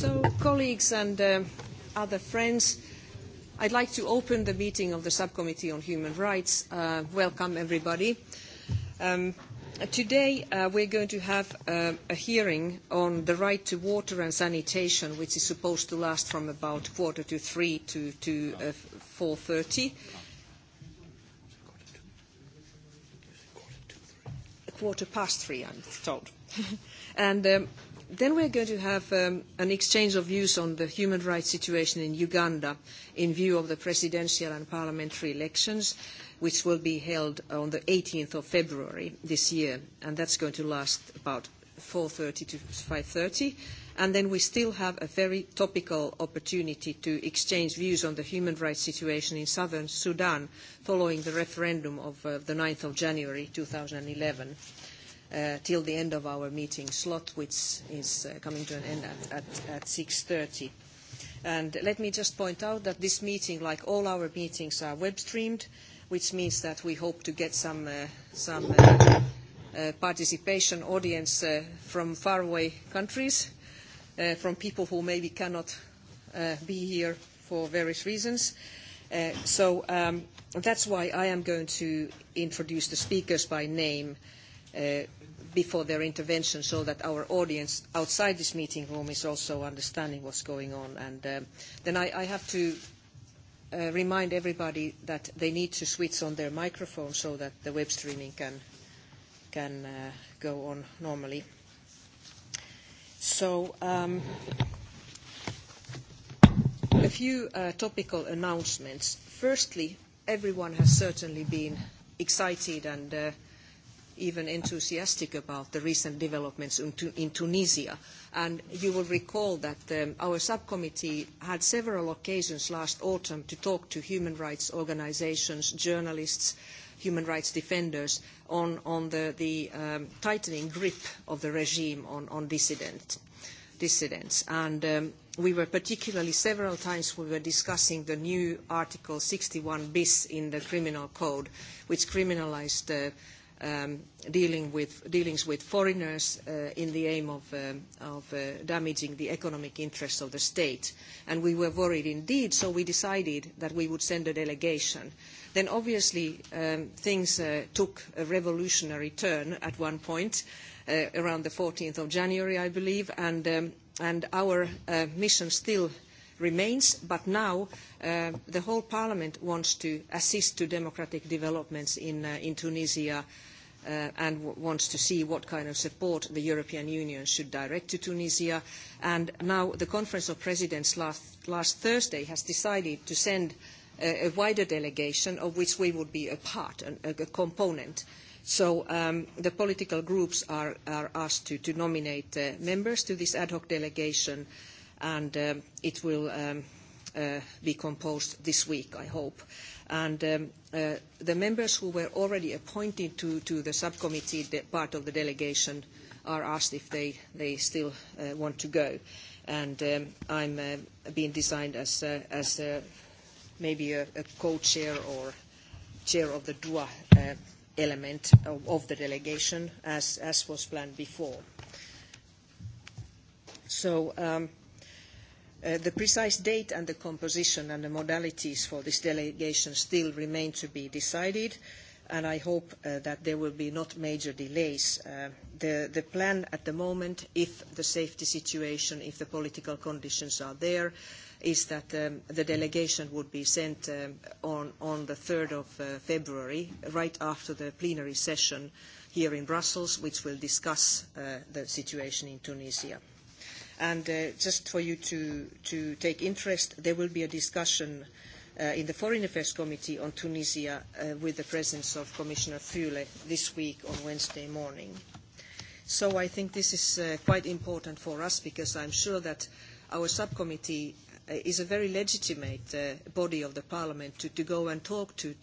So, colleagues and uh, other friends, I'd like to open the meeting of the Subcommittee on Human Rights. Uh, welcome, everybody. Um, today, uh, we're going to have uh, a hearing on the right to water and sanitation, which is supposed to last from about quarter to three to, to uh, 4.30. Quarter past three, I'm told. and... Um, Then we're going to have um, an exchange of views on the human rights situation in Uganda in view of the presidential and parliamentary elections, which will be held on the 18th of February this year, and that's going to last about 4.30 to 5.30. And then we still have a very topical opportunity to exchange views on the human rights situation in southern Sudan following the referendum of uh, the 9th of January 2011 till the end of our meeting slot, which is coming to an end at 6:30 And Let me just point out that this meeting, like all our meetings, are web-streamed, which means that we hope to get some participation audience from faraway countries, from people who maybe cannot be here for various reasons. So That's why I am going to introduce the speakers by name before their intervention so that our audience outside this meeting room is also understanding what's going on. And then I, I have to uh, remind everybody that they need to switch on their microphone so that the web streaming can, can uh, go on normally. So um, a few uh, topical announcements. Firstly, everyone has certainly been excited and uh, even enthusiastic about the recent developments in, Tunisia. And you will recall that our subcommittee had several occasions last autumn to talk to human rights organisations, journalists, human rights defenders on, the, tightening grip of the regime on, dissidents. And we were particularly several times we were discussing the new Article sixty one bis in the Criminal Code, which criminalised dealings with foreigners in the aim of, damaging the economic interests of the state. And we were worried indeed, so we decided that we would send a delegation. Then obviously things took a revolutionary turn at one point, around the 14th of January, I believe, and, our mission still remains, but now the whole parliament wants to assist to democratic developments in Tunisia, and wants to see what kind of support the European Union should direct to Tunisia. And now the Conference of Presidents last, Thursday has decided to send a, wider delegation of which we would be a part, a, component. So the political groups are, asked to, nominate members to this ad hoc delegation and it will be composed this week, I hope And the members who were already appointed to, the subcommittee part of the delegation are asked if they, they still want to go. And I'm being designed as, as maybe a, co-chair or chair of the DUA element of, the delegation, as, as was planned before. So... Um, the precise date and the composition and the modalities for this delegation still remain to be decided, and I hope that there will be not major delays. the, plan at the moment, if the safety situation, if the political conditions are there, is that the delegation would be sent on, the 3rd of February, right after the plenary session here in Brussels, which will discuss the situation in Tunisia. And just for you to, take interest, there will be a discussion in the Foreign Affairs Committee on Tunisia with the presence of Commissioner Füle this week on Wednesday morning. So I think this is quite important for us because I'm sure that our subcommittee is a very legitimate body of the Parliament to, go and talk to,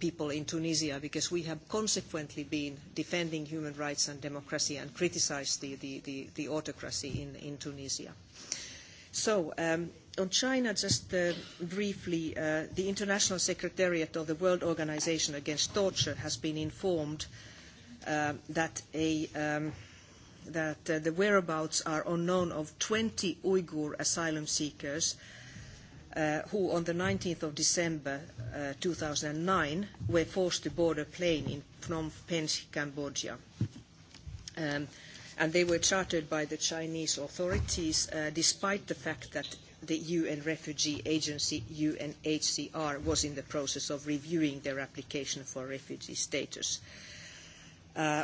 people in Tunisia because we have consequently been defending human rights and democracy and criticised the, the, the, the autocracy in, in Tunisia. So on China, just briefly, the International Secretariat of the World Organisation Against Torture has been informed that, the whereabouts are unknown of twenty Uyghur asylum seekers – who on the 19th of December uh, 2009 were forced to board a plane in Phnom Penh, Cambodia. and they were chartered by the Chinese authorities despite the fact that the UN Refugee Agency, UNHCR, was in the process of reviewing their application for refugee status. Uh,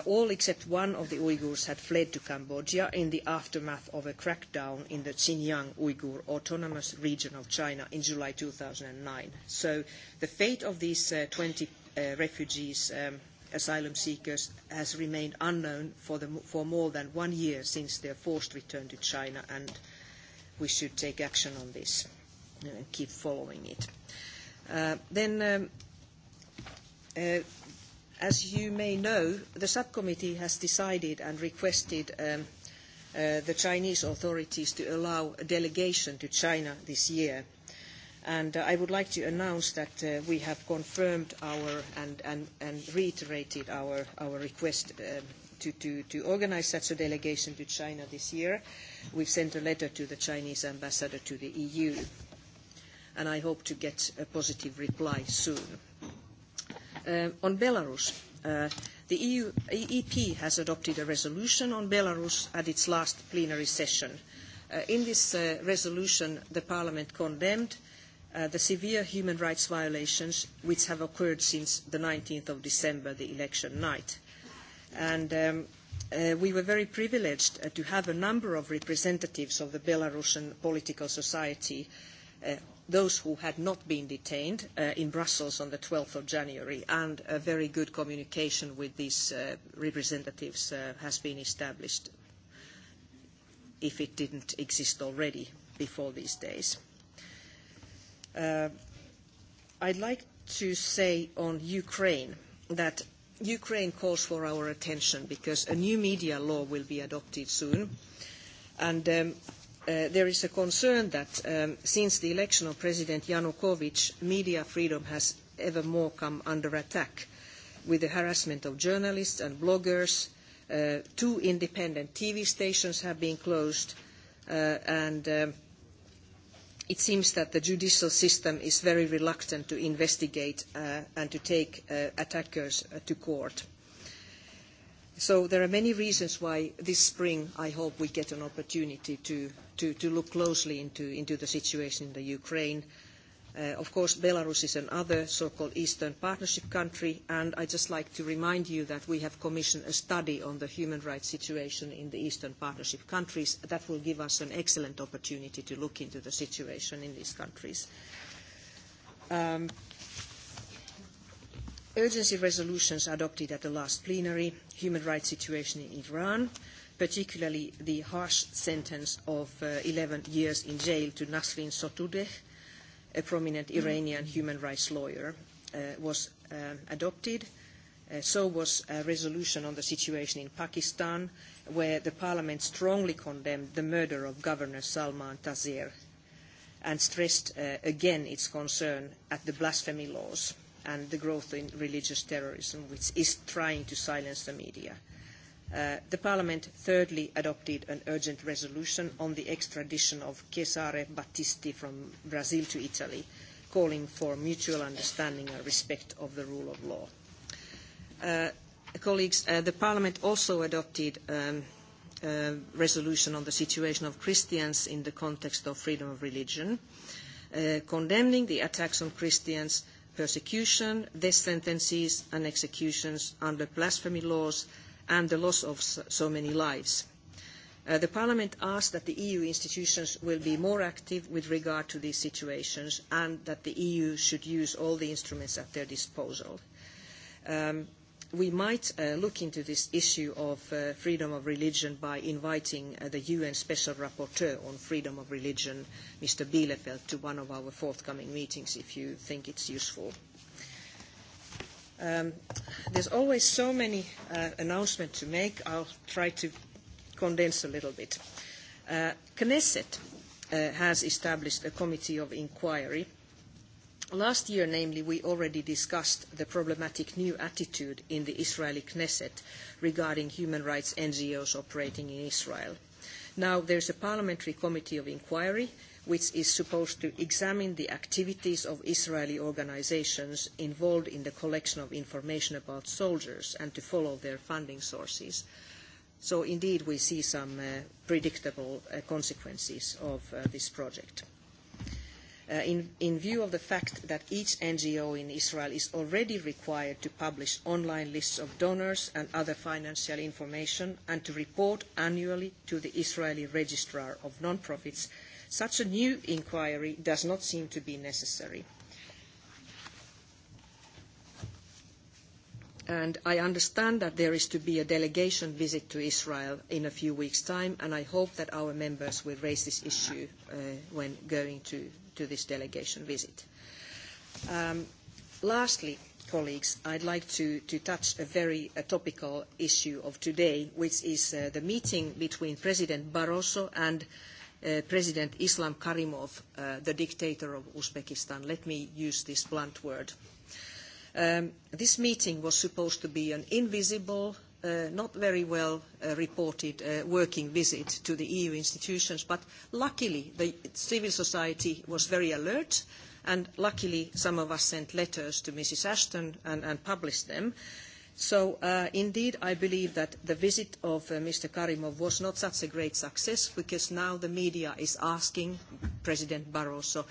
all except one of the Uyghurs had fled to Cambodia in the aftermath of a crackdown in the Xinjiang Uyghur Autonomous Region of China in July two thousand nine. So the fate of these twenty refugees, asylum seekers, has remained unknown for, more than one year since their forced return to China, and we should take action on this and keep following it. then As you may know, the subcommittee has decided and requested the Chinese authorities to allow a delegation to China this year. And I would like to announce that we have confirmed our and reiterated our request to organise such a delegation to China this year. We've sent a letter to the Chinese ambassador to the EU, and I hope to get a positive reply soon on Belarus, the EU, EEP has adopted a resolution on Belarus at its last plenary session. in this resolution, the Parliament condemned the severe human rights violations which have occurred since the 19th of December, the election night. And we were very privileged to have a number of representatives of the Belarusian political society those who had not been detained in Brussels on the 12th of January, and a very good communication with these representatives has been established, if it didn't exist already before these days. I'd like to say on Ukraine that Ukraine calls for our attention because a new media law will be adopted soon, and there is a concern that since the election of President Yanukovych, media freedom has ever more come under attack with the harassment of journalists and bloggers. two independent TV stations have been closed, and it seems that the judicial system is very reluctant to investigate and to take attackers to court So there are many reasons why this spring I hope we get an opportunity to look closely into the situation in the Ukraine. Of course, Belarus is another so-called Eastern Partnership country, and I'd just like to remind you that we have commissioned a study on the human rights situation in the Eastern Partnership countries. That will give us an excellent opportunity to look into the situation in these countries urgency resolutions adopted at the last plenary, human rights situation in Iran, particularly the harsh sentence of eleven years in jail to Nasrin Sotoudeh, a prominent Iranian human rights lawyer, was adopted. so was a resolution on the situation in Pakistan, where the parliament strongly condemned the murder of Governor Salman Taseer and stressed again its concern at the blasphemy laws and the growth in religious terrorism, which is trying to silence the media. the Parliament thirdly adopted an urgent resolution on the extradition of Cesare Battisti from Brazil to Italy, calling for mutual understanding and respect of the rule of law. Uh, colleagues, uh, the Parliament also adopted a resolution on the situation of Christians in the context of freedom of religion, uh, condemning the attacks on Christians persecution, death sentences and executions under blasphemy laws, and the loss of so many lives. the Parliament asks that the EU institutions will be more active with regard to these situations and that the EU should use all the instruments at their disposal we might look into this issue of freedom of religion by inviting the UN Special Rapporteur on freedom of religion, Mr. Bielefeld, to one of our forthcoming meetings if you think it's useful. Um, there's always so many uh, announcements to make. I'll try to condense a little bit. Uh, Knesset uh, has established a committee of inquiry – Last year, namely, we already discussed the problematic new attitude in the Israeli Knesset regarding human rights NGOs operating in Israel. Now, there is a parliamentary committee of inquiry which is supposed to examine the activities of Israeli organisations involved in the collection of information about soldiers and to follow their funding sources. So indeed, we see some predictable consequences of this project in, view of the fact that each NGO in Israel is already required to publish online lists of donors and other financial information and to report annually to the Israeli Registrar of Nonprofits, such a new inquiry does not seem to be necessary. and I understand that there is to be a delegation visit to Israel in a few weeks' time, and I hope that our members will raise this issue when going to to this delegation visit. lastly, colleagues, I'd like to, touch a very topical issue of today, which is the meeting between President Barroso and President Islam Karimov, the dictator of Uzbekistan. Let me use this blunt word. this meeting was supposed to be an invisible not very well reported working visit to the EU institutions, but luckily the civil society was very alert, and luckily some of us sent letters to Mrs. Ashton and, published them. So indeed, I believe that the visit of Mr. Karimov was not such a great success because now the media is asking President Barroso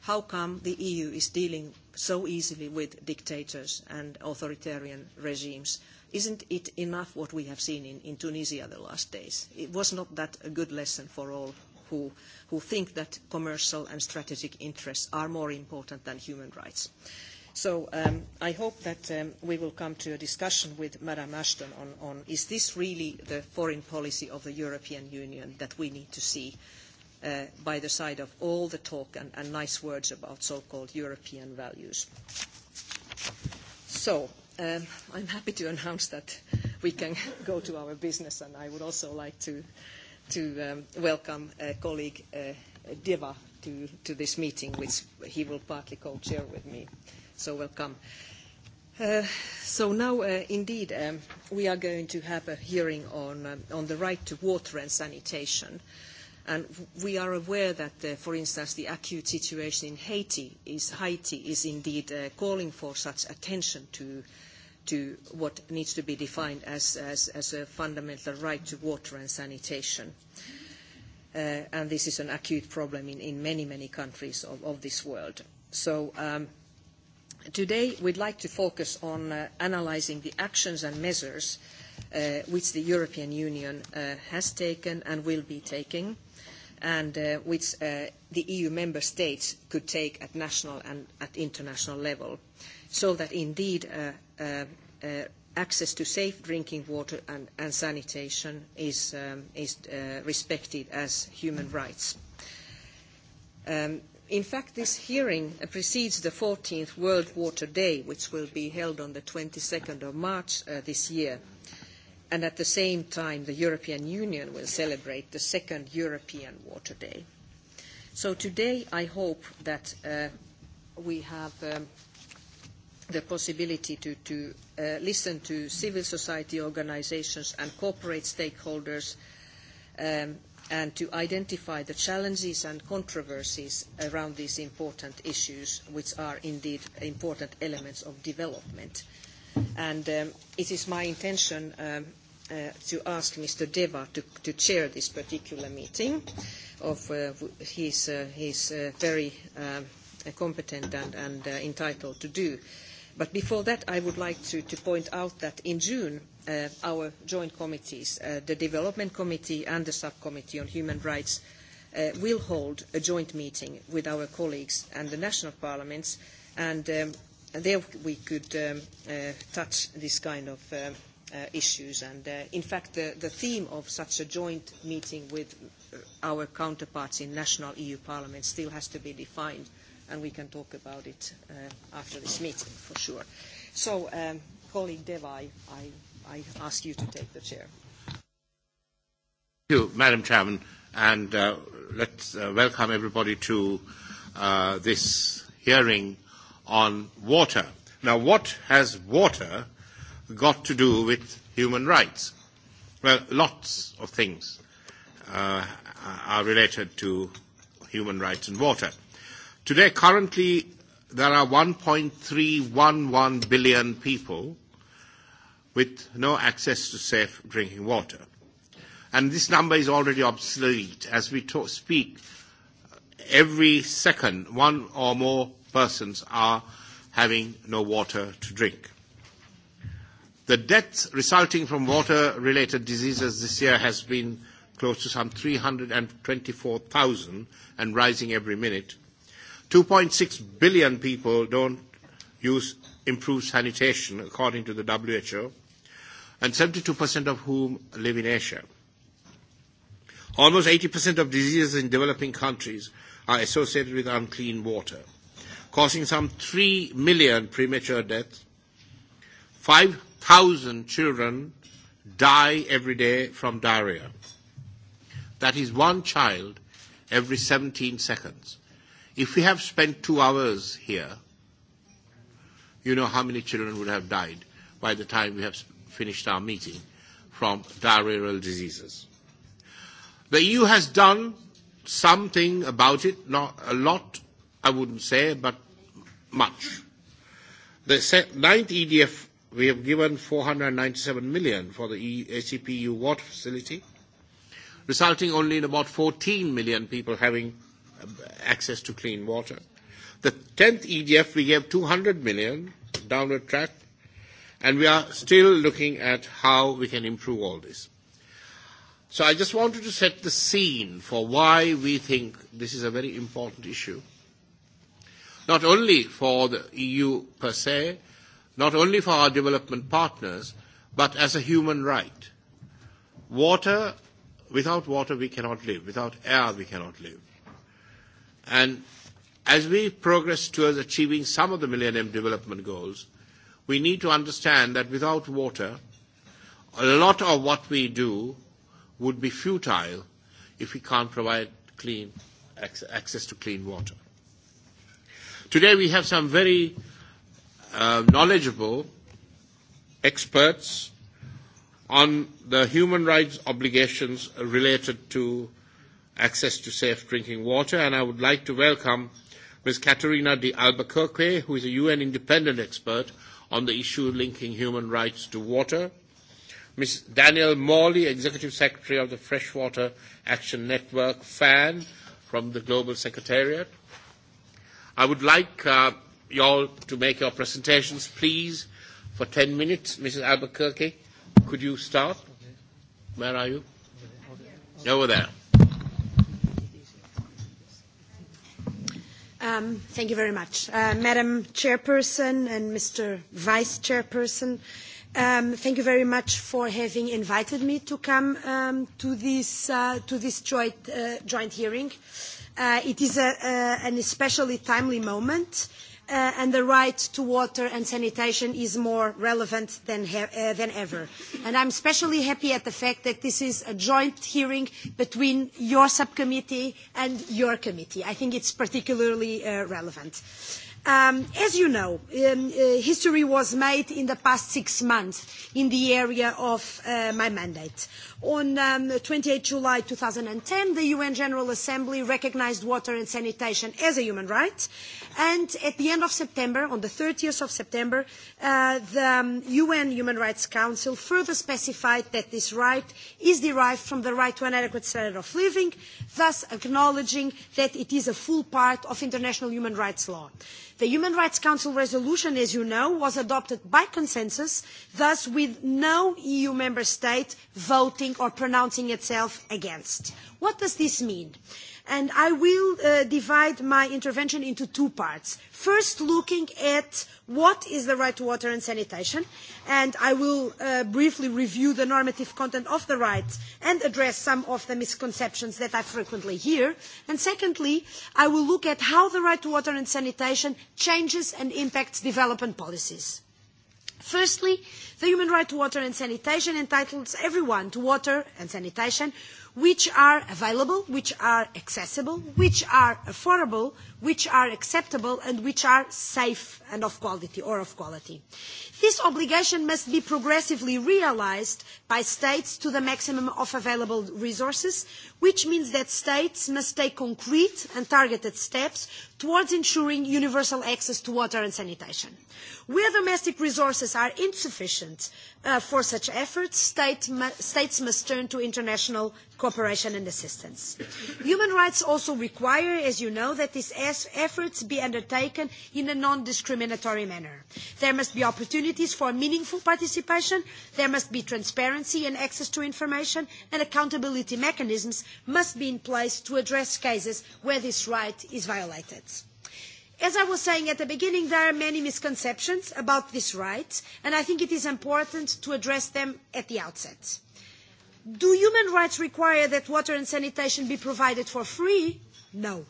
how come the EU is dealing so easily with dictators and authoritarian regimes Isn't it enough what we have seen in, in Tunisia the last days? It was not that a good lesson for all who, who think that commercial and strategic interests are more important than human rights. So I hope that we will come to a discussion with Ms Ashton on, is this really the foreign policy of the European Union that we need to see by the side of all the talk and, nice words about so-called European values. So I'm happy to announce that we can go to our business, and I would also like to welcome colleague Deva to this meeting, which he will partly co-chair with me. So welcome. So now, indeed, we are going to have a hearing on the right to water and sanitation. And we are aware that, for instance, the acute situation in Haiti is, Haiti is indeed calling for such attention to, to what needs to be defined as, as, as a fundamental right to water and sanitation. and this is an acute problem in, in many, many countries of, of this world. So today we'd like to focus on analysing the actions and measures which the European Union has taken and will be taking and uh, which uh, the EU member states could take at national and at international level, so that indeed uh, uh, uh, access to safe drinking water and, and sanitation is, um, is uh, respected as human rights. Um, in fact, this hearing precedes the 14th World Water Day, which will be held on the 22nd of March uh, this year. Uh, and at the same time the European Union will celebrate the second European Water Day. So today I hope that we have the possibility to, listen to civil society organisations and corporate stakeholders and to identify the challenges and controversies around these important issues, which are indeed important elements of development And it is my intention to ask Mr. Deva to, chair this particular meeting. Of his, is very competent and, entitled to do. But before that, I would like to, point out that in June, our joint committees, the Development Committee and the Subcommittee on Human Rights, will hold a joint meeting with our colleagues and the national parliaments. And there we could um, uh, touch this kind of uh, uh, issues. And uh, in fact, the, the theme of such a joint meeting with our counterparts in national EU parliaments still has to be defined, and we can talk about it uh, after this meeting for sure. So, um, colleague Deva, I, I ask you to take the chair. Thank you, Madam Chairman, and uh, let's uh, welcome everybody to uh, this hearing on water. Now, what has water got to do with human rights? Well, lots of things uh, are related to human rights and water. Today, currently, there are 1.311 billion people with no access to safe drinking water. And this number is already obsolete. As we talk, speak, every second, one or more persons are having no water to drink. The deaths resulting from water-related diseases this year has been close to some 324,000 and rising every minute. 2.6 billion people don't use improved sanitation, according to the WHO, and 72% of whom live in Asia. Almost 80% of diseases in developing countries are associated with unclean water causing some 3 million premature deaths. 5,000 children die every day from diarrhea. That is one child every 17 seconds. If we have spent two hours here, you know how many children would have died by the time we have finished our meeting from diarrheal diseases. The EU has done something about it, not a lot, I wouldn't say, but much. The ninth EDF, we have given 497 million for the ACPU water facility, resulting only in about 14 million people having access to clean water. The tenth EDF, we gave 200 million downward track, and we are still looking at how we can improve all this. So I just wanted to set the scene for why we think this is a very important issue not only for the EU per se, not only for our development partners, but as a human right. Water, without water we cannot live. Without air we cannot live. And as we progress towards achieving some of the Millennium Development Goals, we need to understand that without water, a lot of what we do would be futile if we can't provide clean access to clean water. Today we have some very uh, knowledgeable experts on the human rights obligations related to access to safe drinking water, and I would like to welcome Ms. Katerina de Albuquerque, who is a UN independent expert on the issue linking human rights to water, Ms. Daniel Morley, Executive Secretary of the Freshwater Action Network, FAN, from the Global Secretariat, I would like uh, you all to make your presentations, please, for 10 minutes. Mrs. Albuquerque, could you start? Where are you? Over there. Um, thank you very much. Uh, Madam Chairperson and Mr. Vice Chairperson, um, thank you very much for having invited me to come um, to this, uh, to this joint, uh, joint hearing it is an especially timely moment, and the right to water and sanitation is more relevant than, ever. And I'm especially happy at the fact that this is a joint hearing between your subcommittee and your committee. I think it's particularly relevant as you know, history was made in the past six months in the area of my mandate. On um, 28 July ten, the UN General Assembly recognised water and sanitation as a human right. And at the end of September, on the 30th of September, the UN Human Rights Council further specified that this right is derived from the right to an adequate standard of living, thus acknowledging that it is a full part of international human rights law. The Human Rights Council resolution, as you know, was adopted by consensus, thus with no EU member state voting or pronouncing itself against. What does this mean? And I will divide my intervention into two parts. First, looking at what is the right to water and sanitation, and I will briefly review the normative content of the right and address some of the misconceptions that I frequently hear. And secondly, I will look at how the right to water and sanitation changes and impacts development policies. Firstly, the human right to water and sanitation entitles everyone to water and sanitation which are available, which are accessible, which are affordable, which are acceptable, and which are safe and of quality or of quality. This obligation must be progressively realised by states to the maximum of available resources, which means that states must take concrete and targeted steps towards ensuring universal access to water and sanitation. Where domestic resources are insufficient for such efforts, states must turn to international cooperation and assistance. Human rights also require, as you know, that these efforts be undertaken in a non-discriminatory manner. There must be opportunities for meaningful participation, there must be transparency and access to information, and accountability mechanisms must be in place to address cases where this right is violated. As I was saying at the beginning, there are many misconceptions about this right, and I think it is important to address them at the outset. Do human rights require that water and sanitation be provided for free? No.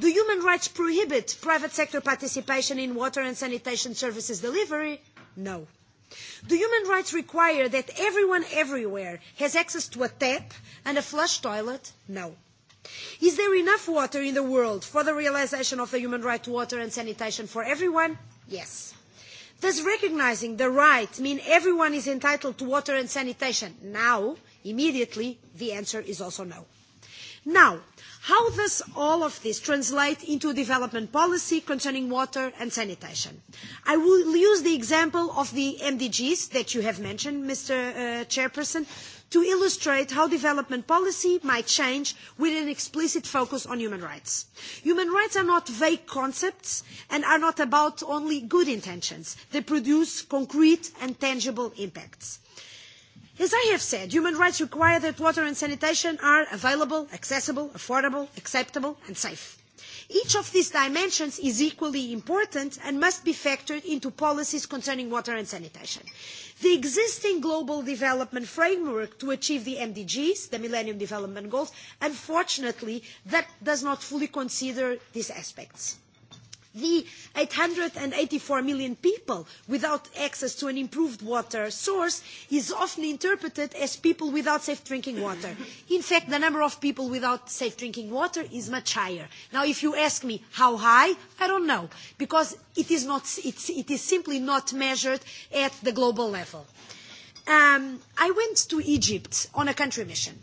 Do human rights prohibit private sector participation in water and sanitation services delivery? No. Do human rights require that everyone everywhere has access to a tap and a flush toilet? No. Is there enough water in the world for the realisation of the human right to water and sanitation for everyone? Yes. Does recognising the right mean everyone is entitled to water and sanitation now, immediately? The answer is also no. Now, how does all of this translate into development policy concerning water and sanitation? I will use the example of the MDGs that you have mentioned, Mr. Chairperson, to illustrate how development policy might change with an explicit focus on human rights. Human rights are not vague concepts and are not about only good intentions. They produce concrete and tangible impacts. As I have said, human rights require that water and sanitation are available, accessible, affordable, acceptable and safe. Each of these dimensions is equally important and must be factored into policies concerning water and sanitation. The existing global development framework to achieve the MDGs, the Millennium Development Goals, unfortunately, that does not fully consider these aspects. The eight hundred and eighty four million people without access to an improved water source is often interpreted as people without safe drinking water. In fact, the number of people without safe drinking water is much higher. Now, if you ask me how high, I don't know, because it is, not, it's, it is simply not measured at the global level. I went to Egypt on a country mission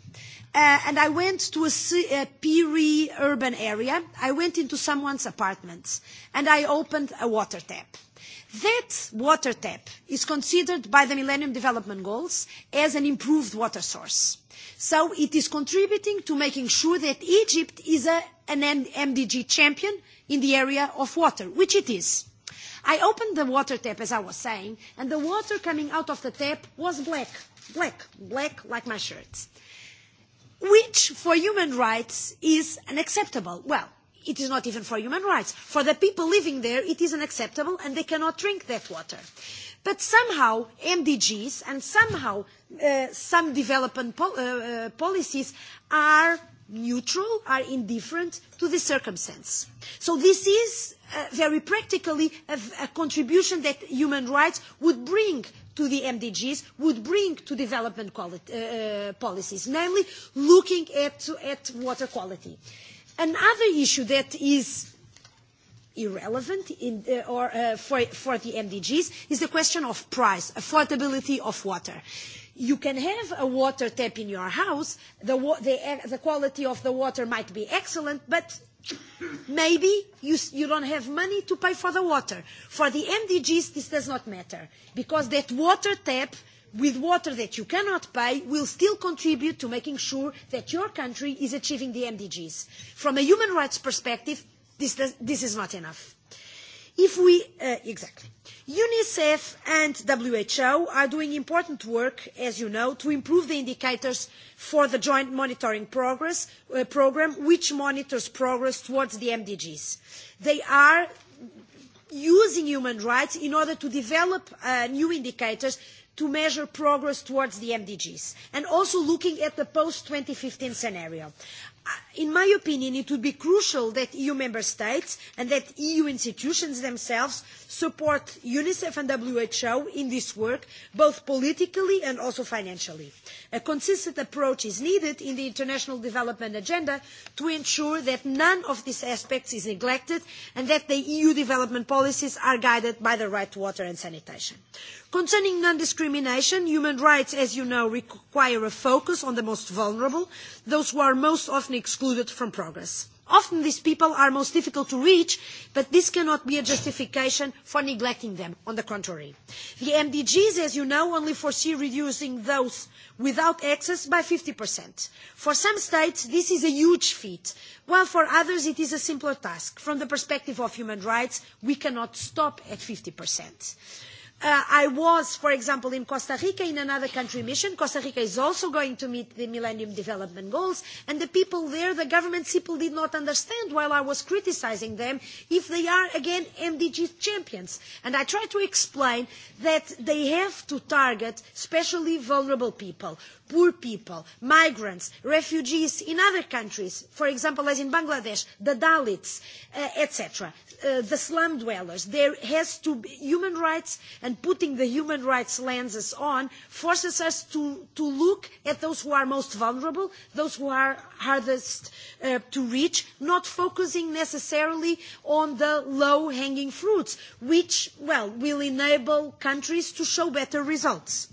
and I went to a, peery urban area. I went into someone's apartment, and I opened a water tap. That water tap is considered by the Millennium Development Goals as an improved water source. So it is contributing to making sure that Egypt is a, an MDG champion in the area of water, which it is. I opened the water tap, as I was saying, and the water coming out of the tap was black, black, black like my shirt which for human rights is unacceptable. Well, it is not even for human rights. For the people living there, it is unacceptable and they cannot drink that water. But somehow MDGs and somehow some development policies are neutral, are indifferent to the circumstance. So this is very practically a, contribution that human rights would bring to the MDGs would bring to development quality policies, namely looking at, water quality. Another issue that is irrelevant for, the MDGs is the question of price, affordability of water. You can have a water tap in your house, the, quality of the water might be excellent, but Maybe you, you don't have money to pay for the water. For the MDGs, this does not matter because that water tap with water that you cannot pay will still contribute to making sure that your country is achieving the MDGs. From a human rights perspective, this, does, this is not enough. If we, uh, exactly. UNICEF and WHO are doing important work, as you know, to improve the indicators for the Joint Monitoring Progress uh, Programme, which monitors progress towards the MDGs. They are using human rights in order to develop uh, new indicators to measure progress towards the MDGs, and also looking at the post-2015 scenario in my opinion, it would be crucial that EU member states and that EU institutions themselves support UNICEF and WHO in this work, both politically and also financially. A consistent approach is needed in the international development agenda to ensure that none of these aspects is neglected and that the EU development policies are guided by the right water and sanitation. Concerning non-discrimination, human rights, as you know, require a focus on the most vulnerable, those who are most often excluded excluded from progress. Often these people are most difficult to reach, but this cannot be a justification for neglecting them. On the contrary, the MDGs, as you know, only foresee reducing those without access by 50%. For some states, this is a huge feat, while for others it is a simpler task. From the perspective of human rights, we cannot stop at 50%. I was, for example, in Costa Rica in another country mission. Costa Rica is also going to meet the Millennium Development Goals, and the people there, the government people did not understand while I was criticising them if they are, again, MDG champions. And I tried to explain that they have to target especially vulnerable people poor people, migrants, refugees in other countries, for example, as in Bangladesh, the Dalits, etc., the slum dwellers. There has to be human rights and putting the human rights lenses on forces us to, look at those who are most vulnerable, those who are hardest to reach, not focusing necessarily on the low-hanging fruits, which, well, will enable countries to show better results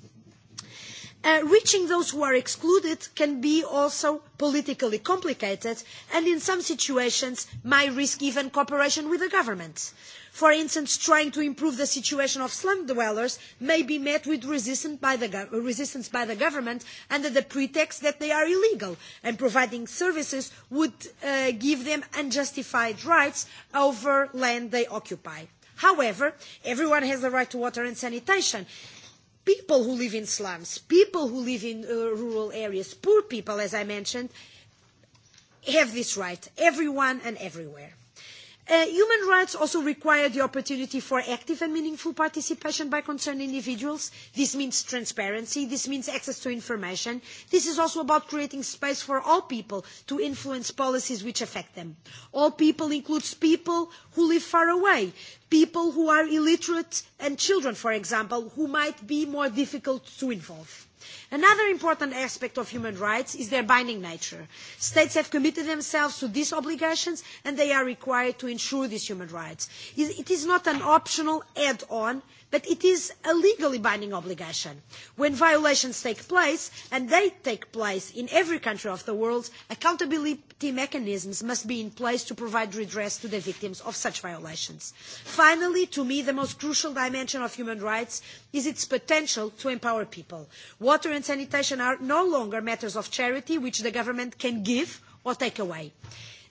reaching those who are excluded can be also politically complicated and in some situations might risk even cooperation with the government. For instance, trying to improve the situation of slum dwellers may be met with resistance by the, government under the pretext that they are illegal and providing services would give them unjustified rights over land they occupy. However, everyone has the right to water and sanitation people who live in slums, people who live in rural areas, poor people, as I mentioned, have this right, everyone and everywhere human rights also require the opportunity for active and meaningful participation by concerned individuals. This means transparency. This means access to information. This is also about creating space for all people to influence policies which affect them. All people includes people who live far away, people who are illiterate and children, for example, who might be more difficult to involve Another important aspect of human rights is their binding nature. States have committed themselves to these obligations and they are required to ensure these human rights. It is not an optional add-on, but it is a legally binding obligation. When violations take place, and they take place in every country of the world, accountability mechanisms must be in place to provide redress to the victims of such violations. Finally, to me, the most crucial dimension of human rights is its potential to empower people. Water and sanitation are no longer matters of charity which the government can give or take away.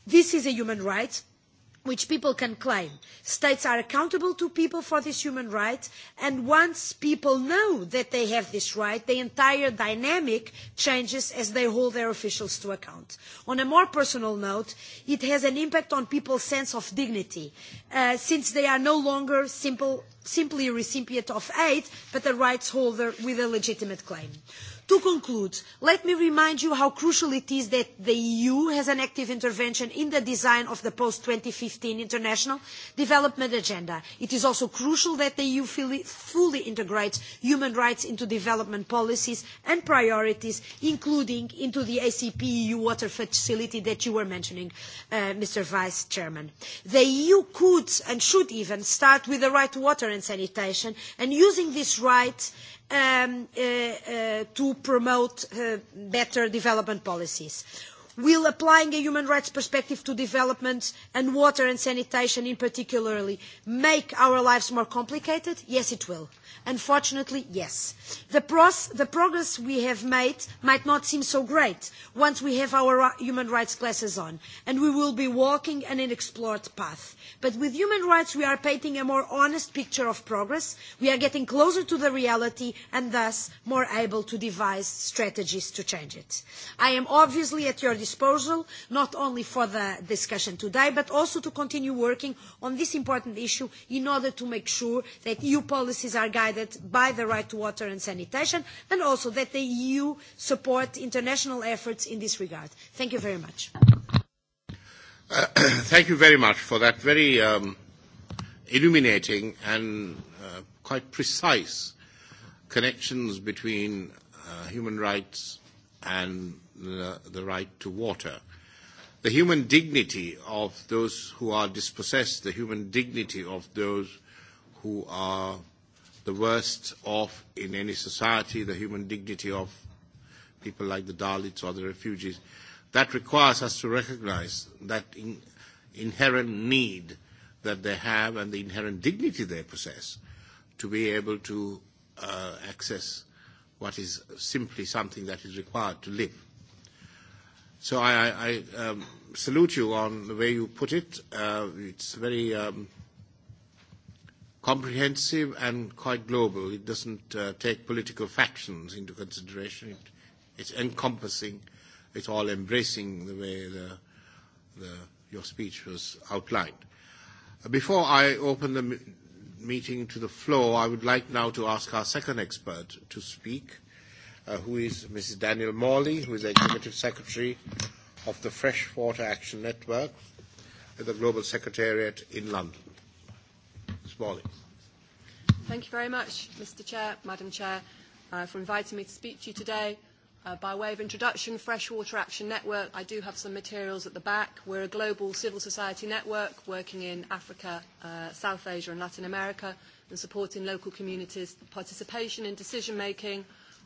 This is a human right which people can claim. States are accountable to people for this human right, and once people know that they have this right, the entire dynamic changes as they hold their officials to account. On a more personal note, it has an impact on people's sense of dignity, since they are no longer simple simply a recipient of aid, but a rights holder with a legitimate claim. To conclude, let me remind you how crucial it is that the EU has an active intervention in the design of the post-2015 international development agenda. It is also crucial that the EU fully integrates human rights into development policies and priorities, including into the ACP-EU water facility that you were mentioning, Mr. Vice Chairman. The EU could and should even start with the right to water and sanitation and using this right to promote better development policies. Will applying a human rights perspective to development and water and sanitation in particular make our lives more complicated? Yes, it will Unfortunately, yes. The, progress we have made might not seem so great once we have our human rights glasses on, and we will be walking an unexplored path. But with human rights, we are painting a more honest picture of progress. We are getting closer to the reality and thus more able to devise strategies to change it. I am obviously at your disposal, not only for the discussion today, but also to continue working on this important issue in order to make sure that EU policies are guided provided by the right to water and sanitation, and also that the EU support international efforts in this regard. Thank you very much. thank you very much for that very illuminating and quite precise connections between human rights and the right to water. The human dignity of those who are dispossessed, the human dignity of those who are the worst off in any society, the human dignity of people like the Dalits or the refugees. That requires us to recognize that in, inherent need that they have and the inherent dignity they possess to be able to uh, access what is simply something that is required to live. So I, I, I um, salute you on the way you put it. Uh, it's very um, comprehensive and quite global. It doesn't uh, take political factions into consideration. It, it's encompassing. It's all embracing the way the, the, your speech was outlined. Before I open the meeting to the floor, I would like now to ask our second expert to speak, uh, who is Mrs. Daniel Morley, who is Executive Secretary of the Freshwater Action Network at the Global Secretariat in London. Ms. Morley. Thank you very much, Mr Chair, Madam Chair, uh, for inviting me to speak to you today. Uh, by way of introduction, Freshwater Action Network, I do have some materials at the back. We're a global civil society network working in Africa, uh, South Asia and Latin America and supporting local communities' participation in decision-making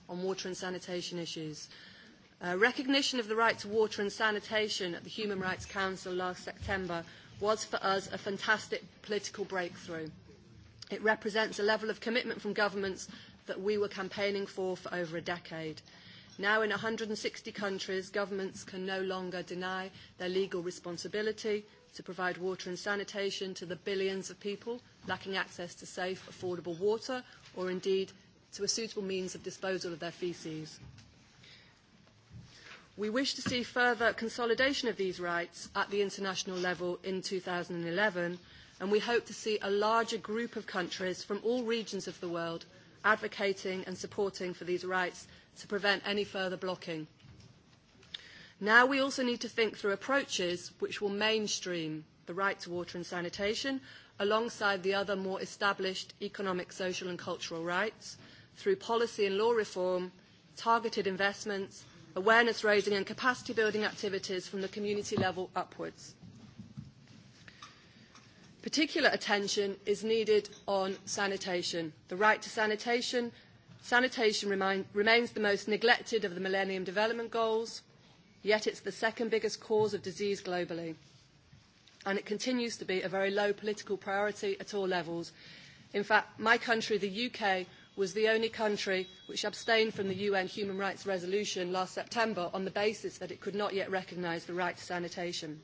on water and sanitation issues. Uh, recognition of the right to water and sanitation at the Human Rights Council last September was for us a fantastic political breakthrough. It represents a level of commitment from governments that we were campaigning for for over a decade. Now in 160 countries, governments can no longer deny their legal responsibility to provide water and sanitation to the billions of people lacking access to safe, affordable water or indeed to a suitable means of disposal of their feces. We wish to see further consolidation of these rights at the international level in 2011 and we hope to see a larger group of countries from all regions of the world advocating and supporting for these rights to prevent any further blocking. Now we also need to think through approaches which will mainstream the right to water and sanitation alongside the other more established economic, social and cultural rights through policy and law reform, targeted investments, awareness raising and capacity building activities from the community level upwards. Particular attention is needed on sanitation. The right to sanitation. Sanitation remain, remains the most neglected of the Millennium Development Goals, yet it's the second biggest cause of disease globally. And it continues to be a very low political priority at all levels. In fact, my country, the UK, was the only country which abstained from the UN Human Rights Resolution last September on the basis that it could not yet recognise the right to sanitation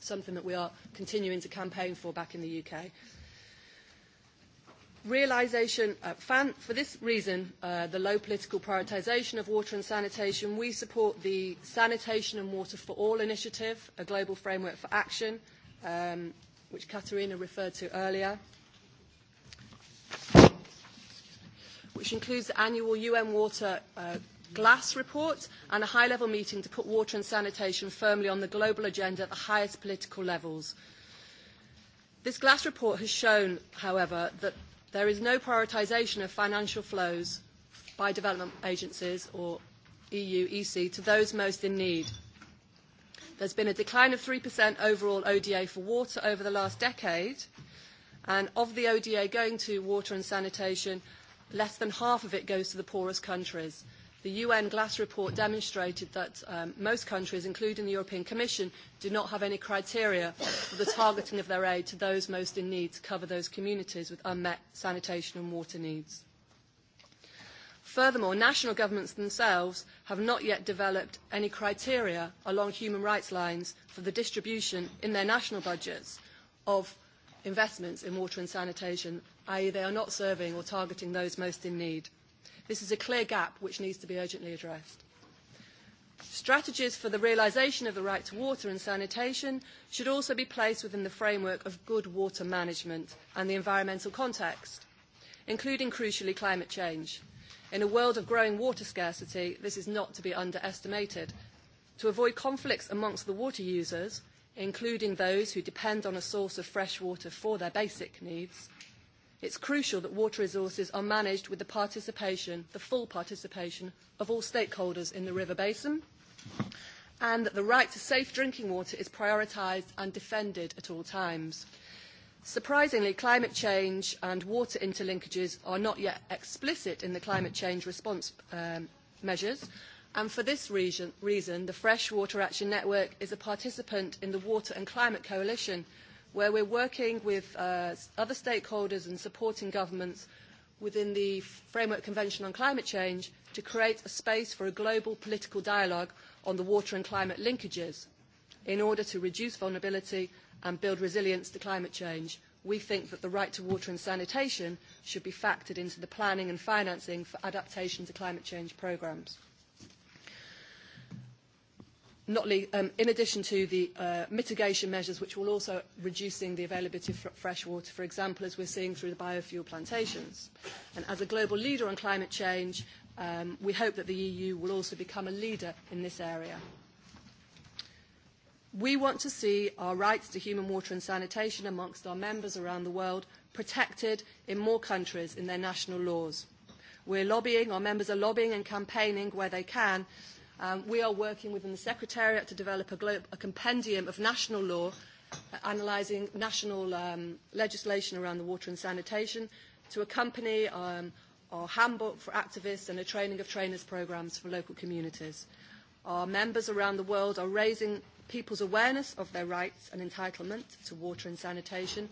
something that we are continuing to campaign for back in the UK. Realisation, uh, fan, for this reason, uh, the low political prioritisation of water and sanitation, we support the Sanitation and Water for All initiative, a global framework for action, um, which Katerina referred to earlier, which includes the annual UN Water uh, Glass report and a high-level meeting to put water and sanitation firmly on the global agenda at the highest political levels. This Glass report has shown, however, that there is no prioritisation of financial flows by development agencies or EU EC to those most in need. There's been a decline of 3% overall ODA for water over the last decade, and of the ODA going to water and sanitation, less than half of it goes to the poorest countries. The UN Glass report demonstrated that um, most countries, including the European Commission, do not have any criteria for the targeting of their aid to those most in need to cover those communities with unmet sanitation and water needs. Furthermore, national governments themselves have not yet developed any criteria along human rights lines for the distribution in their national budgets of investments in water and sanitation, i.e. they are not serving or targeting those most in need. This is a clear gap which needs to be urgently addressed. Strategies for the realisation of the right to water and sanitation should also be placed within the framework of good water management and the environmental context, including crucially climate change. In a world of growing water scarcity, this is not to be underestimated. To avoid conflicts amongst the water users, including those who depend on a source of fresh water for their basic needs, It is crucial that water resources are managed with the participation, the full participation, of all stakeholders in the river basin, and that the right to safe drinking water is prioritised and defended at all times. Surprisingly, climate change and water interlinkages are not yet explicit in the climate change response measures, and for this reason, the Fresh Water Action Network is a participant in the Water and Climate Coalition, where we're working with uh, other stakeholders and supporting governments within the Framework Convention on Climate Change to create a space for a global political dialogue on the water and climate linkages in order to reduce vulnerability and build resilience to climate change. We think that the right to water and sanitation should be factored into the planning and financing for adaptation to climate change programmes not least, in addition to the uh, mitigation measures, which will also reducing the availability of fresh water, for example, as we're seeing through the biofuel plantations. And as a global leader on climate change, um, we hope that the EU will also become a leader in this area. We want to see our rights to human water and sanitation amongst our members around the world protected in more countries in their national laws. We're lobbying, our members are lobbying and campaigning where they can Um, we are working within the Secretariat to develop a, glo- a compendium of national law analysing national um, legislation around the water and sanitation to accompany um, our handbook for activists and a training of trainers programmes for local communities. Our members around the world are raising people's awareness of their rights and entitlement to water and sanitation,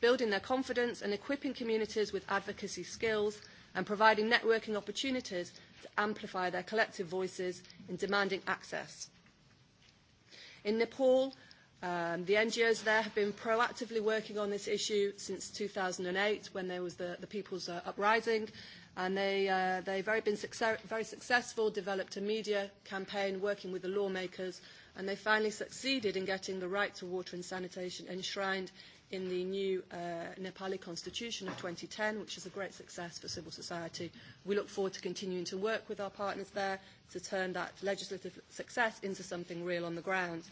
building their confidence and equipping communities with advocacy skills and providing networking opportunities amplify their collective voices in demanding access. In Nepal, um, the NGOs there have been proactively working on this issue since 2008 when there was the, the People's uh, Uprising and they, uh, they very been success, very successful, developed a media campaign working with the lawmakers and they finally succeeded in getting the right to water and sanitation enshrined in the new uh, Nepali constitution of 2010, which is a great success for civil society. We look forward to continuing to work with our partners there to turn that legislative success into something real on the ground.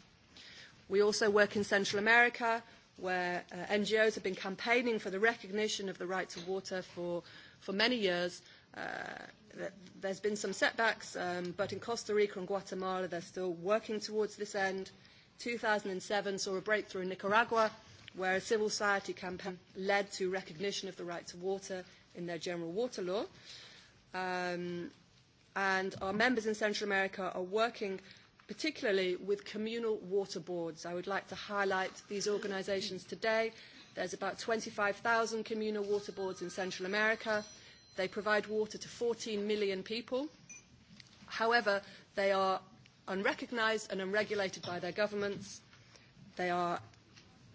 We also work in Central America, where uh, NGOs have been campaigning for the recognition of the right to water for, for many years. Uh, there's been some setbacks, um, but in Costa Rica and Guatemala, they're still working towards this end. 2007 saw a breakthrough in Nicaragua where a civil society campaign led to recognition of the right to water in their general water law. Um, and our members in Central America are working particularly with communal water boards. I would like to highlight these organisations today. There's about 25,000 communal water boards in Central America. They provide water to 14 million people. However, they are unrecognised and unregulated by their governments. They are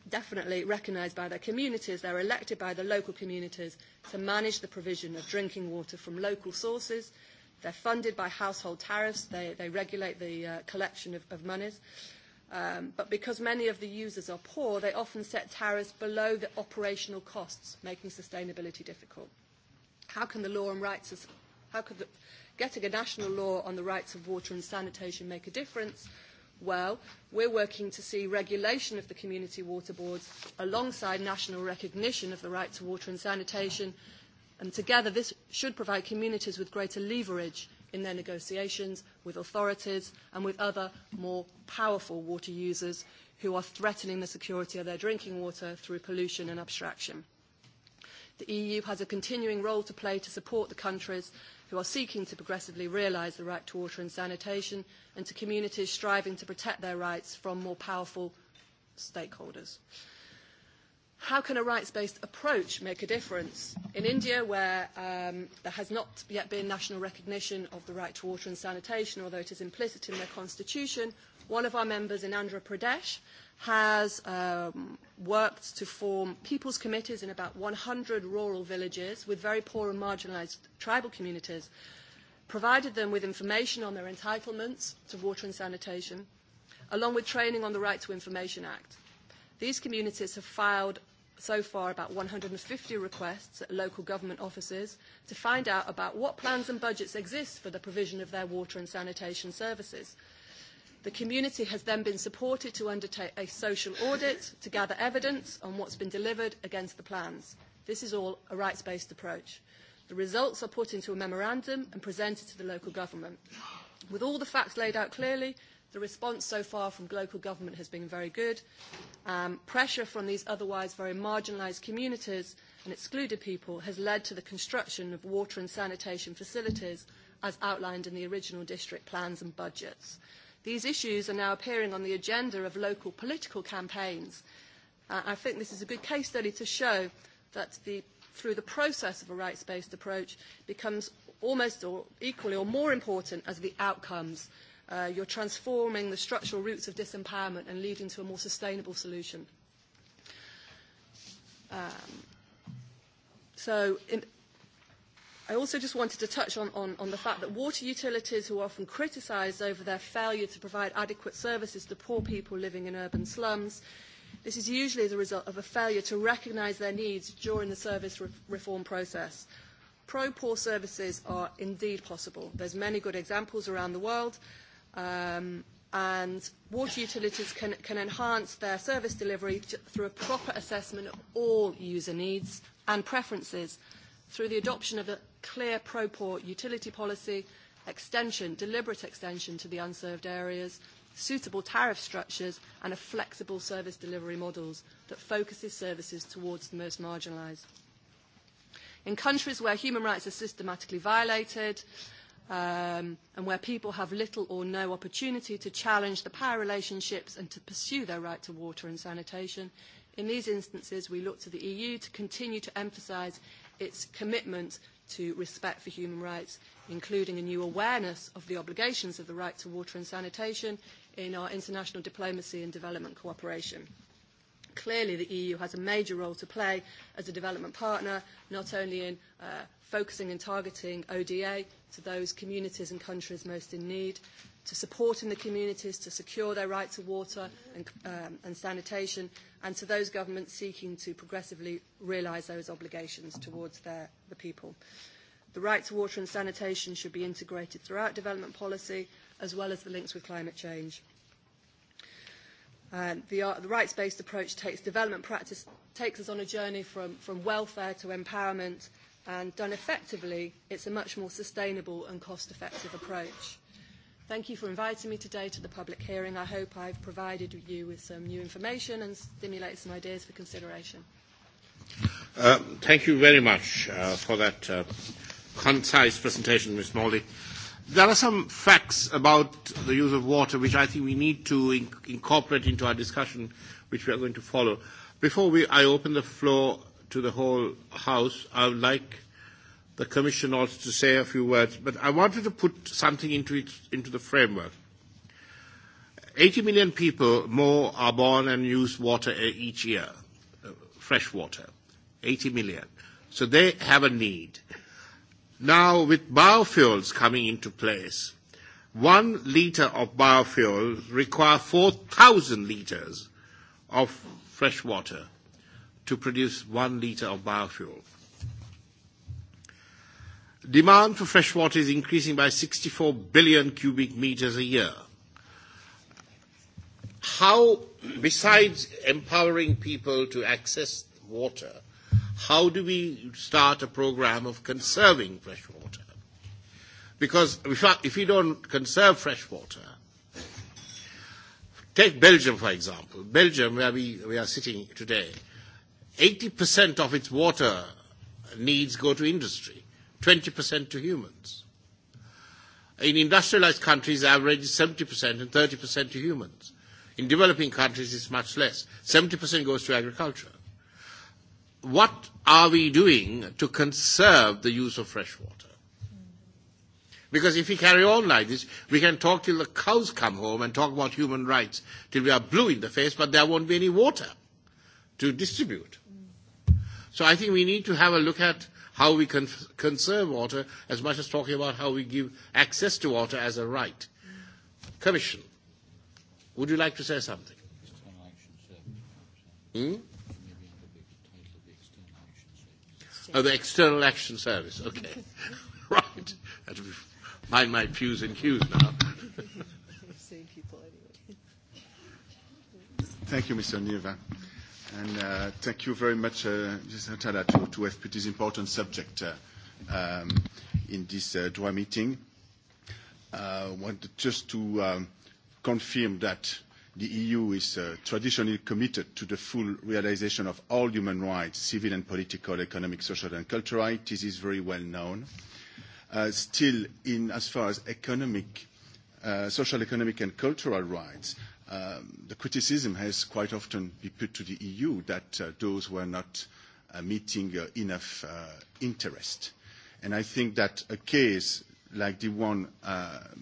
definitely recognised by their communities. They're elected by the local communities to manage the provision of drinking water from local sources. They're funded by household tariffs. They, they regulate the uh, collection of, of monies. Um, but because many of the users are poor, they often set tariffs below the operational costs, making sustainability difficult. How can the law and rights, how could the, getting a national law on the rights of water and sanitation make a difference? Well, we're working to see regulation of the community water boards alongside national recognition of the right to water and sanitation, and together this should provide communities with greater leverage in their negotiations with authorities and with other more powerful water users who are threatening the security of their drinking water through pollution and abstraction. The EU has a continuing role to play to support the countries who are seeking to progressively realise the right to water and sanitation, and to communities striving to protect their rights from more powerful stakeholders. How can a rights-based approach make a difference? In India, where um, there has not yet been national recognition of the right to water and sanitation, although it is implicit in their constitution, one of our members in Andhra Pradesh has um, worked to form people's committees in about 100 rural villages with very poor and marginalised tribal communities, provided them with information on their entitlements to water and sanitation, along with training on the Right to Information Act. These communities have filed so far about 150 requests at local government offices to find out about what plans and budgets exist for the provision of their water and sanitation services – The community has then been supported to undertake a social audit to gather evidence on what's been delivered against the plans. This is all a rights-based approach. The results are put into a memorandum and presented to the local government. With all the facts laid out clearly, the response so far from local government has been very good. Um, pressure from these otherwise very marginalised communities and excluded people has led to the construction of water and sanitation facilities as outlined in the original district plans and budgets. These issues are now appearing on the agenda of local political campaigns. Uh, I think this is a good case study to show that the, through the process of a rights-based approach becomes almost or equally or more important as the outcomes. Uh, you're transforming the structural roots of disempowerment and leading to a more sustainable solution. Um, so in, I also just wanted to touch on, on, on the fact that water utilities who are often criticised over their failure to provide adequate services to poor people living in urban slums, this is usually the result of a failure to recognise their needs during the service re- reform process. Pro-poor services are indeed possible. There's many good examples around the world. Um, and water utilities can, can enhance their service delivery through a proper assessment of all user needs and preferences – through the adoption of a clear pro-port utility policy, extension, deliberate extension to the unserved areas, suitable tariff structures and a flexible service delivery models that focuses services towards the most marginalised. In countries where human rights are systematically violated um, and where people have little or no opportunity to challenge the power relationships and to pursue their right to water and sanitation, in these instances we look to the EU to continue to emphasise its commitment to respect for human rights, including a new awareness of the obligations of the right to water and sanitation in our international diplomacy and development cooperation. Clearly, the EU has a major role to play as a development partner, not only in focusing and targeting ODA to those communities and countries most in need, to support in the communities to secure their right to water and, um, and sanitation, and to those governments seeking to progressively realise those obligations towards their, the people. The right to water and sanitation should be integrated throughout development policy, as well as the links with climate change. Um, the, uh, the rights-based approach takes development practice, takes us on a journey from, from welfare to empowerment, and done effectively, it's a much more sustainable and cost-effective approach. Thank you for inviting me today to the public hearing. I hope I've provided you with some new information and stimulated some ideas for consideration. Uh, thank you very much uh, for that uh, concise presentation, Ms. Morley. There are some facts about the use of water which I think we need to in- incorporate into our discussion, which we are going to follow. Before we, I open the floor to the whole House, I would like the Commission also to say a few words, but I wanted to put something into, it, into the framework. 80 million people more are born and use water each year, uh, fresh water, 80 million. So they have a need. Now, with biofuels coming into place, one liter of biofuel requires 4,000 liters of fresh water to produce one liter of biofuel. Demand for fresh water is increasing by 64 billion cubic meters a year. How, besides empowering people to access water, how do we start a program of conserving fresh water? Because if we don't conserve fresh water, take Belgium for example. Belgium, where we, we are sitting today, 80% of its water needs go to industry 20% to humans. In industrialized countries, the average is 70% and 30% to humans. In developing countries, it's much less. 70% goes to agriculture. What are we doing to conserve the use of fresh water? Because if we carry on like this, we can talk till the cows come home and talk about human rights till we are blue in the face, but there won't be any water to distribute. So I think we need to have a look at how we can conserve water as much as talking about how we give access to water as a right. Commission, would you like to say something? Hmm? Oh, the External Action Service. Okay. right. That'll be mind my pews and cues now. Thank you, Mr. Nirvan. And uh, thank you very much, uh, Mr. Tada, to, to have put this important subject uh, um, in this uh, meeting. Uh, wanted just to um, confirm that the EU is uh, traditionally committed to the full realization of all human rights, civil and political, economic, social and cultural rights. This is very well known. Uh, still, in as far as economic, uh, social, economic and cultural rights, the criticism has quite often been put to the EU that those were not meeting enough interest. And I think that a case like the one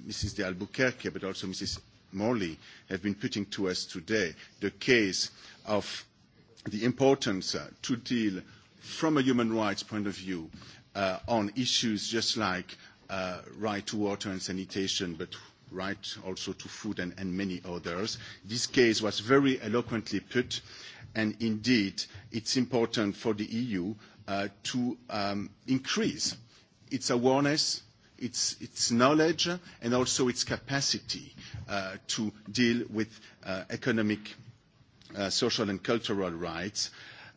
Mrs. de Albuquerque, but also Mrs. Morley, have been putting to us today, the case of the importance to deal from a human rights point of view on issues just like right to water and sanitation, but right also to food and, and many others. This case was very eloquently put, and indeed it's important for the EU uh, to um, increase its awareness, its, its knowledge, and also its capacity uh, to deal with uh, economic, uh, social, and cultural rights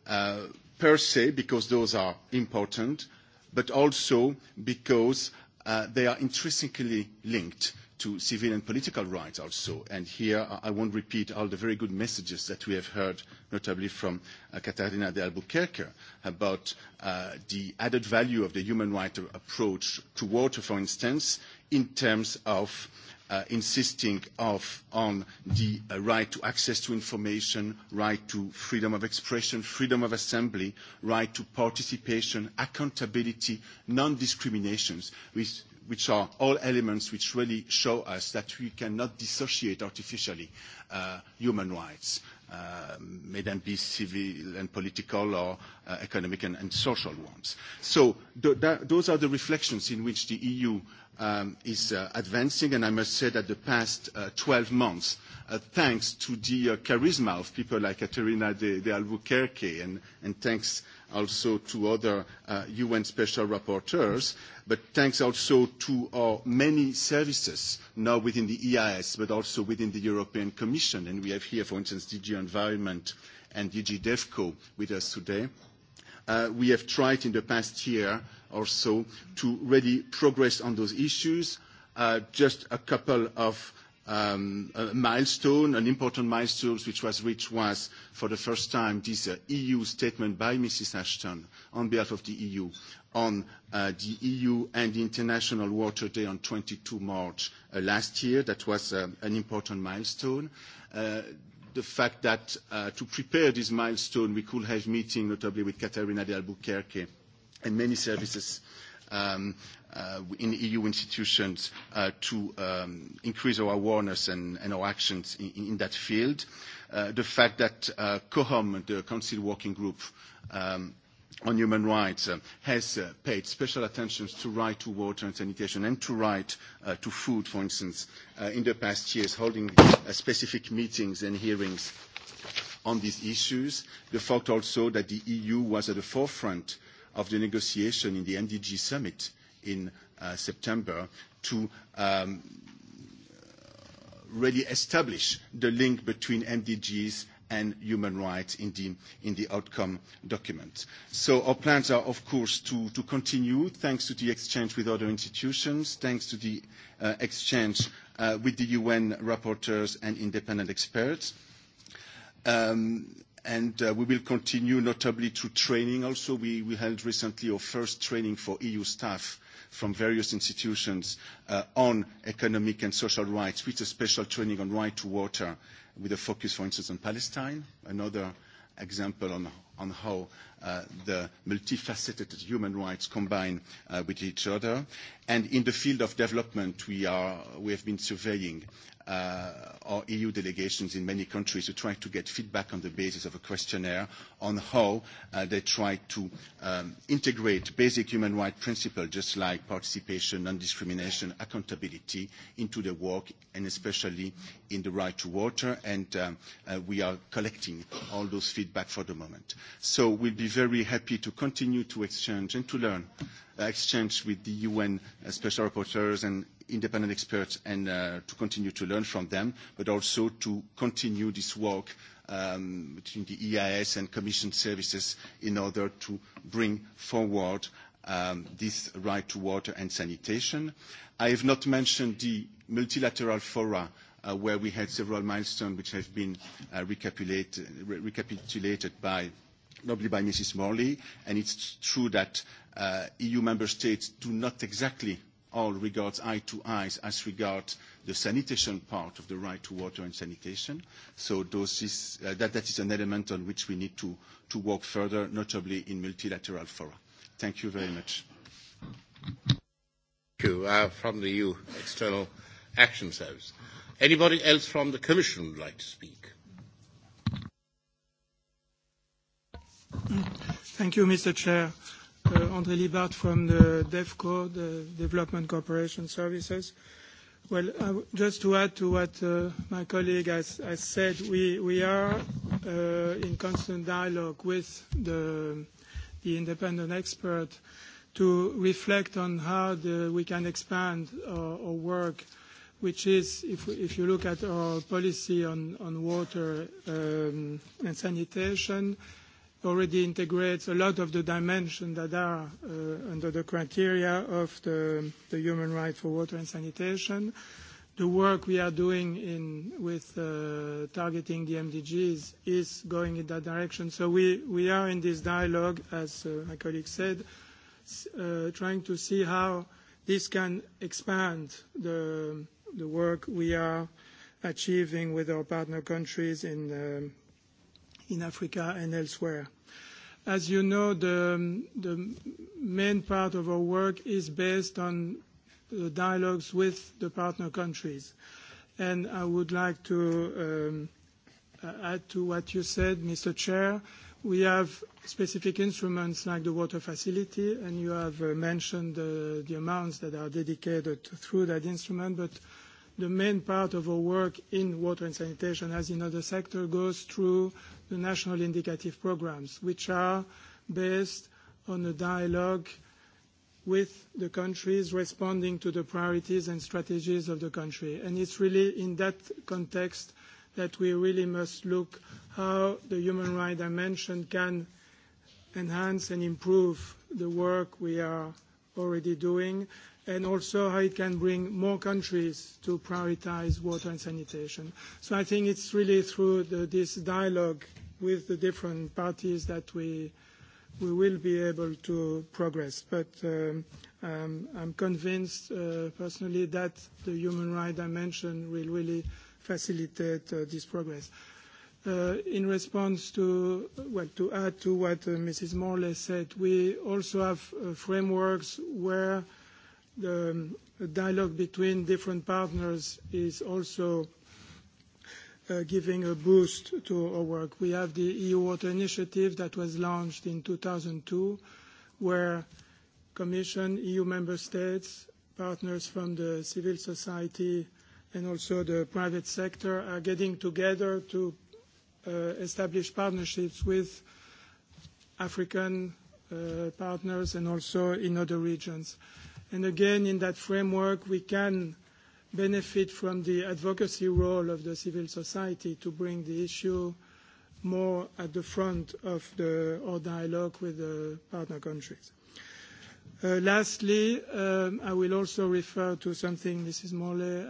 uh, per se, because those are important, but also because uh, they are intrinsically linked to civil and political rights also. And here I won't repeat all the very good messages that we have heard, notably from uh, Catarina de Albuquerque, about uh, the added value of the human rights approach to water, for instance, in terms of uh, insisting of, on the uh, right to access to information, right to freedom of expression, freedom of assembly, right to participation, accountability, non-discriminations, which which are all elements which really show us that we cannot dissociate artificially human rights, may then be civil and political or economic and, social ones. So those are the reflections in which the EU is advancing, and I must say that the past uh twelve months, thanks to the charisma of people like Caterina de, Albuquerque and, thanks also to other UN special rapporteurs, but thanks also to our many services now within the EIS, but also within the European Commission. And we have here, for instance, DG Environment and DG DevCo with us today. We have tried in the past year or so to really progress on those issues. Just a couple of milestone, an important milestone which was reached was, for the first time, this EU statement by Mrs. Ashton on behalf of the EU on the EU and the International Water Day on 22 March last year. That was an important milestone. The fact that to prepare this milestone, we could have meeting, notably with Caterina de Albuquerque and many services um, uh, in EU institutions uh, to um, increase our awareness and, and our actions in, in that field. Uh, the fact that uh, COHOM, the Council Working Group, um, on human rights has paid special attention to right to water and sanitation and to right to food, for instance, in the past years, holding specific meetings and hearings on these issues. The fact also that the EU was at the forefront uh, of the negotiation in the NDG summit in September to really establish the link between MDGs and human rights in the, in the outcome document. So our plans are, of course, to, to continue, thanks to the exchange with other institutions, thanks to the uh, exchange uh, with the UN rapporteurs and independent experts. Um, and we will continue notably through training also. We held recently our first training for EU staff from various institutions on economic and social rights, with a special training on right to water, with a focus, for instance, on Palestine, another example on on how the multifaceted human rights combine with each other. And in the field of development, we, are, we have been surveying our EU delegations in many countries to try to get feedback on the basis of a questionnaire on how they try to integrate basic human rights principles, just like participation, non-discrimination, accountability, into their work, and especially in the right to water. And we are collecting all those feedback for the moment. So we'll be very happy to continue to exchange and to learn, exchange with the UN special rapporteurs and independent experts and to continue to learn from them, but also to continue this work between the EIS and Commission services in order to bring forward this right to water and sanitation. I have not mentioned the multilateral fora where we had several milestones which have been recapitulated by notably by Mrs. Morley, and it's true that uh, EU member states do not exactly all regards eye to eyes as regards the sanitation part of the right to water and sanitation. So those is, uh, that, that is an element on which we need to, to work further, notably in multilateral fora. Thank you very much. Thank you. Uh, from the EU External Action Service. Anybody else from the Commission would like to speak? Thank you, Mr. Chair. André Libard from the DevCo, the Development Cooperation Services. Well, just to add to what my colleague has said, we are in constant dialogue with the independent expert to reflect on how we can expand our work, which is, if you look at our policy on water and sanitation, already integrates a lot of the dimensions that are under the criteria of the human right for water and sanitation. The work we are doing in with targeting the MDGs is going in that direction. So we are in this dialogue, as my colleague said, trying to see how this can expand the work we are achieving with our partner countries in in Africa and elsewhere. As you know, the main part of our work is based on the dialogues with the partner countries. And I would like to add to what you said, Mr. Chair. We have specific instruments like the water facility, and you have mentioned the amounts that are dedicated through that instrument. But the main part of our work in water and sanitation, as in other sector, goes through the national indicative programs, which are based on a dialogue with the countries responding to the priorities and strategies of the country. And It's really in that context that we really must look how the human rights dimension can enhance and improve the work we are already doing, and also how it can bring more countries to prioritize water and sanitation. So I think it's really through the, this dialogue with the different parties that we we will be able to progress. But um, um, I'm convinced uh, personally that the human rights dimension will really facilitate uh, this progress. Uh, in response to, well, to add to what uh, Mrs. Morley said, we also have uh, frameworks where the dialogue between different partners is also giving a boost to our work. We have the EU Water Initiative that was launched in 2002, where Commission, EU member states, partners from the civil society, and also the private sector are getting together to establish partnerships with African partners and also in other regions. And again, in that framework, we can benefit from the advocacy role of the civil society to bring the issue more at the front of the, our dialogue with the partner countries. Lastly, I will also refer to something Mrs. Morley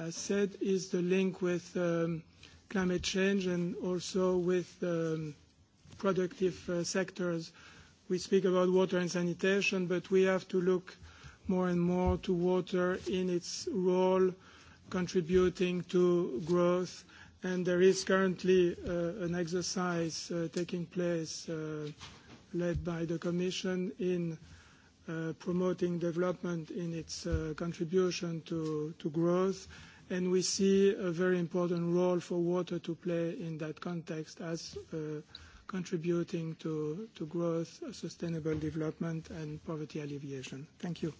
has said, is the link with climate change and also with productive sectors. We speak about water and sanitation, but we have to look more and more to water in its role contributing to growth. and There is currently an exercise taking place led by the Commission in promoting development in its contribution to growth. and We see a very important role for water to play in that context as contributing to growth, sustainable development, and poverty alleviation. Thank you.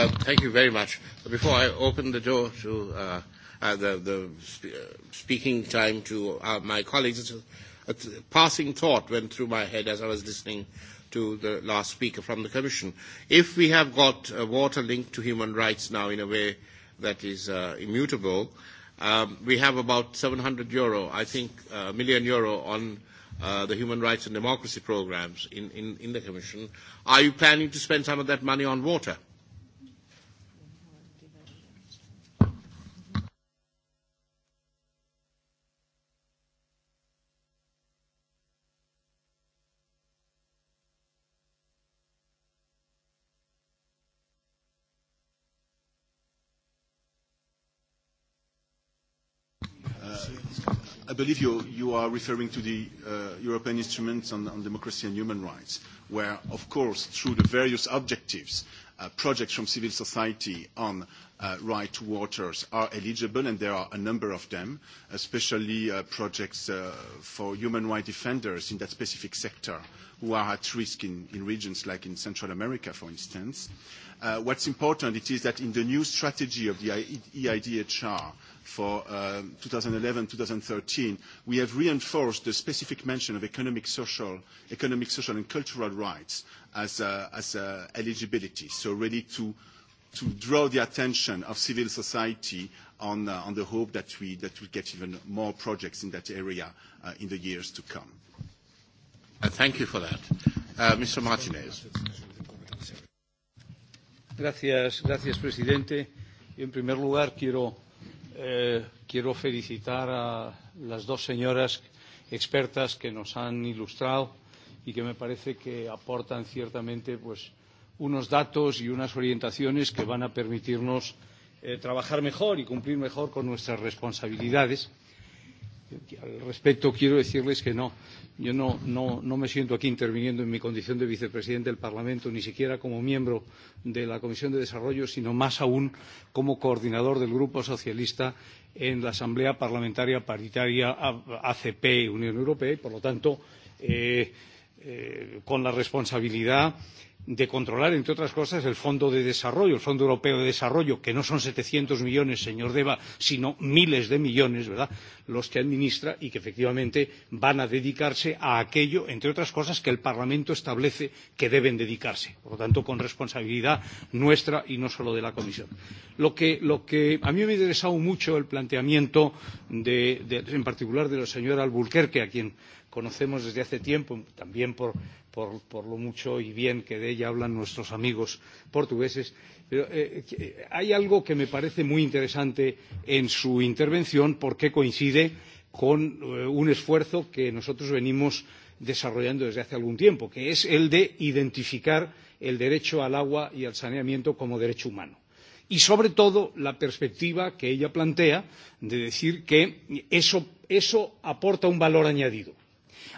Uh, thank you very much. Before I open the door to uh, uh, the, the sp- uh, speaking time to uh, my colleagues, a passing thought went through my head as I was listening to the last speaker from the Commission. If we have got uh, water linked to human rights now in a way that is uh, immutable, um, we have about 700 euro, I think, uh, million euro on uh, the human rights and democracy programs in, in, in the Commission. Are you planning to spend some of that money on water? believe you, you are referring to the uh, European Instrument on, on Democracy and Human Rights, where, of course, through the various objectives, uh, projects from civil society on uh, right to waters are eligible, and there are a number of them, especially uh, projects uh, for human rights defenders in that specific sector who are at risk in, in regions like in Central America, for instance. Uh, what's important it is that in the new strategy of the EIDHR, for 2011-2013, we have reinforced the specific mention of economic, social, economic, social and cultural rights as, eligibility. So really to, draw the attention of civil society on, the hope that we, that we get even more projects in that area in the years to come. thank you for that. Mr. Martinez. Gracias, presidente. En primer lugar, quiero eh, quiero felicitar a las dos señoras expertas que nos han ilustrado y que me parece que aportan ciertamente pues, unos datos y unas orientaciones que van a permitirnos eh, trabajar mejor y cumplir mejor con nuestras responsabilidades. Al respecto, quiero decirles que no, yo no, no, no me siento aquí interviniendo en mi condición de vicepresidente del Parlamento, ni siquiera como miembro de la Comisión de Desarrollo, sino más aún como coordinador del Grupo Socialista en la Asamblea Parlamentaria Paritaria ACP Unión Europea y, por lo tanto, eh, eh, con la responsabilidad eh, de controlar, entre otras cosas, el Fondo de Desarrollo, el Fondo Europeo de Desarrollo, que no son setecientos millones, señor Deva, sino miles de millones, ¿verdad?, los que administra y que efectivamente van a dedicarse a aquello, entre otras cosas, que el Parlamento establece que deben dedicarse. Por lo tanto, con responsabilidad nuestra y no solo de la Comisión. Lo que, a mí me ha interesado mucho el planteamiento, en particular, de la señora Alburquerque, a quien conocemos desde hace tiempo, también por, lo mucho y bien que de ella hablan nuestros amigos portugueses. Pero hay algo que me parece muy interesante en su intervención porque coincide con un esfuerzo que nosotros venimos desarrollando desde hace algún tiempo, que es el de identificar el derecho al agua y al saneamiento como derecho humano y sobre todo la perspectiva que ella plantea de decir que eso, aporta un valor añadido.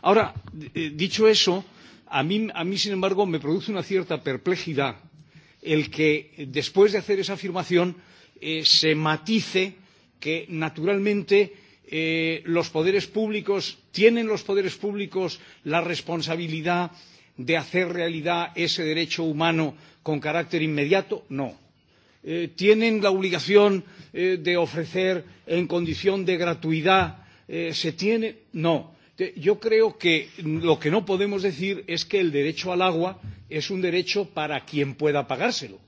Ahora, dicho eso, a mí, a mí, sin embargo, me produce una cierta perplejidad el que, después de hacer esa afirmación, se matice que, naturalmente, los poderes públicos tienen los poderes públicos la responsabilidad de hacer realidad ese derecho humano con carácter inmediato? No. ¿Tienen la obligación de ofrecer en condición de gratuidad? ¿Se tiene? No Yo creo que lo que no podemos decir es que el derecho al agua es un derecho para quien pueda pagárselo,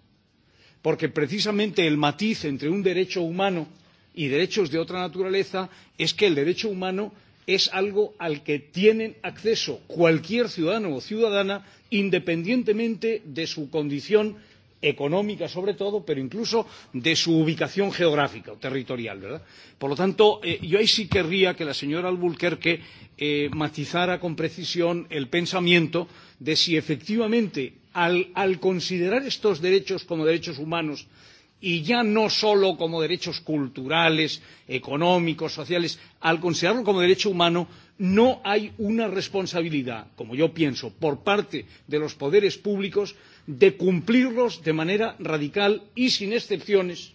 porque precisamente el matiz entre un derecho humano y derechos de otra naturaleza es que el derecho humano es algo al que tienen acceso cualquier ciudadano o ciudadana independientemente de su condición económica sobre todo, pero incluso de su ubicación geográfica o territorial. ¿verdad? Por lo tanto, eh, yo ahí sí querría que la señora Albuquerque eh, matizara con precisión el pensamiento de si efectivamente al, al considerar estos derechos como derechos humanos y ya no solo como derechos culturales, económicos, sociales, al considerarlo como derecho humano, no hay una responsabilidad, como yo pienso, por parte de los poderes públicos de cumplirlos de manera radical y sin excepciones,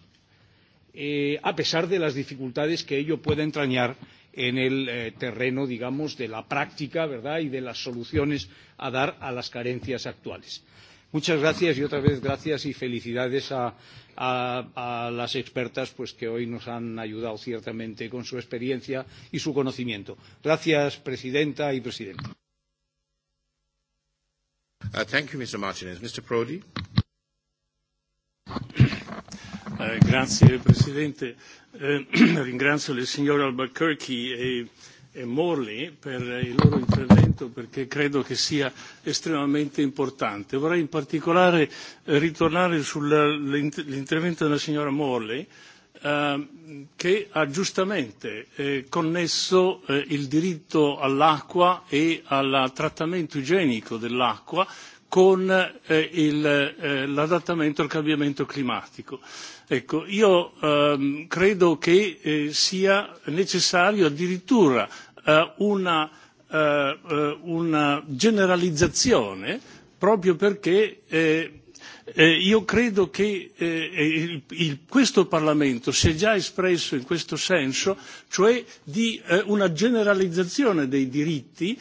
a pesar de las dificultades que ello pueda entrañar en el terreno, digamos, de la práctica, ¿verdad?, y de las soluciones a dar a las carencias actuales. Muchas gracias y otra vez gracias y felicidades a, a, a las expertas pues, que hoy nos han ayudado ciertamente con su experiencia y su conocimiento. Gracias, presidenta y presidente. Uh, thank you, Mr. Martinez. Mr. Prodi. Eh, grazie Presidente. Eh, ringrazio il signor Albuquerque e e Morley per il loro intervento perché credo che sia estremamente importante. Vorrei in particolare ritornare sull'intervento della signora Morley che ha giustamente connesso il diritto all'acqua e al trattamento igienico dell'acqua con l'adattamento al cambiamento climatico. Ecco, io credo che sia necessario addirittura una generalizzazione proprio perché io credo che questo Parlamento si è già espresso in questo senso, cioè di una generalizzazione dei diritti,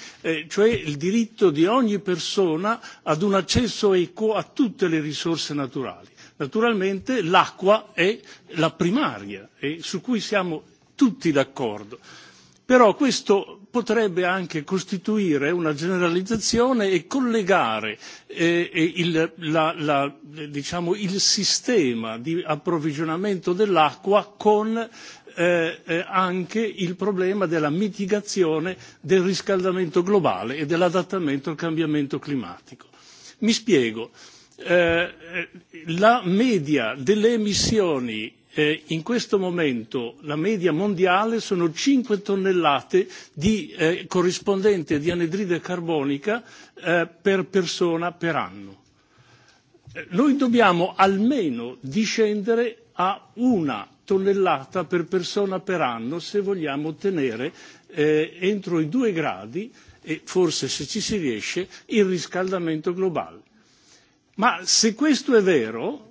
cioè il diritto di ogni persona ad un accesso equo a tutte le risorse naturali. Naturalmente l'acqua è la primaria e su cui siamo tutti d'accordo però questo potrebbe anche costituire una generalizzazione e collegare il, sistema di approvvigionamento dell'acqua con anche il problema della mitigazione del riscaldamento globale e dell'adattamento al cambiamento climatico. Mi spiego la media delle emissioni in questo momento la media mondiale sono cinque tonnellate di corrispondente di anidride carbonica per persona per anno. Noi dobbiamo almeno discendere a una tonnellata per persona per anno se vogliamo ottenere, entro i due gradi e forse se ci si riesce il riscaldamento globale. Ma se questo è vero,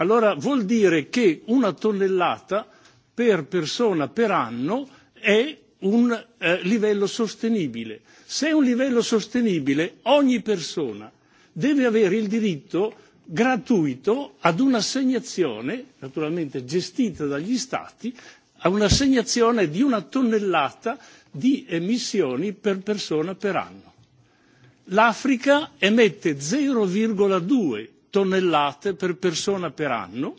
Allora vuol dire che una tonnellata per persona per anno è un livello sostenibile. Se è un livello sostenibile, ogni persona deve avere il diritto gratuito ad un'assegnazione, naturalmente gestita dagli Stati, a un'assegnazione di una tonnellata di emissioni per persona per anno. L'Africa emette zero due tonnellate per persona per anno,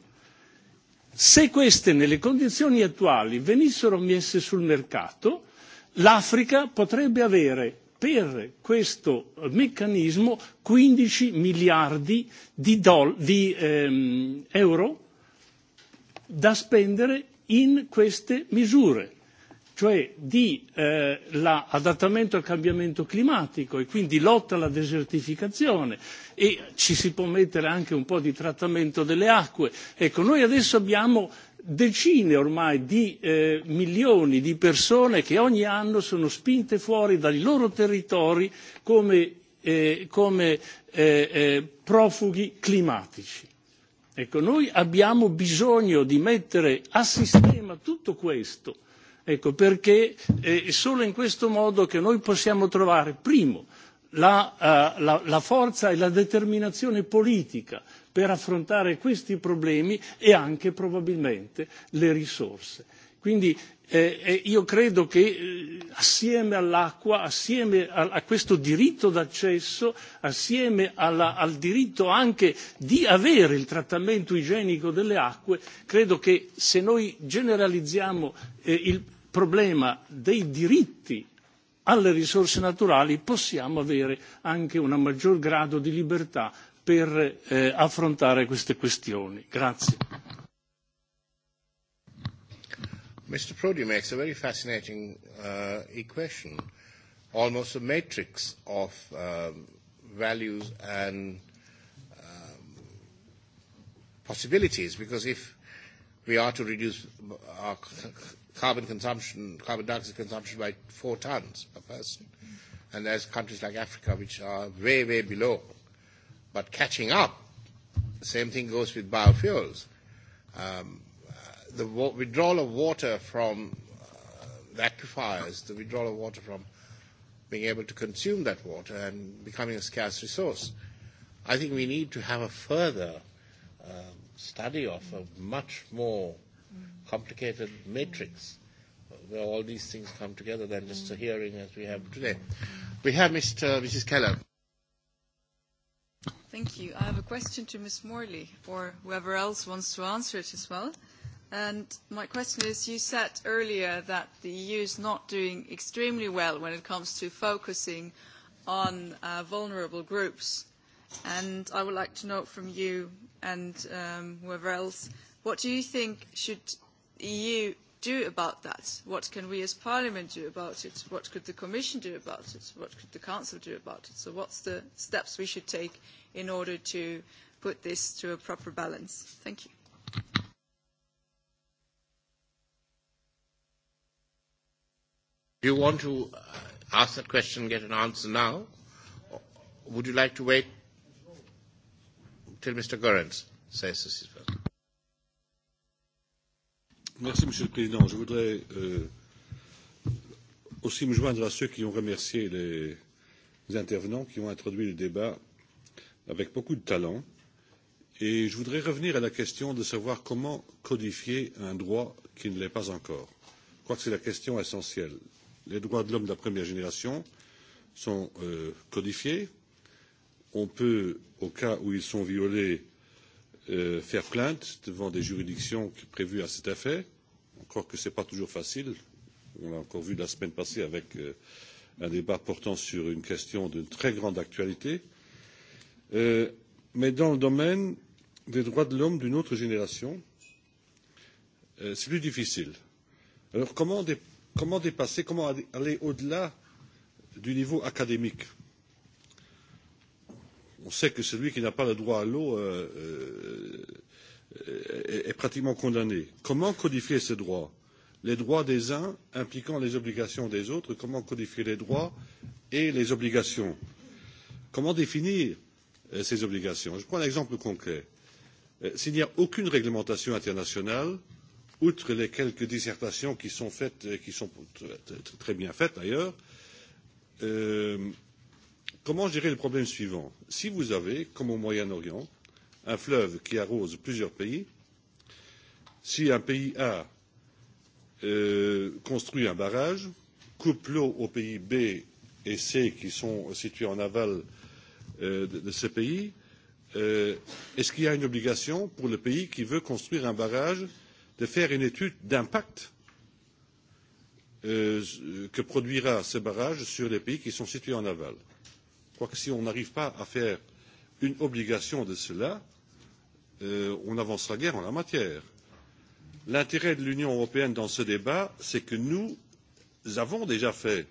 se queste nelle condizioni attuali venissero messe sul mercato, l'Africa potrebbe avere per questo meccanismo quindici miliardi di euro da spendere in queste misure cioè di adattamento al cambiamento climatico e quindi lotta alla desertificazione e ci si può mettere anche un po' di trattamento delle acque. Ecco, noi adesso abbiamo decine ormai di milioni di persone che ogni anno sono spinte fuori dai loro territori come, profughi climatici. Ecco, noi abbiamo bisogno di mettere a sistema tutto questo Ecco perché è solo in questo modo che noi possiamo trovare, primo, la forza e la determinazione politica per affrontare questi problemi e anche probabilmente le risorse. Quindi io credo che assieme all'acqua, assieme a questo diritto d'accesso, assieme al diritto anche di avere il trattamento igienico delle acque, credo che se noi generalizziamo il problema dei diritti alle risorse naturali possiamo avere anche un maggior grado di libertà per affrontare queste questioni. Mr. Prodi makes a very fascinating uh, equation, almost a matrix of um, values and um, possibilities, because if we are to reduce our carbon consumption, carbon dioxide consumption by four tons per person. And there's countries like Africa which are way, way below. But catching up, the same thing goes with biofuels. Um, the wa- withdrawal of water from uh, the aquifers, the withdrawal of water from being able to consume that water and becoming a scarce resource. I think we need to have a further uh, study of a much more complicated matrix where all these things come together than just a hearing as we have today. We have Mr. Mrs. Keller. Thank you. I have a question to Ms. Morley or whoever else wants to answer it as well. And my question is, you said earlier that the EU is not doing extremely well when it comes to focusing on vulnerable groups. And I would like to know from you and whoever else, what do you think should EU do about that? What can we as Parliament do about it? What could the Commission do about it? What could the Council do about it? So what's the steps we should take in order to put this to a proper balance? Thank you. Do you want to ask that question and get an answer now? Or would you like to wait till Mr. Goerens says this is first? Merci, Monsieur le Président. Je voudrais aussi me joindre à ceux qui ont remercié les intervenants qui ont introduit le débat avec beaucoup de talent. Et je voudrais revenir à la question de savoir comment codifier un droit qui ne l'est pas encore. Je crois que c'est la question essentielle. Les droits de l'homme de la première génération sont codifiés. On peut, au cas où ils sont violés, faire plainte devant des juridictions prévues à cet effet, encore que ce n'est pas toujours facile. On l'a encore vu la semaine passée avec un débat portant sur une question de très grande actualité. mais dans le domaine des droits de l'homme d'une autre génération, c'est plus difficile. Alors comment, dépasser, comment aller au-delà du niveau académique On sait que celui qui n'a pas le droit à l'eau est pratiquement condamné. Comment codifier ces droits Les droits des uns impliquant les obligations des autres, comment codifier les droits et les obligations Comment définir ces obligations Je prends un exemple concret. S'il n'y a aucune réglementation internationale, outre les quelques dissertations qui sont faites, qui sont très bien faites d'ailleurs, Comment gérer le problème suivant Si vous avez, comme au Moyen-Orient, un fleuve qui arrose plusieurs pays, si un pays A construit un barrage, coupe l'eau aux pays B et C qui sont situés en aval de, ce pays, est-ce qu'il y a une obligation pour le pays qui veut construire un barrage de faire une étude d'impact que produira ce barrage sur les pays qui sont situés en aval? crois que si on n'arrive pas à faire une obligation de cela, on avancera guère en la matière. L'intérêt de l'Union européenne dans ce débat, c'est que nous avons déjà fait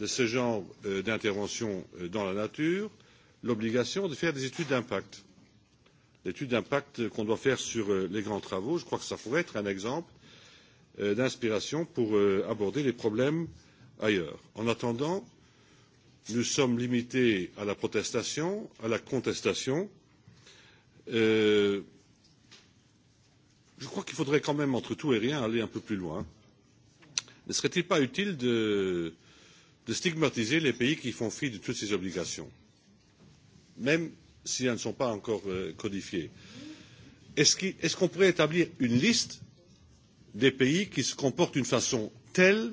de ce genre d'intervention dans la nature l'obligation de faire des études d'impact. L'étude d'impact qu'on doit faire sur les grands travaux, je crois que cela pourrait être un exemple d'inspiration pour aborder les problèmes ailleurs. En attendant, nous sommes limités à la protestation, à la contestation. je crois qu'il faudrait quand même, entre tout et rien, aller un peu plus loin. Ne serait-il pas utile de, stigmatiser les pays qui font fi de toutes ces obligations, même si elles ne sont pas encore codifiées Est-ce qu'on pourrait établir une liste des pays qui se comportent d'une façon telle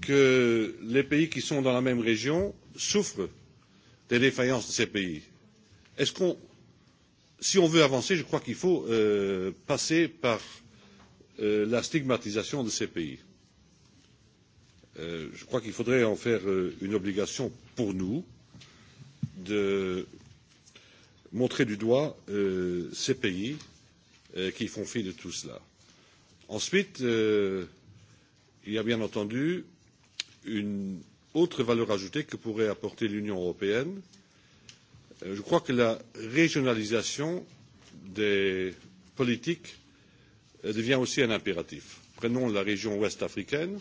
que les pays qui sont dans la même région souffrent des défaillances de ces pays. Est ce si on veut avancer, je crois qu'il faut passer par la stigmatisation de ces pays. je crois qu'il faudrait en faire une obligation pour nous de montrer du doigt ces pays qui font fi de tout cela. Ensuite, il y a bien entendu une autre valeur ajoutée que pourrait apporter l'Union européenne. Je crois que la régionalisation des politiques devient aussi un impératif. Prenons la région ouest africaine.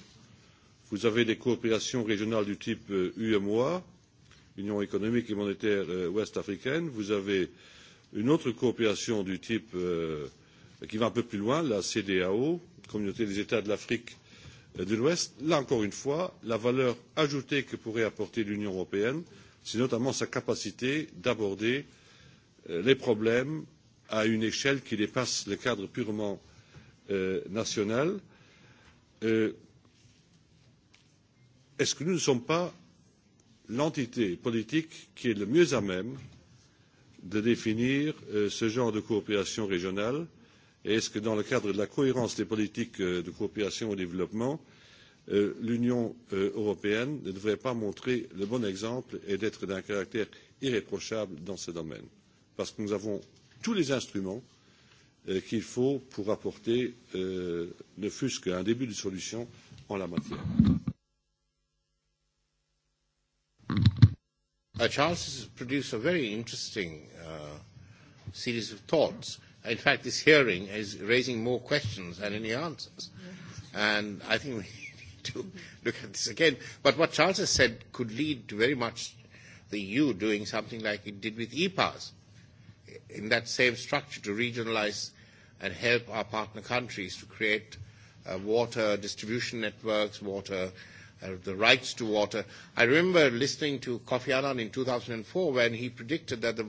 Vous avez des coopérations régionales du type UMOA, Union économique et monétaire ouest africaine. Vous avez une autre coopération du type qui va un peu plus loin, la CDAO, Communauté des États de l'Afrique de l'Ouest. Là encore une fois, la valeur ajoutée que pourrait apporter l'Union européenne, c'est notamment sa capacité d'aborder les problèmes à une échelle qui dépasse le cadre purement national. Est-ce que nous ne sommes pas l'entité politique qui est le mieux à même de définir ce genre de coopération régionale Et est-ce que dans le cadre de la cohérence des politiques de coopération au développement, l'Union européenne ne devrait pas montrer le bon exemple et être d'un caractère irréprochable dans ce domaine Parce que nous avons tous les instruments qu'il faut pour apporter ne fût-ce qu'un début de solution en la matière. Charles has produced a very interesting series of thoughts in fact, this hearing is raising more questions than any answers. And I think we need to look at this again. But what Charles has said could lead to very much the EU doing something like it did with EPAS, in that same structure to regionalize and help our partner countries to create uh, water distribution networks, water, uh, the rights to water. I remember listening to Kofi Annan in 2004 when he predicted that the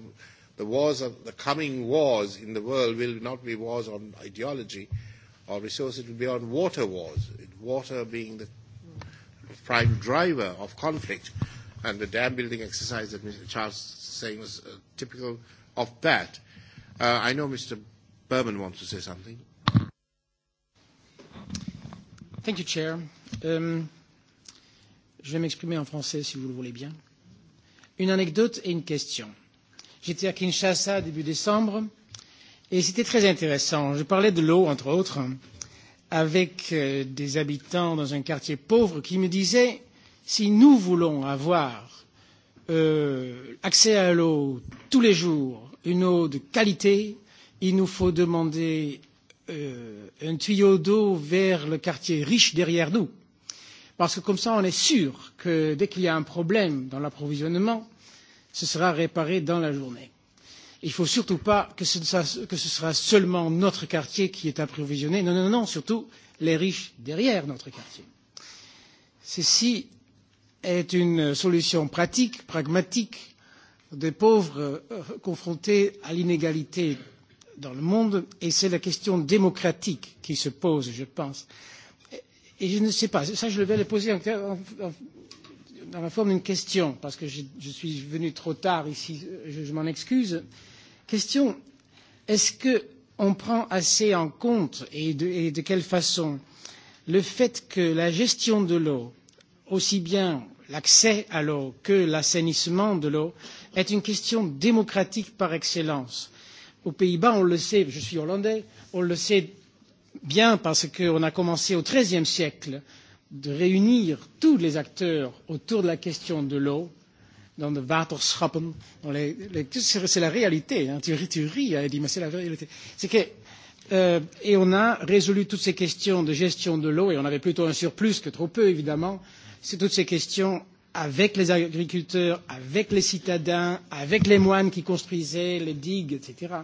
the wars of the coming wars in the world will not be wars on ideology or resources, it will be on water wars, water being the prime driver of conflict. And the dam building exercise that Mr. Charles is saying was uh, typical of that. Uh, I know Mr. Berman wants to say something. Thank you, Chair. Um, je vais m'exprimer en français, si vous le voulez bien. Une anecdote et une question. J'étais à Kinshasa début décembre et c'était très intéressant. Je parlais de l'eau, entre autres, avec des habitants dans un quartier pauvre qui me disaient si nous voulons avoir accès à l'eau tous les jours, une eau de qualité, il nous faut demander un tuyau d'eau vers le quartier riche derrière nous. Parce que comme ça, on est sûr que dès qu'il y a un problème dans l'approvisionnement, ce sera réparé dans la journée. Il ne faut surtout pas que ce, sera seulement notre quartier qui est approvisionné. Non, non, non, surtout les riches derrière notre quartier. Ceci est une solution pratique, pragmatique, des pauvres confrontés à l'inégalité dans le monde, et c'est la question démocratique qui se pose, je pense. Et je ne sais pas, ça je vais le poser en, dans la forme d'une question, parce que je, je suis venu trop tard ici, je, je m'en excuse. Question, est-ce qu'on prend assez en compte, et de, et de quelle façon, le fait que la gestion de l'eau, aussi bien l'accès à l'eau que l'assainissement de l'eau, est une question démocratique par excellence Aux Pays-Bas, on le sait, je suis hollandais, on le sait bien parce qu'on a commencé au XIIIe siècle de réunir tous les acteurs autour de la question de l'eau, dans le waterschappen. Dans les, les, c'est la réalité. Hein. Tu, tu ris, elle dit, mais c'est la réalité. C'est que, euh, et on a résolu toutes ces questions de gestion de l'eau, et on avait plutôt un surplus que trop peu, évidemment. C'est toutes ces questions avec les agriculteurs, avec les citadins, avec les moines qui construisaient les digues, etc.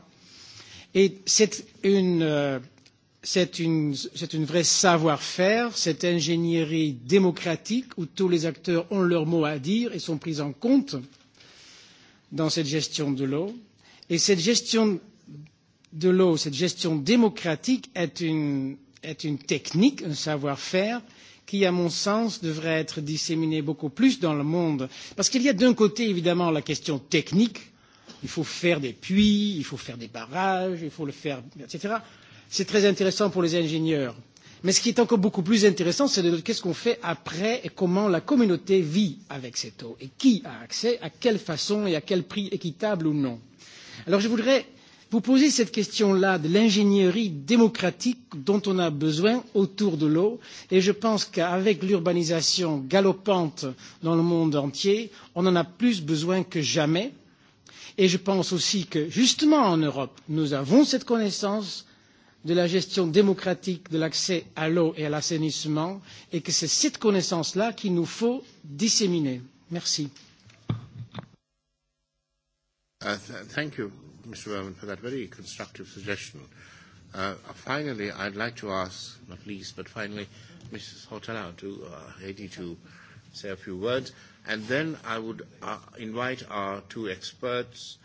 Et c'est une. Euh, c'est une, une vraie savoir-faire, cette ingénierie démocratique où tous les acteurs ont leur mot à dire et sont pris en compte dans cette gestion de l'eau. Et cette gestion de l'eau, cette gestion démocratique est une, est une technique, un savoir-faire qui, à mon sens, devrait être disséminée beaucoup plus dans le monde. Parce qu'il y a d'un côté, évidemment, la question technique. Il faut faire des puits, il faut faire des barrages, il faut le faire, etc. C'est très intéressant pour les ingénieurs. Mais ce qui est encore beaucoup plus intéressant, c'est de qu'est-ce qu'on fait après et comment la communauté vit avec cette eau et qui a accès, à quelle façon et à quel prix équitable ou non. Alors je voudrais vous poser cette question-là de l'ingénierie démocratique dont on a besoin autour de l'eau et je pense qu'avec l'urbanisation galopante dans le monde entier, on en a plus besoin que jamais. Et je pense aussi que justement en Europe, nous avons cette connaissance, de la gestion démocratique de l'accès à l'eau et à l'assainissement et que c'est cette connaissance là qu'il nous faut disséminer. Merci. thank you, Mr. Berman, for that very constructive suggestion. Uh, finally, I'd like to ask, not least, but finally, Mrs. Hotela to uh, Haiti to say a few words, and then I would uh, invite our two experts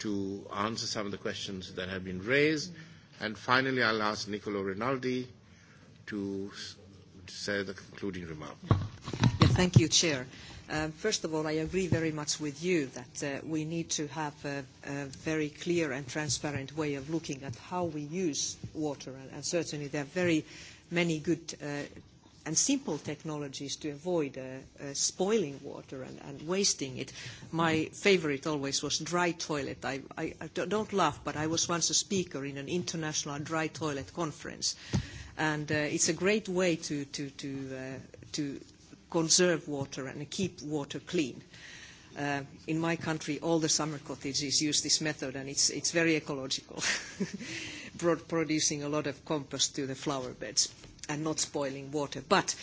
to answer some of the questions that have been raised. Mm-hmm And finally, I'll ask Niccolo Rinaldi to say the concluding remark. Yeah, thank you, Chair. First of all, I agree very much with you that we need to have a very clear and transparent way of looking at how we use water, and certainly there are very many good and simple technologies to avoid uh, uh, spoiling water and, and wasting it. My favorite always was dry toilet. I, I, I don't laugh, but I was once a speaker in an international dry toilet conference. And uh, it's a great way to, to, to, uh, to conserve water and keep water clean. Uh, in my country, all the summer cottages use this method, and it's, it's very ecological, producing a lot of compost to the flower beds and not spoiling water. But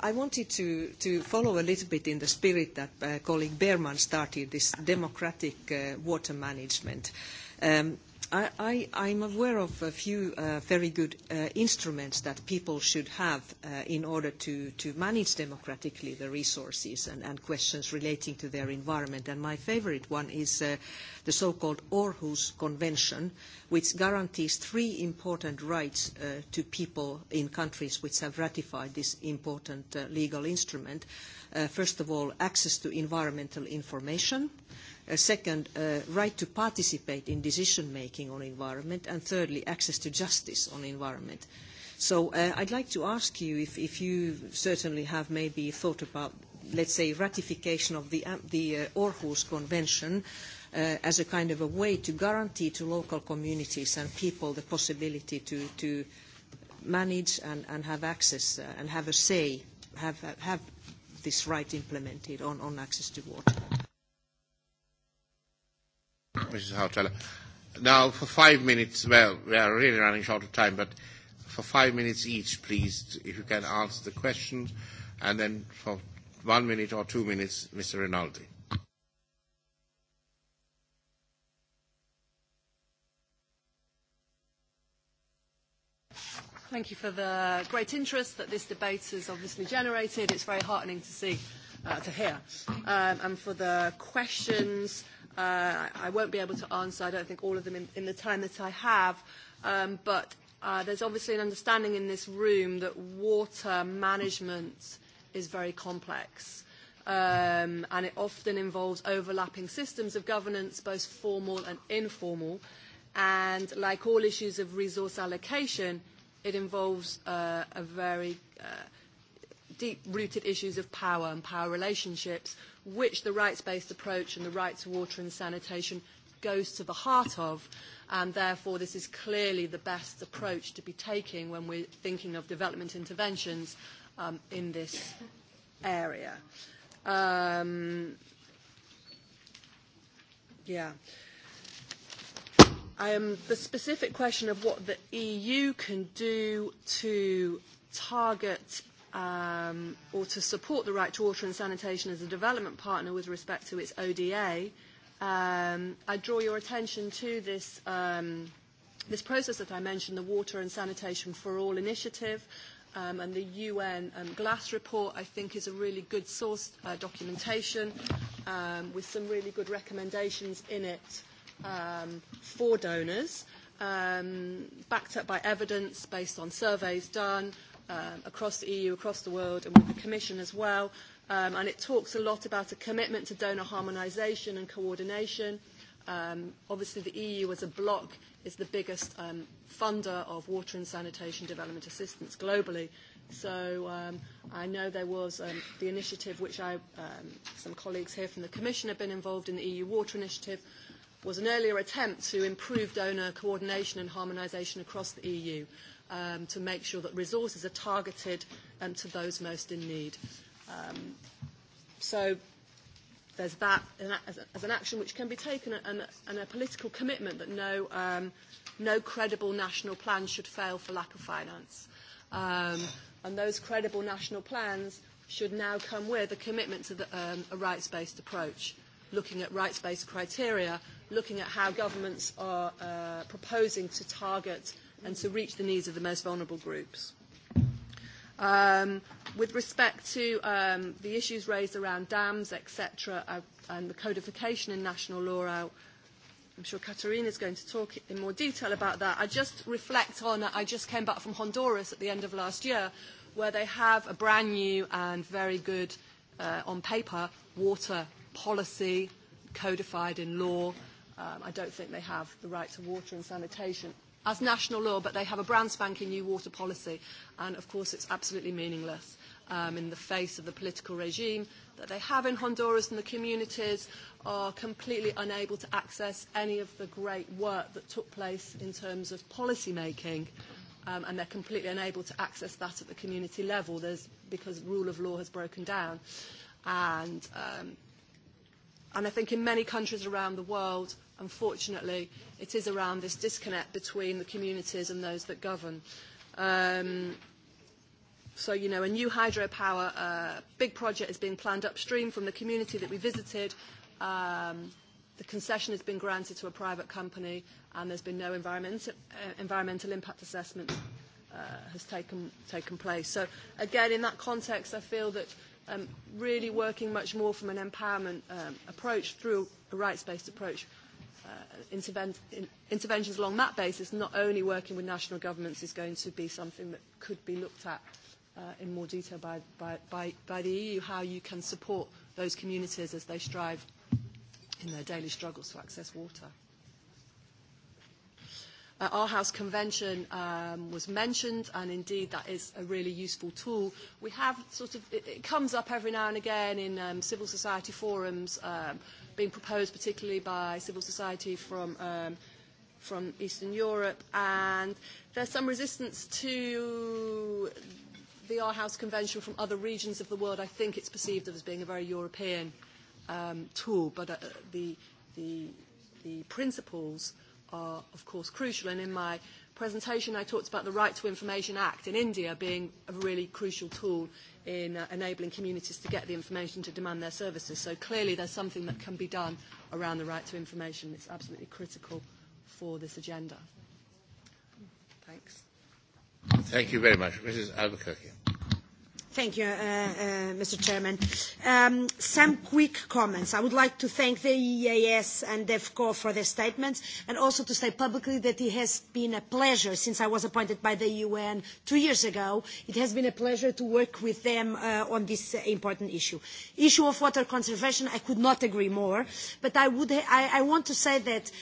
I wanted to to follow a little bit in the spirit that colleague Berman started this democratic water management. Um I, I, I'm aware of a few uh, very good uh, instruments that people should have uh, in order to, to manage democratically the resources and, and questions relating to their environment. And my favorite one is uh, the so-called Aarhus Convention, which guarantees three important rights uh, to people in countries which have ratified this important uh, legal instrument. Uh, first of all, access to environmental information. Uh, second, right to participate in decision-making on environment, and thirdly, access to justice on environment. So uh, I'd like to ask you if, if you certainly have maybe thought about, let's say, ratification of the, the uh, Aarhus Convention as a kind of a way to guarantee to local communities and people the possibility to, to manage and, and have access and have a say, have, have this right implemented on, on access to water. Mrs. Hautala. Now, for five minutes, well, we are really running short of time, but for five minutes each, please, if you can answer the questions, and then for one minute or two minutes, Mr. Rinaldi. Thank you for the great interest that this debate has obviously generated. It's very heartening to see, uh, to hear, um, and for the questions. Uh, I won't be able to answer, I don't think, all of them in, in the time that I have, um, but uh, there's obviously an understanding in this room that water management is very complex. Um, and it often involves overlapping systems of governance, both formal and informal. And like all issues of resource allocation, it involves uh, a very uh, deep-rooted issues of power and power relationships, which the rights-based approach and the right to water and sanitation goes to the heart of, and therefore this is clearly the best approach to be taking when we're thinking of development interventions um, in this area. Um, yeah. Um, the specific question of what the EU can do to target um, or to support the right to water and sanitation as a development partner with respect to its ODA, um, I draw your attention to this, um, this process that I mentioned, the Water and Sanitation for All initiative, um, and the UN um, GLASS report, I think, is a really good source uh, documentation um, with some really good recommendations in it um, for donors, um, backed up by evidence based on surveys done, um, across the EU, across the world, and with the Commission as well. Um, and it talks a lot about a commitment to donor harmonisation and coordination. Um, obviously, the EU as a bloc is the biggest um, funder of water and sanitation development assistance globally. So um, I know there was um, the initiative which I, um, some colleagues here from the Commission have been involved in, the EU Water Initiative, was an earlier attempt to improve donor coordination and harmonisation across the EU um, to make sure that resources are targeted um, to those most in need. Um, so there's that as an action which can be taken and, and a political commitment that no, um, no credible national plan should fail for lack of finance. Um, and those credible national plans should now come with a commitment to the, um, a rights-based approach, looking at rights-based criteria, looking at how governments are uh, proposing to target and to reach the needs of the most vulnerable groups. Um, with respect to um, the issues raised around dams, etc., and the codification in national law, I, I'm sure Katarina is going to talk in more detail about that. I just reflect on, I just came back from Honduras at the end of last year, where they have a brand new and very good, uh, on paper, water policy codified in law. Um, I don't think they have the right to water and sanitation as national law, but they have a brand spanking new water policy. And of course, it's absolutely meaningless um, in the face of the political regime that they have in Honduras, and the communities are completely unable to access any of the great work that took place in terms of policy making. Um, and they're completely unable to access that at the community level There's, because rule of law has broken down. And, um, and I think in many countries around the world, unfortunately, it is around this disconnect between the communities and those that govern. Um, so, you know, a new hydropower uh, big project is being planned upstream from the community that we visited. Um, the concession has been granted to a private company and there's been no environment, uh, environmental impact assessment uh, has taken, taken place. So again, in that context, I feel that um, really working much more from an empowerment um, approach through a rights-based approach interventions along that basis, not only working with national governments, is going to be something that could be looked at in more detail by, by, by, by the EU, how you can support those communities as they strive in their daily struggles to access water. Uh, Our House Convention um, was mentioned, and indeed that is a really useful tool. We have sort of, it, it comes up every now and again in um, civil society forums, um, being proposed particularly by civil society from um, from Eastern Europe, and there's some resistance to the Our House Convention from other regions of the world. I think it's perceived as being a very European um, tool, but uh, the, the, the principles are, of course, crucial. And in my presentation, I talked about the Right to Information Act in India being a really crucial tool in uh, enabling communities to get the information to demand their services. So clearly there's something that can be done around the right to information. It's absolutely critical for this agenda. Thanks. Thank you very much. Mrs. Albuquerque. Mr. Chairman. some quick comments. I would like to thank the EEAS and DEFCO for their statements, and also to say publicly that it has been a pleasure since I was appointed by the UN two years ago. It has been a pleasure to work with them on this important issue. Issue of water conservation, I could not agree more, but I, would, I, want to say that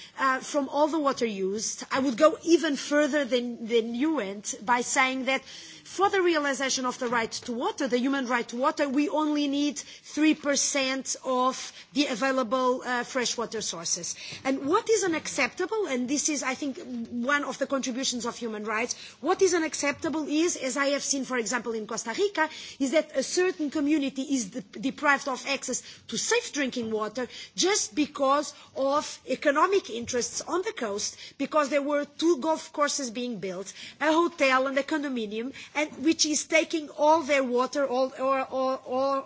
from all the water used, I would go even further than, than you went by saying that For the realisation of the right to water, the human right to water, we only need 3% of the available freshwater sources. And what is unacceptable, and this is, I think, one of the contributions of human rights, what is unacceptable is, as I have seen, for example, in Costa Rica, is that a certain community is deprived of access to safe drinking water just because of economic interests on the coast, because there were two golf courses being built, a hotel and a condominium, and which is taking all their water, all, or, or, or,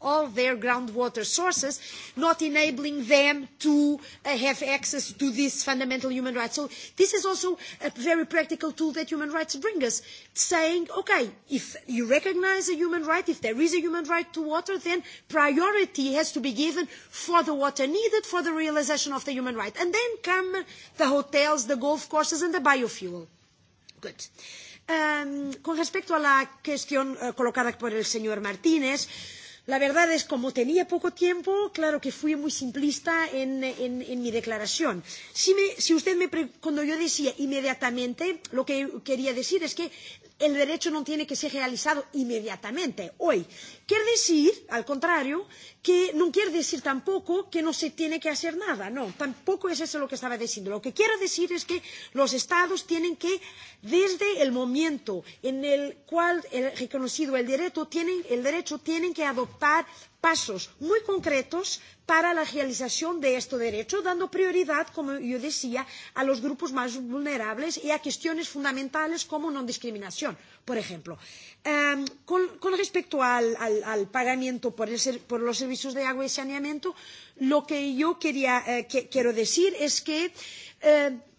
all their groundwater sources, not enabling them to have access to this fundamental human rights. So this is also a very practical tool that human rights bring us, saying, okay, if you recognise a human right, if there is a human right to water, then priority has to be given for the water needed for the realisation of the human right. And then come the hotels, the golf courses, and the biofuel. Good con respecto a la cuestión colocada por el señor Martínez, la verdad es que como tenía poco tiempo, claro que fui muy simplista en, mi declaración. Si, usted me, cuando yo decía inmediatamente, lo que quería decir es que el derecho no tiene que ser realizado inmediatamente, hoy. Quiere decir, al contrario, que no quiere decir tampoco que no se tiene que hacer nada, no, tampoco es eso lo que estaba diciendo. Lo que quiero decir es que los Estados tienen que, desde el momento en el cual el reconocido el derecho, tienen, el derecho, tienen que adoptar pasos muy concretos para la realización de este derecho, dando prioridad, como yo decía, a los grupos más vulnerables y a cuestiones fundamentales como no discriminación, por ejemplo. con, respecto al, pagamiento por, los servicios de agua y saneamiento, lo que yo quiero decir es que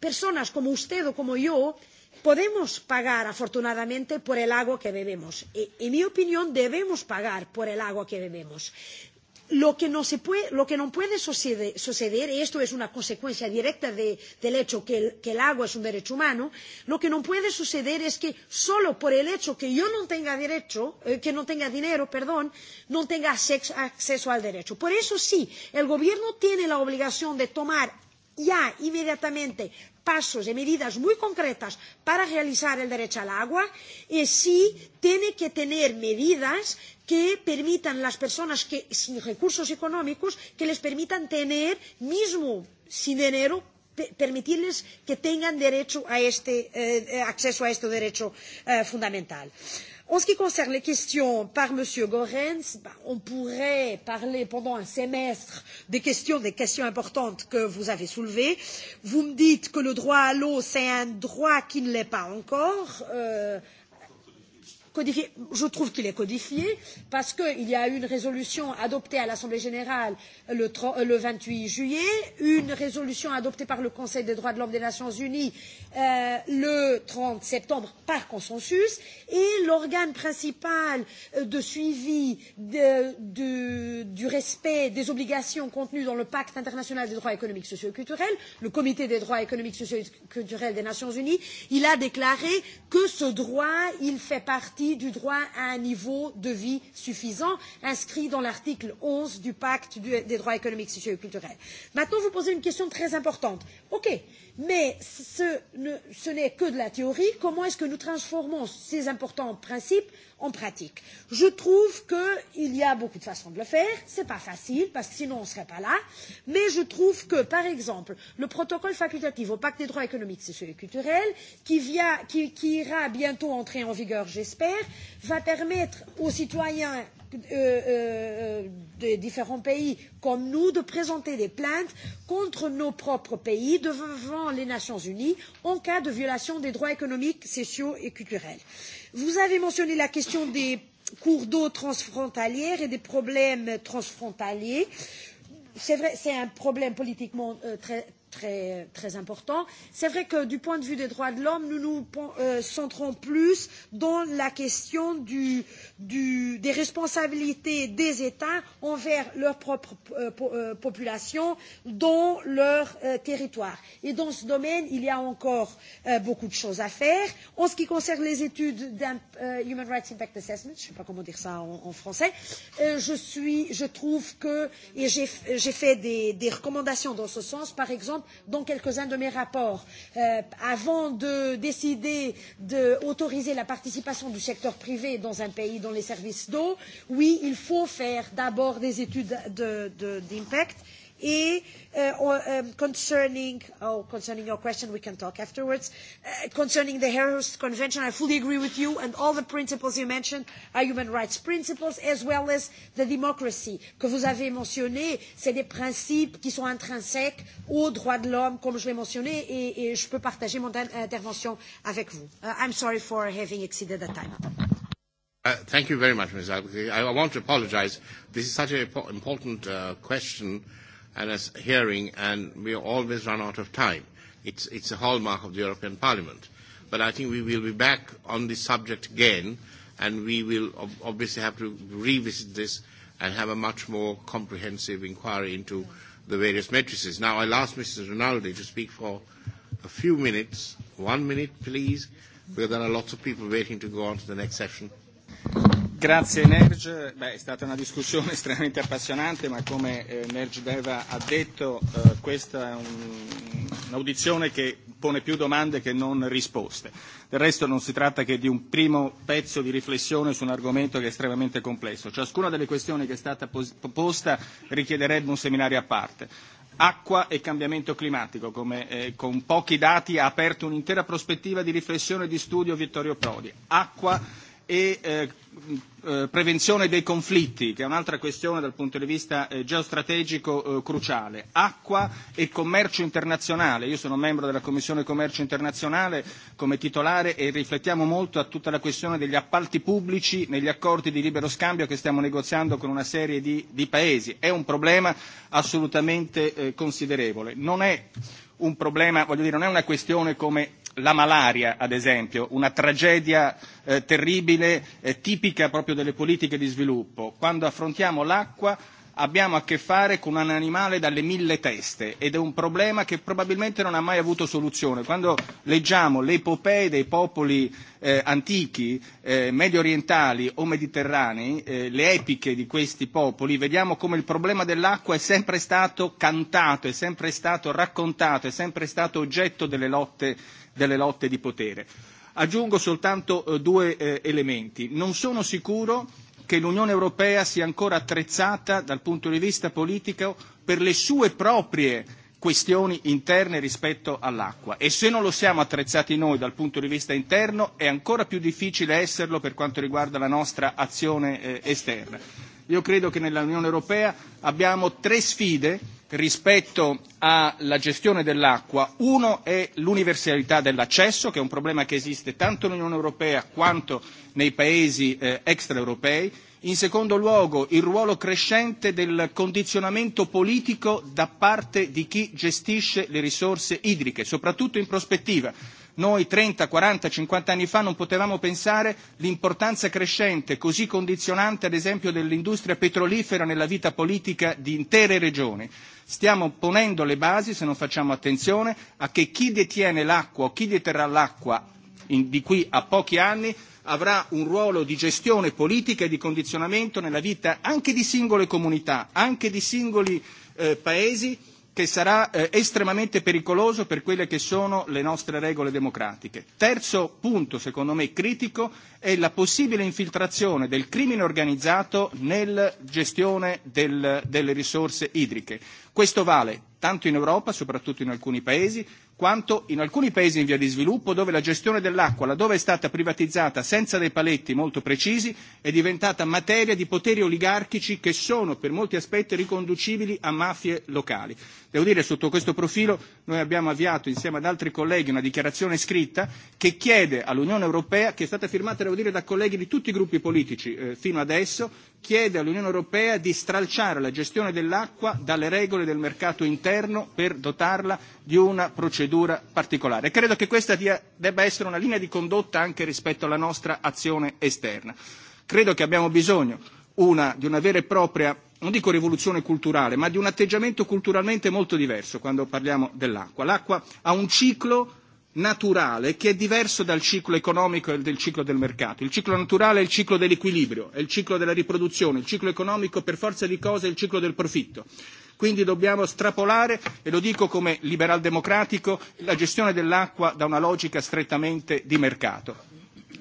personas como usted o como yo, eh, podemos pagar, afortunadamente, por el agua que bebemos. en mi opinión, debemos pagar por el agua que bebemos. Lo que, no se puede, lo que no puede suceder, y esto es una consecuencia directa de, del hecho que el, que el agua es un derecho humano, lo que no puede suceder es que solo por el hecho que yo no tenga derecho, eh, que no tenga dinero, perdón, no tenga acceso al derecho. Por eso sí, el gobierno tiene la obligación de tomar ya inmediatamente pasos y medidas muy concretas para realizar el derecho al agua, y sí tiene que tener medidas que permitan a las personas que, sin recursos económicos, que les permitan tener, mismo sin dinero, permitirles que tengan derecho a este, acceso a este derecho fundamental. Eh, En ce qui concerne les questions par M. Goerens, on pourrait parler pendant un semestre des questions, des questions importantes que vous avez soulevées. Vous me dites que le droit à l'eau, c'est un droit qui ne l'est pas encore codifié. Je trouve qu'il est codifié parce qu'il y a eu une résolution adoptée à l'Assemblée générale le, vingt huit juillet, une résolution adoptée par le Conseil des droits de l'homme des Nations unies le trente septembre par consensus, et l'organe principal de suivi du respect des obligations contenues dans le Pacte international des droits économiques, sociaux et culturels, le Comité des droits économiques, sociaux et culturels des Nations unies, a déclaré que ce droit fait partie garantie du droit à un niveau de vie suffisant, inscrit dans l'article onze du pacte des droits économiques, sociaux et culturels. Maintenant, vous posez une question très importante. OK, mais ce n'est que de la théorie. Comment est-ce que nous transformons ces importants principes en pratique Je trouve qu'il y a beaucoup de façons de le faire. Ce n'est pas facile, parce que sinon on ne serait pas là. Mais je trouve que, par exemple, le protocole facultatif au pacte des droits économiques, sociaux et culturels, qui, ira bientôt entrer en vigueur, j'espère, va permettre aux citoyens de différents pays comme nous de présenter des plaintes contre nos propres pays devant les Nations Unies en cas de violation des droits économiques, sociaux et culturels. Vous avez mentionné la question des cours d'eau transfrontalières et des problèmes transfrontaliers c'est vrai, c'est un problème politiquement très, très, très important. C'est vrai que du point de vue des droits de l'homme, nous nous centrons plus dans la question du, du, des responsabilités des États envers leur propre euh, population dans leur euh, territoire. Et dans ce domaine, il y a encore euh, beaucoup de choses à faire. En ce qui concerne les études d'un euh, Human Rights Impact Assessment, je ne sais pas comment dire ça en, en français, euh, je, suis, je trouve que, et j'ai fait des, des recommandations dans ce sens, par exemple, dans quelques-uns de mes rapports, avant de décider d'autoriser la participation du secteur privé dans un pays dans les services d'eau, oui, il faut faire d'abord des études d'impact e concerning oh concerning your question we can talk afterwards concerning the Harris Convention I fully agree with you and all the principles you mentioned are human rights principles as well as the democracy que vous avez mentionné c'est des principes qui sont intrinsèques aux droits de l'homme comme je l'ai mentionné et, et je peux partager mon intervention avec vous I'm sorry for having exceeded the time thank you very much Ms. I want to apologize this is such an important question and a hearing, and we always run out of time. It's, it's a hallmark of the European Parliament. But I think we will be back on this subject again, and we will ob- obviously have to revisit this and have a much more comprehensive inquiry into the various matrices. Now, I'll ask Mrs. Rinaldi to speak for a few minutes, one minute, please, because there are lots of people waiting to go on to the next session. Grazie Nerj, Beh, è stata una discussione estremamente appassionante, ma come eh, Nerj Deva ha detto, eh, questa è un, un'audizione che pone più domande che non risposte. Del resto non si tratta che di un primo pezzo di riflessione su un argomento che è estremamente complesso. Ciascuna delle questioni che è stata posta richiederebbe un seminario a parte acqua e cambiamento climatico, come eh, con pochi dati ha aperto un'intera prospettiva di riflessione e di studio Vittorio Prodi. Acqua e prevenzione dei conflitti, che è un'altra questione dal punto di vista geostrategico cruciale, acqua e commercio internazionale. Io sono membro della Commissione Commercio Internazionale come titolare e riflettiamo molto a tutta la questione degli appalti pubblici negli accordi di libero scambio che stiamo negoziando con una serie di, di paesi. È un problema assolutamente considerevole. Non è un problema, voglio dire, non è una questione come la malaria, ad esempio, una tragedia eh, terribile, eh, tipica proprio delle politiche di sviluppo. Quando affrontiamo l'acqua abbiamo a che fare con un animale dalle mille teste ed è un problema che probabilmente non ha mai avuto soluzione. Quando leggiamo le epopee dei popoli eh, antichi, eh, medio orientali o mediterranei, eh, le epiche di questi popoli, vediamo come il problema dell'acqua è sempre stato cantato, è sempre stato raccontato, è sempre stato oggetto delle lotte delle lotte di potere. Aggiungo soltanto due elementi. Non sono sicuro che l'Unione Europea sia ancora attrezzata dal punto di vista politico per le sue proprie questioni interne rispetto all'acqua e se non lo siamo attrezzati noi dal punto di vista interno è ancora più difficile esserlo per quanto riguarda la nostra azione esterna. Io credo che nell'Unione Europea abbiamo tre sfide rispetto alla gestione dell'acqua. Uno è l'universalità dell'accesso, che è un problema che esiste tanto nell'Unione Europea quanto nei paesi eh, extraeuropei. In secondo luogo, il ruolo crescente del condizionamento politico da parte di chi gestisce le risorse idriche, soprattutto in prospettiva Noi 30, 40, 50 anni fa non potevamo pensare l'importanza crescente, così condizionante ad esempio dell'industria petrolifera nella vita politica di intere regioni. Stiamo ponendo le basi, se non facciamo attenzione, a che chi detiene l'acqua o chi deterrà l'acqua di qui a pochi anni avrà un ruolo di gestione politica e di condizionamento nella vita anche di singole comunità, anche di singoli eh, paesi che sarà eh, estremamente pericoloso per quelle che sono le nostre regole democratiche. Terzo punto, secondo me, critico è la possibile infiltrazione del crimine organizzato nella gestione del, delle risorse idriche. Questo vale tanto in Europa, soprattutto in alcuni paesi, quanto in alcuni paesi in via di sviluppo dove la gestione dell'acqua, laddove è stata privatizzata senza dei paletti molto precisi, è diventata materia di poteri oligarchici che sono per molti aspetti riconducibili a mafie locali. Devo dire sotto questo profilo noi abbiamo avviato insieme ad altri colleghi una dichiarazione scritta che chiede all'Unione Europea, che è stata firmata devo dire da colleghi di tutti i gruppi politici eh, fino adesso, chiede all'Unione Europea di stralciare la gestione dell'acqua dalle regole del mercato interno per dotarla di una procedura particolare. Credo che questa debba essere una linea di condotta anche rispetto alla nostra azione esterna. Credo che abbiamo bisogno una, di una vera e propria, non dico rivoluzione culturale, ma di un atteggiamento culturalmente molto diverso quando parliamo dell'acqua. L'acqua ha un ciclo naturale che è diverso dal ciclo economico e del ciclo del mercato. Il ciclo naturale è il ciclo dell'equilibrio, è il ciclo della riproduzione, il ciclo economico per forza di cose è il ciclo del profitto. Quindi dobbiamo strapolare, e lo dico come liberal democratico, la gestione dell'acqua da una logica strettamente di mercato.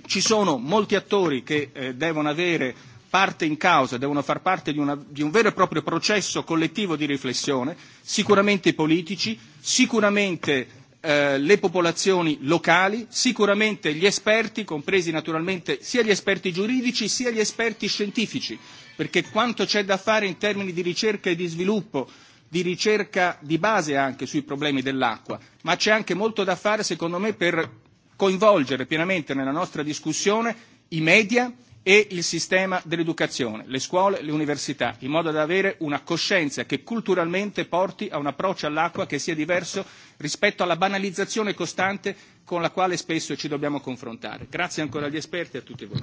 Ci sono molti attori che eh, devono avere parte in causa, devono far parte di, una, di un vero e proprio processo collettivo di riflessione, sicuramente i politici, sicuramente le popolazioni locali, sicuramente gli esperti, compresi naturalmente sia gli esperti giuridici sia gli esperti scientifici, perché quanto c'è da fare in termini di ricerca e di sviluppo, di ricerca di base anche sui problemi dell'acqua, ma c'è anche molto da fare secondo me per coinvolgere pienamente nella nostra discussione i media e il sistema dell'educazione, le scuole, le università, in modo da avere una coscienza che culturalmente porti a un approccio all'acqua che sia diverso rispetto alla banalizzazione costante con la quale spesso ci dobbiamo confrontare. Grazie ancora agli esperti e a tutti voi.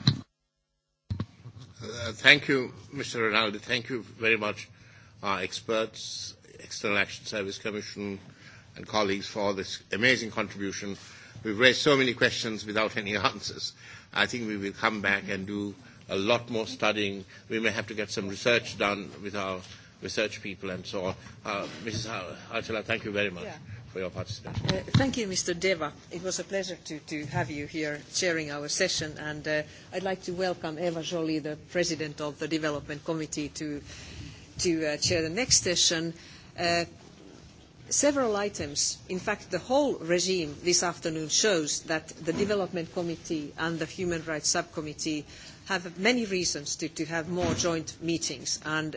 thank you, Mr. Rinaldi. Thank you very much, our experts, External Action Service Commission, and colleagues for this amazing contribution. We've raised so many questions without any answers I think we will come back and do a lot more studying. We may have to get some research done with our research people and so on. Uh, Mrs. Archela, thank you very much yeah. for your participation. Uh, thank you, Mr. Deva. It was a pleasure to, to have you here chairing our session. And uh, I'd like to welcome Eva Jolie, the president of the Development Committee, to, to uh, chair the next session. Uh, several items, in fact the whole regime this afternoon shows that the Development Committee and the Human Rights Subcommittee have many reasons to, to have more joint meetings and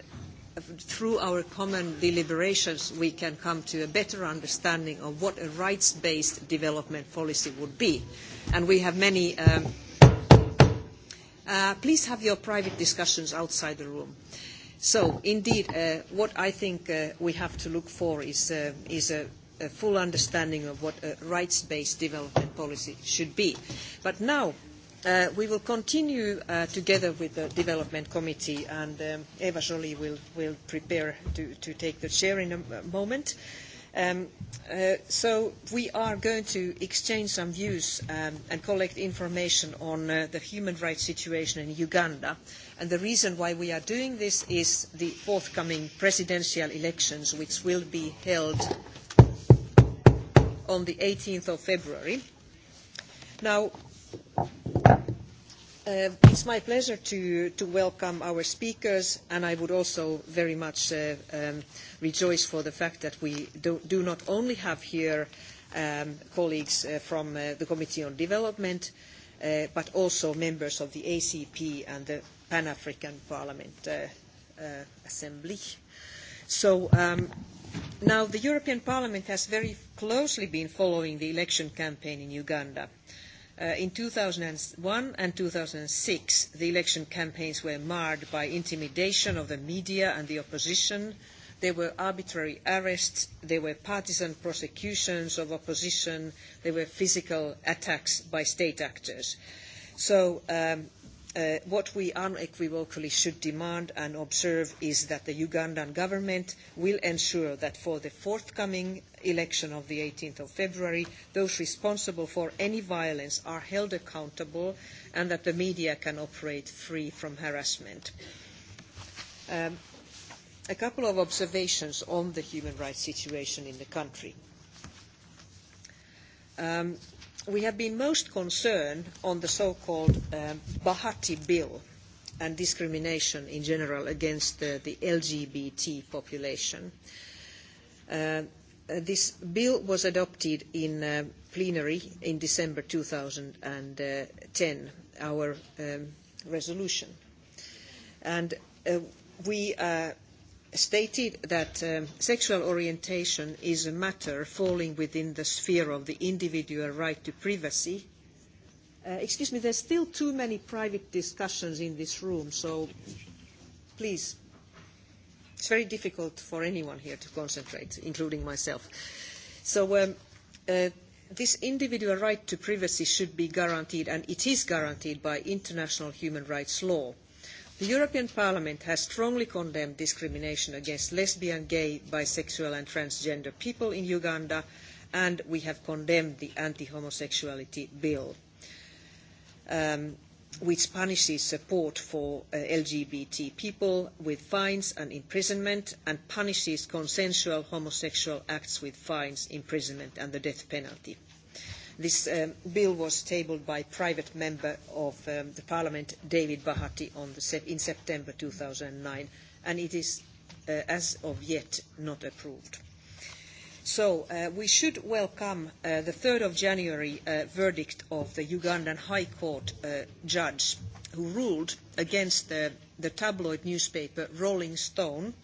through our common deliberations we can come to a better understanding of what a rights-based development policy would be. And we have many... please have your private discussions outside the room. Uh, So indeed, what I think we have to look for is, a, full understanding of what a rights-based development policy should be. But now we will continue together with the Development Committee, and Eva Joly will, prepare to, take the chair in a moment. so we are going to exchange some views and collect information on the human rights situation in Uganda. And the reason why we are doing this is the forthcoming presidential elections, which will be held on the 18th of February. Now, it's my pleasure to, welcome our speakers, and I would also very much rejoice for the fact that we do, not only have here colleagues from the Committee on Development, but also members of the ACP and the Pan-African Parliament Assembly. So now the European Parliament has very closely been following the election campaign in Uganda. In two thousand one and two thousand six the election campaigns were marred by intimidation of the media and the opposition. There were arbitrary arrests, there were partisan prosecutions of opposition, there were physical attacks by state actors. So what we unequivocally should demand and observe is that the Ugandan government will ensure that for the forthcoming election of the 18 of February, those responsible for any violence are held accountable and that the media can operate free from harassment. a couple of observations on the human rights situation in the country we have been most concerned on the so-called Bahati Bill and discrimination in general against the LGBT population. this bill was adopted in plenary in December ten, our resolution. And we stated that sexual orientation is a matter falling within the sphere of the individual right to privacy. excuse me, there are still too many private discussions in this room, so please. It's very difficult for anyone here to concentrate, including myself. So this individual right to privacy should be guaranteed, and it is guaranteed by international human rights law The European Parliament has strongly condemned discrimination against lesbian, gay, bisexual and transgender people in Uganda, and we have condemned the anti-homosexuality bill, which punishes support for LGBT people with fines and imprisonment, and punishes consensual homosexual acts with fines, imprisonment and the death penalty. This bill was tabled by private member of the Parliament, David Bahati, in September two thousand nine, and it is, as of yet, not approved. So we should welcome the 3rd of January verdict of the Ugandan High Court judge who ruled against the, tabloid newspaper Rolling Stone,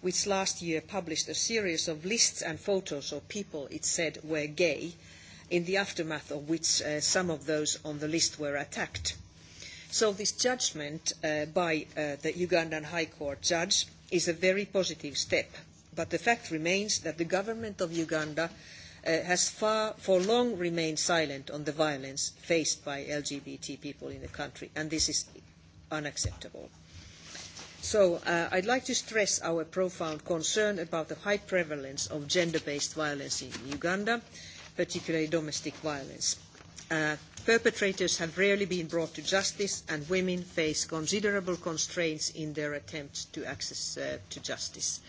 which last year published a series of lists and photos of people it said were gay in the aftermath of which some of those on the list were attacked. So this judgment by the Ugandan High Court judge is a very positive step, but the fact remains that the government of Uganda has far, for long remained silent on the violence faced by LGBT people in the country, and this is unacceptable. So I would like to stress our profound concern about the high prevalence of gender-based violence in Uganda, particularly domestic violence. perpetrators have rarely been brought to justice, and women face considerable constraints in their attempts to access to justice.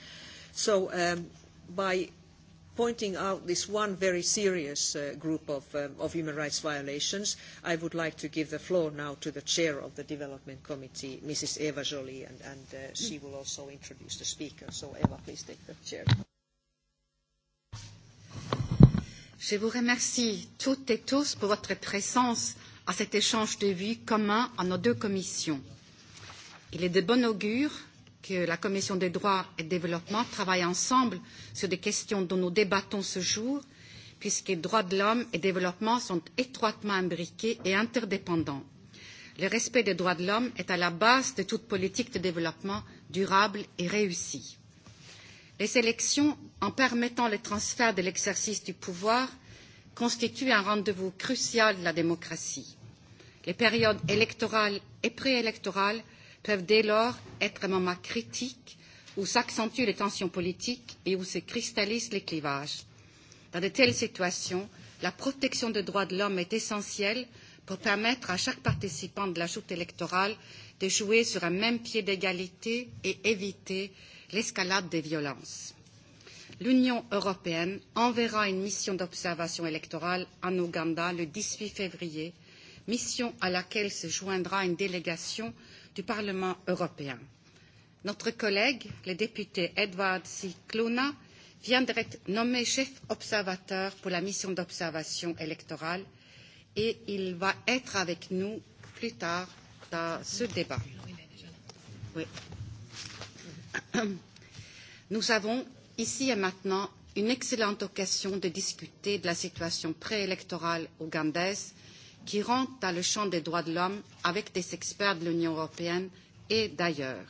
So by pointing out this one very serious group of, human rights violations, I would like to give the floor now to the chair of the Development Committee, Mrs. Eva Joly, and, she will also introduce the speaker. So Eva, please take the chair. Je vous remercie toutes et tous pour votre présence à cet échange de vues commun à nos deux commissions. Il est de bon augure que la Commission des droits et développement travaille ensemble sur des questions dont nous débattons ce jour, puisque droits de l'homme et développement sont étroitement imbriqués et interdépendants. Le respect des droits de l'homme est à la base de toute politique de développement durable et réussie. Les élections, en permettant le transfert de l'exercice du pouvoir, constituent un rendez-vous crucial de la démocratie. Les périodes électorales et préélectorales peuvent dès lors être un moment critique où s'accentuent les tensions politiques et où se cristallisent les clivages. Dans de telles situations, la protection des droits de l'homme est essentielle pour permettre à chaque participant de la joute électorale de jouer sur un même pied d'égalité et éviter l'escalade des violences. L'Union européenne enverra une mission d'observation électorale en Ouganda le dix huit février, mission à laquelle se joindra une délégation du Parlement européen. Notre collègue, le député Edward Cicluna, vient d'être nommé chef observateur pour la mission d'observation électorale et il va être avec nous plus tard dans ce débat. Oui. Nous avons ici et maintenant une excellente occasion de discuter de la situation préélectorale ougandaise, qui rentre dans le champ des droits de l'homme avec des experts de l'Union européenne et d'ailleurs.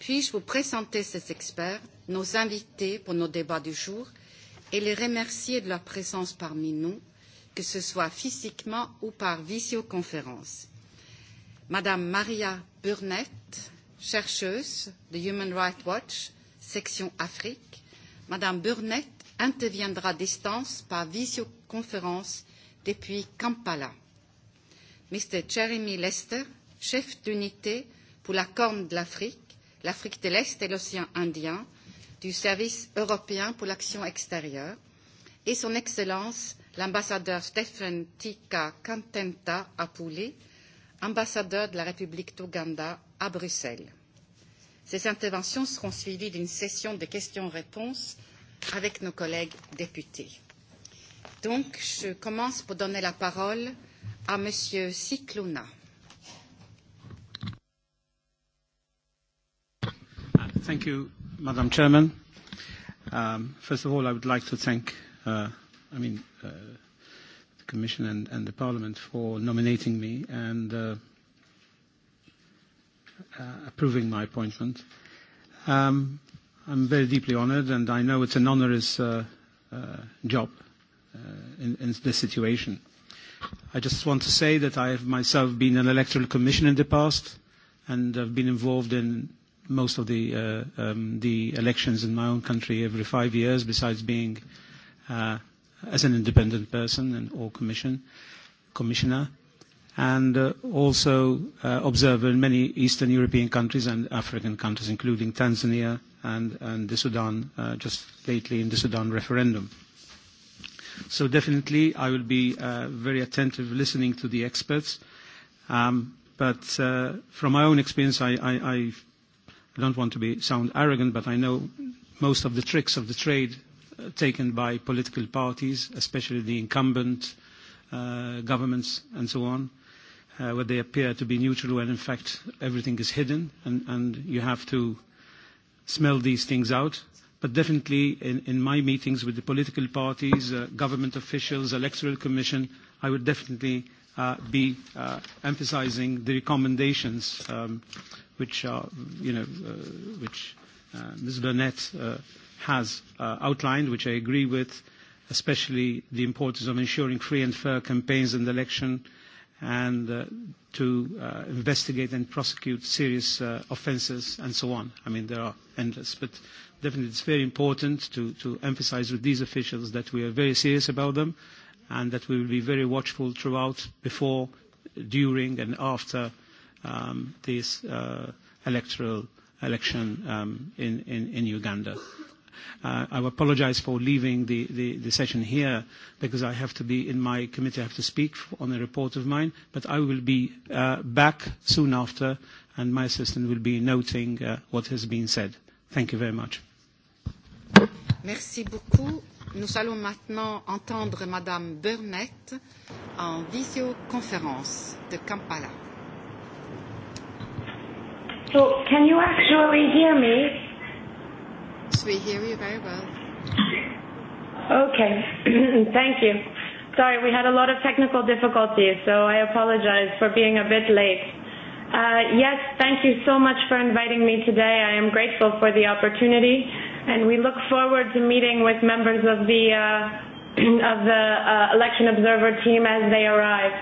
Puis-je vous présenter ces experts, nos invités pour nos débats du jour, et les remercier de leur présence parmi nous, que ce soit physiquement ou par visioconférence. Madame Maria Burnett, chercheuse de Human Rights Watch, section Afrique, Madame Burnett interviendra à distance par visioconférence depuis Kampala. Mr. Jeremy Lester, chef d'unité pour la Corne de l'Afrique, l'Afrique de l'Est et l'océan Indien, du Service européen pour l'action extérieure, et son Excellence l'ambassadeur Stephen Tika Kantenta Apuli, ambassadeur de la République d'Ouganda à Bruxelles. Ces interventions seront suivies d'une session de questions-réponses avec nos collègues députés. Donc, je commence pour donner la parole à Monsieur Scicluna. Thank you, Madam Chairman. Um, first of all, I would like to thank, uh, I mean, uh, the Commission and, and the Parliament for nominating me and. Uh, uh, approving my appointment. Um, I'm very deeply honoured, and I know it's an onerous uh, uh, job uh, in, in this situation. I just want to say that I have myself been an electoral commission in the past, and I've been involved in most of the, uh, um, the elections in my own country every five years, besides being uh, as an independent person and or commission commissioner and also observed in many Eastern European countries and African countries, including Tanzania and, and the Sudan, uh, just lately in the Sudan referendum. So definitely I will be uh, very attentive listening to the experts. Um, but uh, from my own experience, I, I, I don't want to be, sound arrogant, but I know most of the tricks of the trade uh, taken by political parties, especially the incumbent uh, governments and so on where they appear to be neutral when in fact everything is hidden and, and you have to smell these things out. But definitely in, in my meetings with the political parties, uh, government officials, electoral commission, I would definitely uh, be uh, emphasizing the recommendations um, which, are, you know, uh, which uh, Ms. Burnett uh, has uh, outlined, which I agree with, especially the importance of ensuring free and fair campaigns and election uh, and uh to uh, investigate and prosecute serious uh, offences and so on. I mean, there are endless, but definitely it's very important to, to emphasize with these officials that we are very serious about them and that we will be very watchful throughout, before, during and after um, this uh, electoral election um, in, in, in Uganda. Uh, I apologize for leaving the, the, the session here because I have to be in my committee. I have to speak on a report of mine, but I will be uh, back soon after and my assistant will be noting uh, what has been said. Thank you very much. Merci beaucoup. Nous allons maintenant entendre Madame Burnett en visioconférence de Kampala. So, can you actually hear me? we hear you very well. Okay. Thank you. Sorry, we had a lot of technical difficulties, so I apologize for being a bit late. Uh, yes, thank you so much for inviting me today. I am grateful for the opportunity, and we look forward to meeting with members of the uh, of the uh, election observer team as they arrive.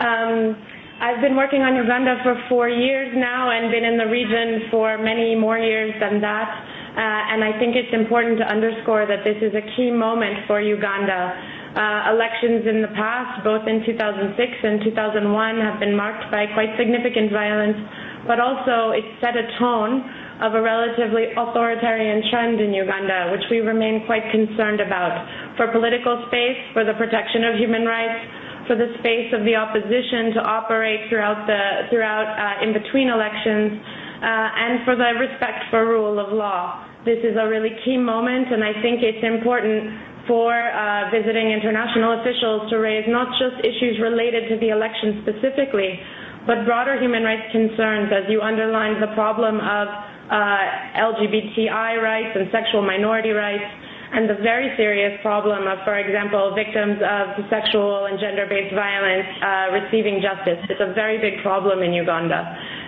Um, I've been working on Uganda for four years now, and been in the region for many more years than that. Uh, and I think it's important to underscore that this is a key moment for Uganda. Uh, elections in the past, both in 2006 and 2001, have been marked by quite significant violence, but also it set a tone of a relatively authoritarian trend in Uganda, which we remain quite concerned about for political space, for the protection of human rights, for the space of the opposition to operate throughout the throughout uh, in between elections uh, and for the respect for rule of law. This is a really key moment, and I think it's important for uh, visiting international officials to raise not just issues related to the election specifically, but broader human rights concerns, as you underlined the problem of uh, LGBTI rights and sexual minority rights, and the very serious problem of, for example, victims of sexual and gender-based violence uh, receiving justice. It's a very big problem in Uganda.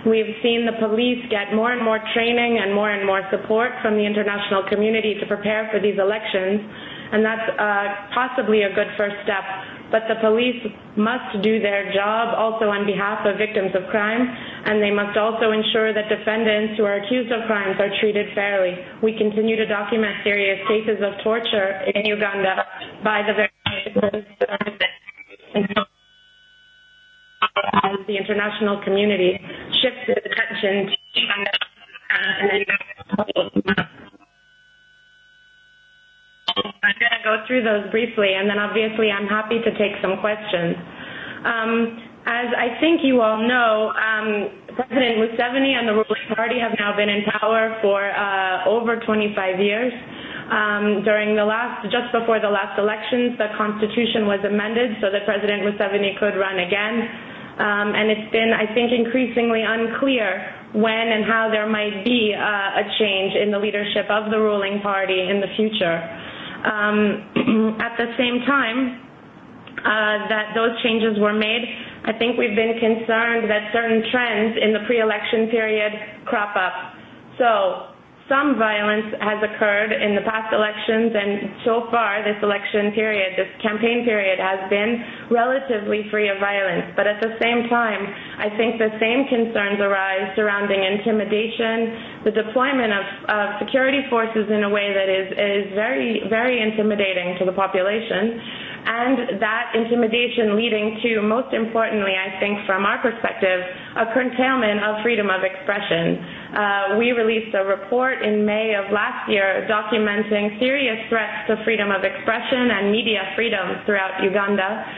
We've seen the police get more and more training and more and more support from the international community to prepare for these elections, and that's uh, possibly a good first step. But the police must do their job also on behalf of victims of crime, and they must also ensure that defendants who are accused of crimes are treated fairly. We continue to document serious cases of torture in Uganda by the very as the international community shifts its attention to China and then I'm going to go through those briefly, and then obviously I'm happy to take some questions. Um, as I think you all know, um, President Museveni and the ruling party have now been in power for uh, over 25 years um, during the last, just before the last elections, the constitution was amended so that President Museveni could run again. Um, and it's been, I think, increasingly unclear when and how there might be uh, a change in the leadership of the ruling party in the future. Um, at the same time uh, that those changes were made, I think we've been concerned that certain trends in the pre-election period crop up. So some violence has occurred in the past elections, and so far this election period, this campaign period, has been relatively free of violence. But at the same time, I think the same concerns arise surrounding intimidation, the deployment of, of security forces in a way that is, is very, very intimidating to the population and that intimidation leading to, most importantly, I think from our perspective, a curtailment of freedom of expression. Uh, we released a report in May of last year documenting serious threats to freedom of expression and media freedom throughout Uganda, uh,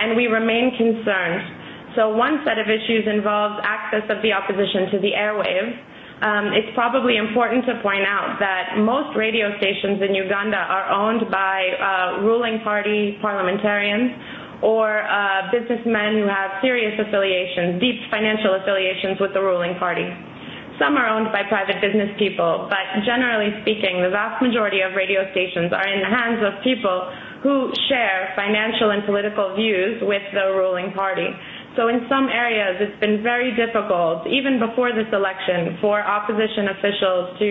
and we remain concerned. So one set of issues involves access of the opposition to the airwaves, um, it's probably important to point out that most radio stations in Uganda are owned by uh, ruling party parliamentarians or uh, businessmen who have serious affiliations, deep financial affiliations with the ruling party. Some are owned by private business people, but generally speaking, the vast majority of radio stations are in the hands of people who share financial and political views with the ruling party. So in some areas, it's been very difficult, even before this election, for opposition officials to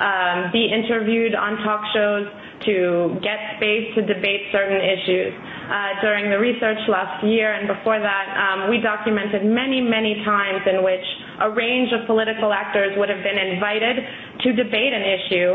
um, be interviewed on talk shows, to get space to debate certain issues. Uh, during the research last year and before that, um, we documented many, many times in which a range of political actors would have been invited to debate an issue,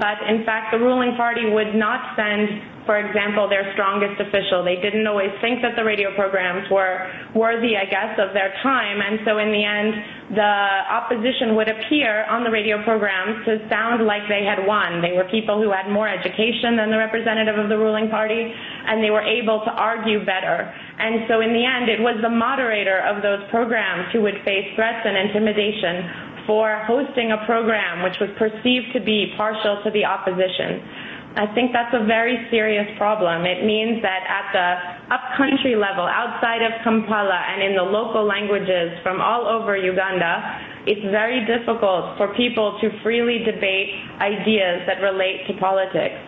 but in fact the ruling party would not send for example, their strongest official. They didn't always think that the radio programs were worthy, I guess, of their time. And so in the end, the opposition would appear on the radio programs to sound like they had won. They were people who had more education than the representative of the ruling party, and they were able to argue better. And so in the end, it was the moderator of those programs who would face threats and intimidation for hosting a program which was perceived to be partial to the opposition. I think that's a very serious problem. It means that at the upcountry level, outside of Kampala and in the local languages from all over Uganda, it's very difficult for people to freely debate ideas that relate to politics.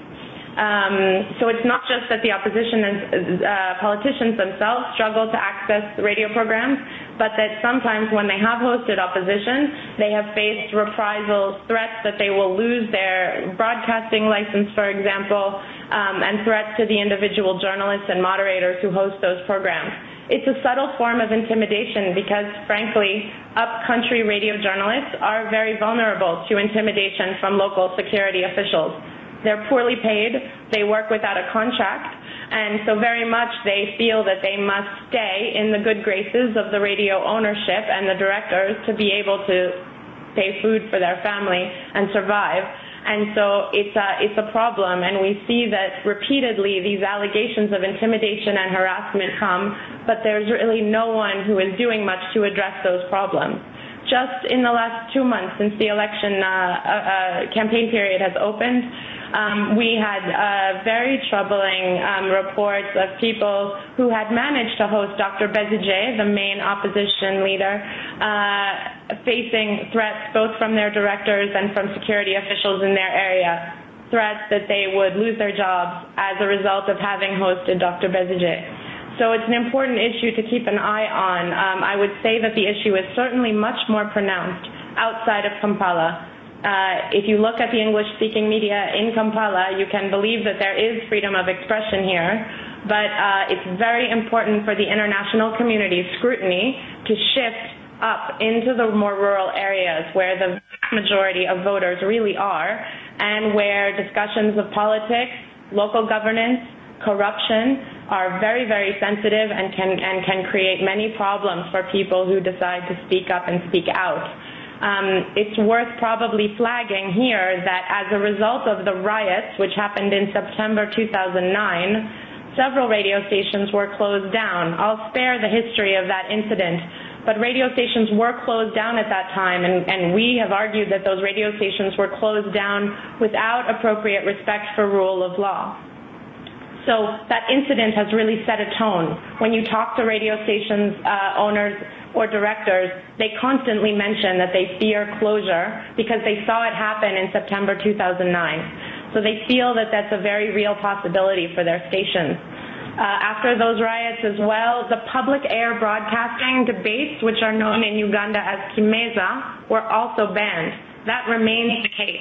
Um, so it's not just that the opposition and uh, politicians themselves struggle to access radio programs, but that sometimes when they have hosted opposition, they have faced reprisal threats that they will lose their broadcasting license, for example, um, and threats to the individual journalists and moderators who host those programs. It's a subtle form of intimidation because, frankly, upcountry radio journalists are very vulnerable to intimidation from local security officials. They're poorly paid, they work without a contract, and so very much they feel that they must stay in the good graces of the radio ownership and the directors to be able to pay food for their family and survive. And so it's a, it's a problem, and we see that repeatedly these allegations of intimidation and harassment come, but there's really no one who is doing much to address those problems. Just in the last two months since the election uh, uh, campaign period has opened, um, we had uh, very troubling um, reports of people who had managed to host Dr. Bezige, the main opposition leader, uh, facing threats both from their directors and from security officials in their area, threats that they would lose their jobs as a result of having hosted Dr. Bezige. So it's an important issue to keep an eye on. Um, I would say that the issue is certainly much more pronounced outside of Kampala uh, if you look at the English-speaking media in Kampala, you can believe that there is freedom of expression here, but uh, it's very important for the international community's scrutiny to shift up into the more rural areas where the majority of voters really are and where discussions of politics, local governance, corruption are very, very sensitive and can, and can create many problems for people who decide to speak up and speak out um, it's worth probably flagging here that as a result of the riots, which happened in September 2009, several radio stations were closed down. I'll spare the history of that incident, but radio stations were closed down at that time, and, and we have argued that those radio stations were closed down without appropriate respect for rule of law. So that incident has really set a tone. When you talk to radio stations uh, owners or directors, they constantly mention that they fear closure because they saw it happen in September 2009. So they feel that that's a very real possibility for their stations. Uh, after those riots as well, the public air broadcasting debates, which are known in Uganda as kimeza, were also banned. That remains the case.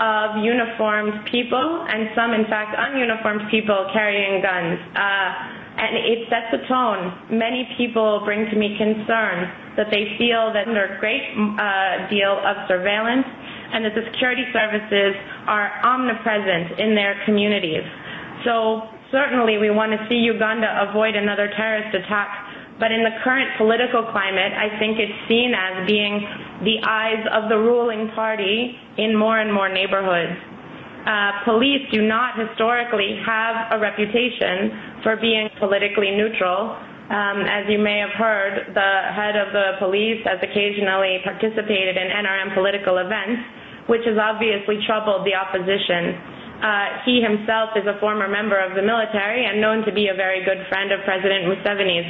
of uniformed people and some, in fact, ununiformed people carrying guns. Uh, and it sets a tone. Many people bring to me concern that they feel that under a great uh, deal of surveillance and that the security services are omnipresent in their communities. So certainly we want to see Uganda avoid another terrorist attack But in the current political climate, I think it's seen as being the eyes of the ruling party in more and more neighborhoods. Uh, police do not historically have a reputation for being politically neutral. Um, as you may have heard, the head of the police has occasionally participated in NRM political events, which has obviously troubled the opposition. Uh, he himself is a former member of the military and known to be a very good friend of President Museveni's.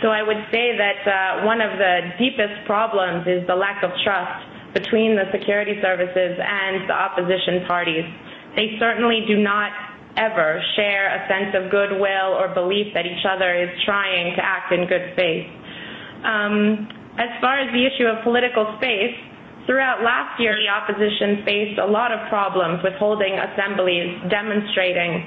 So I would say that uh, one of the deepest problems is the lack of trust between the security services and the opposition parties. They certainly do not ever share a sense of goodwill or belief that each other is trying to act in good faith. Um, as far as the issue of political space, Throughout last year, the opposition faced a lot of problems with holding assemblies, demonstrating,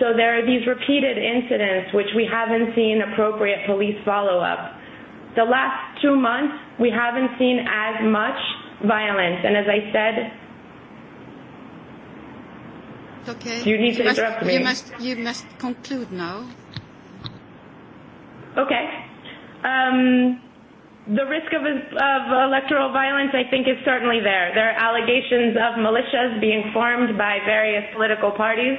So there are these repeated incidents which we haven't seen appropriate police follow up. The last two months, we haven't seen as much violence. And as I said, Okay. You need to you interrupt must, me. You must, you must conclude now. Okay. Um, the risk of, of electoral violence, I think, is certainly there. There are allegations of militias being formed by various political parties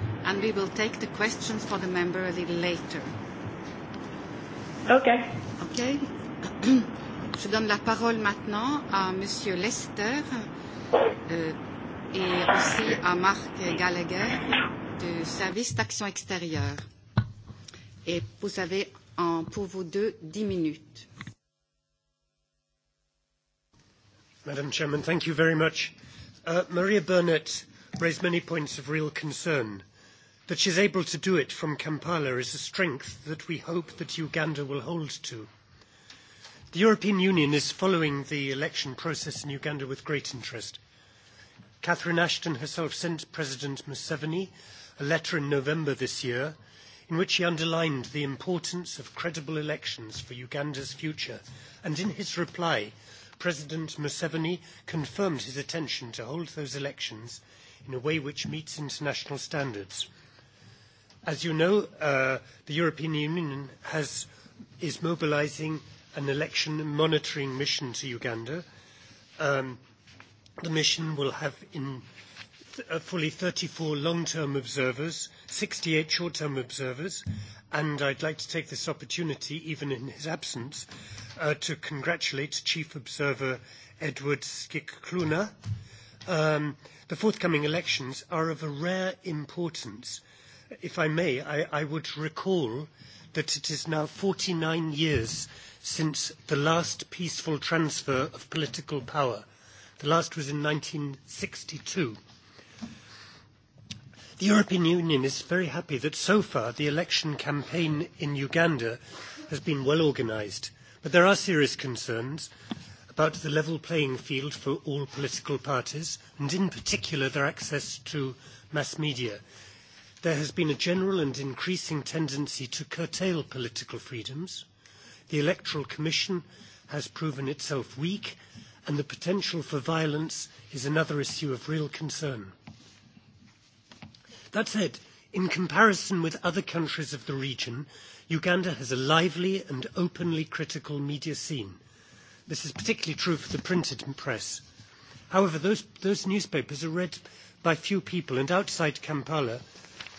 and we will take the questions for the member a little later. Okay. Okay. Je donne la parole maintenant à Monsieur Lester et aussi à Marc Gallagher du service d'action extérieure. Et vous avez en, pour vous deux dix minutes. Madam Chairman, thank you very much. Uh, Maria Burnett raised many points of real concern That she is able to do it from Kampala is a strength that we hope that Uganda will hold to. The European Union is following the election process in Uganda with great interest. Catherine Ashton herself sent President Museveni a letter in November this year in which he underlined the importance of credible elections for Uganda's future. And in his reply, President Museveni confirmed his intention to hold those elections in a way which meets international standards. As you know, the European Union is mobilising an election monitoring mission to Uganda. The mission will have in fully 34 long-term observers, 68 short-term observers, and I'd like to take this opportunity, even in his absence, to congratulate Chief Observer Edward Skikluna. The forthcoming elections are of a rare importance if I may, I, I would recall that it is now forty nine years since the last peaceful transfer of political power. The last was in sixty two. The European Union is very happy that so far the election campaign in Uganda has been well organised, but there are serious concerns about the level playing field for all political parties, and in particular their access to mass media There has been a general and increasing tendency to curtail political freedoms. The Electoral Commission has proven itself weak, and the potential for violence is another issue of real concern. That said, in comparison with other countries of the region, Uganda has a lively and openly critical media scene. This is particularly true for the printed press. However, those, newspapers are read by few people, and outside Kampala,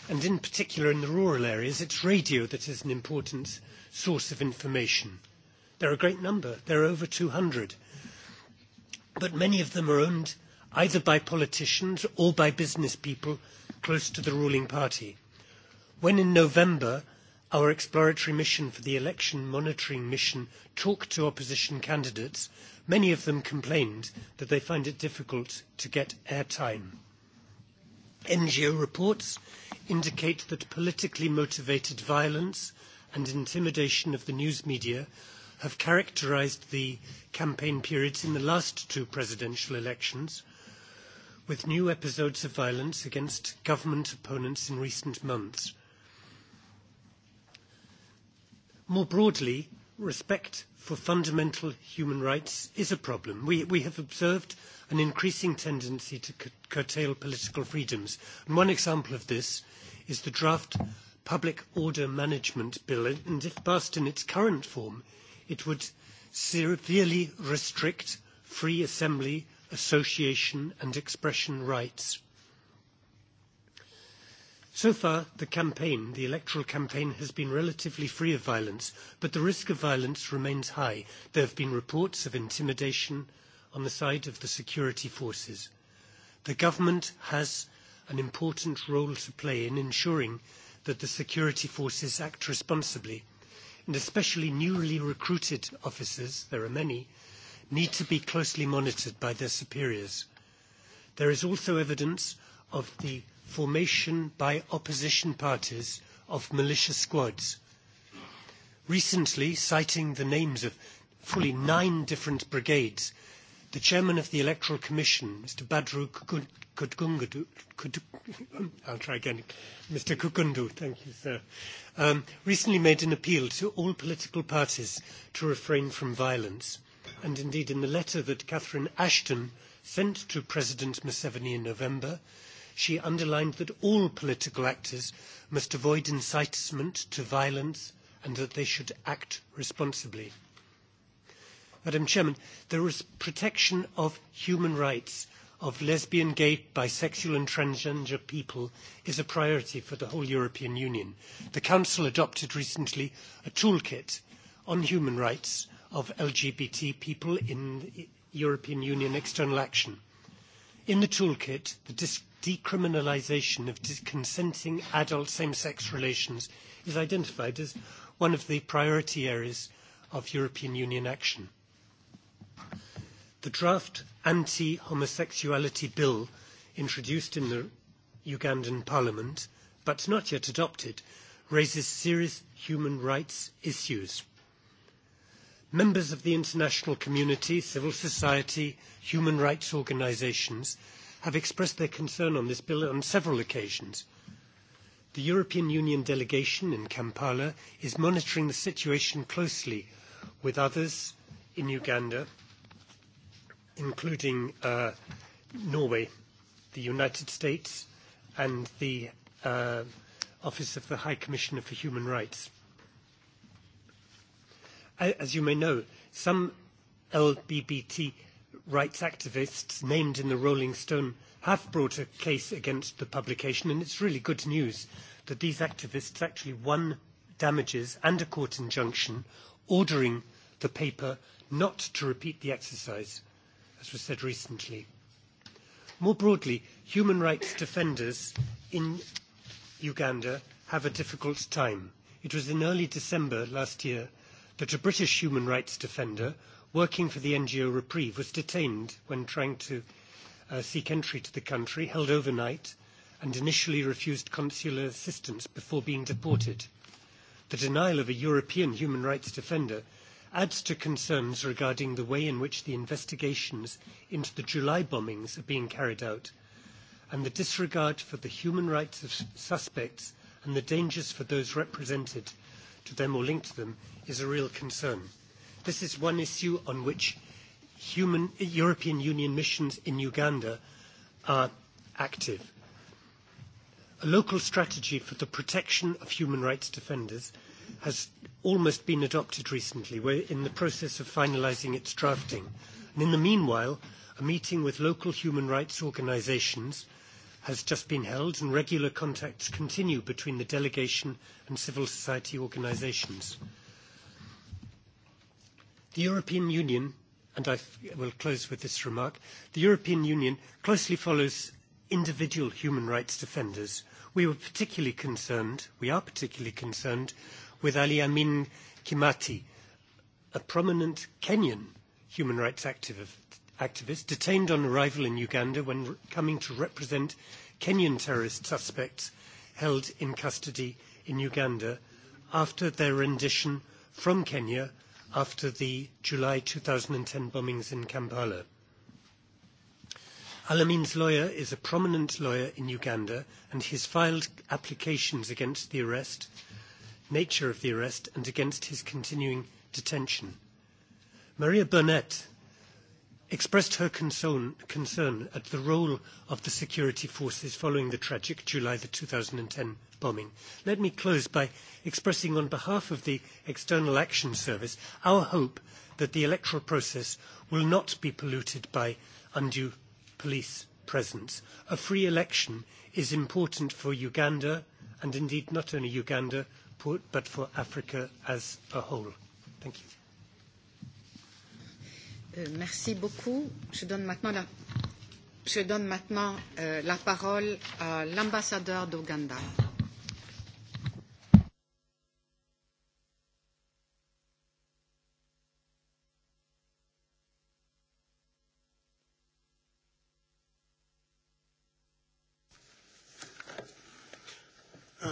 and in particular in the rural areas, it's radio that is an important source of information. There are a great number. There are over two hundred. But many of them are owned either by politicians or by business people close to the ruling party. When in November our exploratory mission for the election monitoring mission talked to opposition candidates, many of them complained that they find it difficult to get airtime. time NGO reports indicate that politically motivated violence and intimidation of the news media have characterised the campaign periods in the last two presidential elections, with new episodes of violence against government opponents in recent months. More broadly, respect for fundamental human rights is a problem. We, we have observed an increasing tendency to curtail political freedoms. And one example of this is the draft Public Order Management Bill, and if passed in its current form, it would severely restrict free assembly, association, and expression rights So far, the campaign, the electoral campaign, has been relatively free of violence, but the risk of violence remains high. There have been reports of intimidation on the side of the security forces. The government has an important role to play in ensuring that the security forces act responsibly, and especially newly recruited officers, there are many, need to be closely monitored by their superiors. There is also evidence of the formation by opposition parties of militia squads. Recently, citing the names of fully nine different brigades, the chairman of the Electoral Commission, Mr. Badru Kukundu, I'll try again, Mr. Kukundu, thank you, sir, um, recently made an appeal to all political parties to refrain from violence. And indeed, in the letter that Catherine Ashton sent to President Museveni in November, she underlined that all political actors must avoid incitement to violence and that they should act responsibly. Madam Chairman, the protection of human rights of lesbian, gay, bisexual and transgender people is a priority for the whole European Union. The Council adopted recently a toolkit on human rights of LGBT people in European Union external action. In the toolkit, the decriminalisation of consenting adult same-sex relations is identified as one of the priority areas of European Union action. The draft anti-homosexuality bill introduced in the Ugandan parliament, but not yet adopted, raises serious human rights issues. Members of the international community, civil society, human rights organisations have expressed their concern on this bill on several occasions. The European Union delegation in Kampala is monitoring the situation closely with others in Uganda, including Norway, the United States, and the Office of the High Commissioner for Human Rights. As you may know, some LGBT rights activists named in the Rolling Stone have brought a case against the publication, and it's really good news that these activists actually won damages and a court injunction ordering the paper not to repeat the exercise, as was said recently. More broadly, human rights defenders in Uganda have a difficult time. It was in early December last year that a British human rights defender working for the NGO Reprieve, was detained when trying to seek entry to the country, held overnight, and initially refused consular assistance before being deported. The denial of a European human rights defender adds to concerns regarding the way in which the investigations into the July bombings are being carried out, and the disregard for the human rights of suspects and the dangers for those represented to them or linked to them is a real concern. This is one issue on which human, European Union missions in Uganda are active. A local strategy for the protection of human rights defenders has almost been adopted recently. We're in the process of finalising its drafting. And in the meanwhile, a meeting with local human rights organisations has just been held and regular contacts continue between the delegation and civil society organisations. The European Union, and I will close with this remark, the European Union closely follows individual human rights defenders. We were particularly concerned, we are particularly concerned, with Ali Amin Kimati, a prominent Kenyan human rights activist detained on arrival in Uganda when coming to represent Kenyan terrorist suspects held in custody in Uganda after their rendition from Kenya after the July 2010 bombings in Kampala. Alamin's lawyer is a prominent lawyer in Uganda and he has filed applications against the arrest, nature of the arrest, and against his continuing detention. Maria Burnett, expressed her concern, concern at the role of the security forces following the tragic July the 2010 bombing. Let me close by expressing on behalf of the External Action Service our hope that the electoral process will not be polluted by undue police presence. A free election is important for Uganda and indeed not only Uganda but for Africa as a whole. Thank you merci beaucoup. Je donne maintenant la, je donne maintenant, euh, la parole à l'ambassadeur d'Ouganda.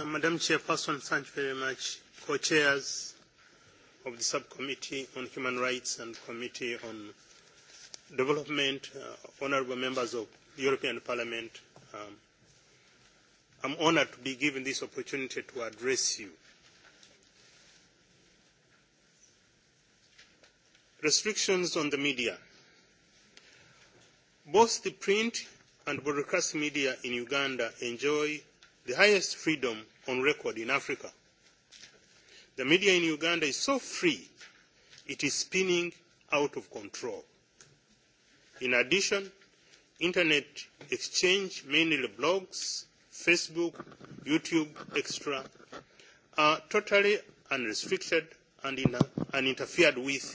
Madam Chairperson, thank you very much. Co-chairs, of the Subcommittee on Human Rights and Committee on Development, uh, honorable members of the European Parliament, um, I'm honored to be given this opportunity to address you. Restrictions on the media. Both the print and broadcast media in Uganda enjoy the highest freedom on record in Africa The media in Uganda is so free, it is spinning out of control. In addition, internet exchange, mainly blogs, Facebook, YouTube, etc., are totally unrestricted and, in, and interfered with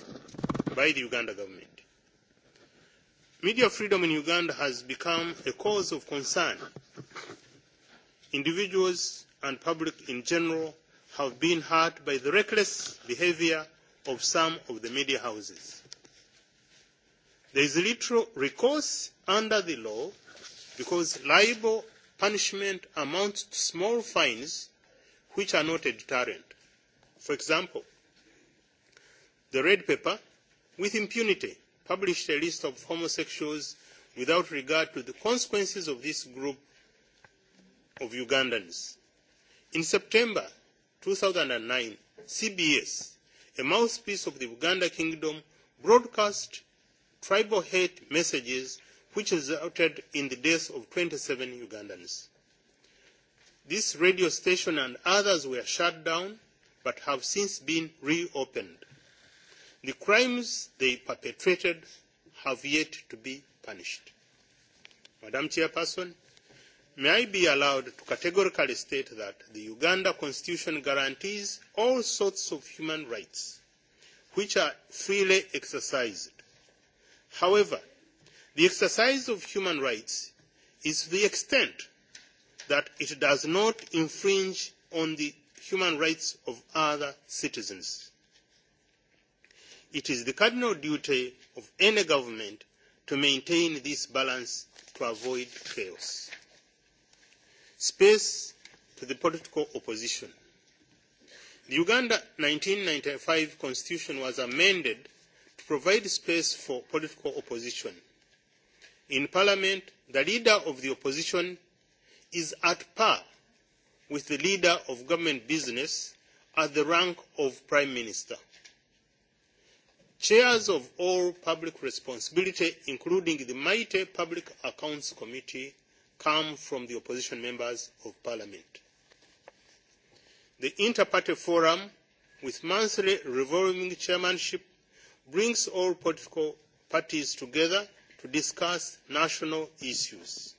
by the Uganda government. Media freedom in Uganda has become a cause of concern. Individuals and public in general have been hurt by the reckless behaviour of some of the media houses. There is literal recourse under the law because libel punishment amounts to small fines which are not a deterrent. For example, the Red Paper, with impunity, published a list of homosexuals without regard to the consequences of this group of Ugandans. In September 2009, CBS, a mouthpiece of the Uganda Kingdom, broadcast tribal hate messages which resulted in the death of 27 Ugandans. This radio station and others were shut down but have since been reopened. The crimes they perpetrated have yet to be punished. Madam Chairperson, may I be allowed to categorically state that the Uganda Constitution guarantees all sorts of human rights, which are freely exercised. However, the exercise of human rights is to the extent that it does not infringe on the human rights of other citizens. It is the cardinal duty of any government to maintain this balance to avoid chaos space to the political opposition. The Uganda ninety five constitution was amended to provide space for political opposition. In parliament, the leader of the opposition is at par with the leader of government business at the rank of prime minister. Chairs of all public responsibility, including the Mighty Public Accounts Committee, come from the opposition members of parliament. The Inter-Party Forum, with monthly revolving chairmanship, brings all political parties together to discuss national issues.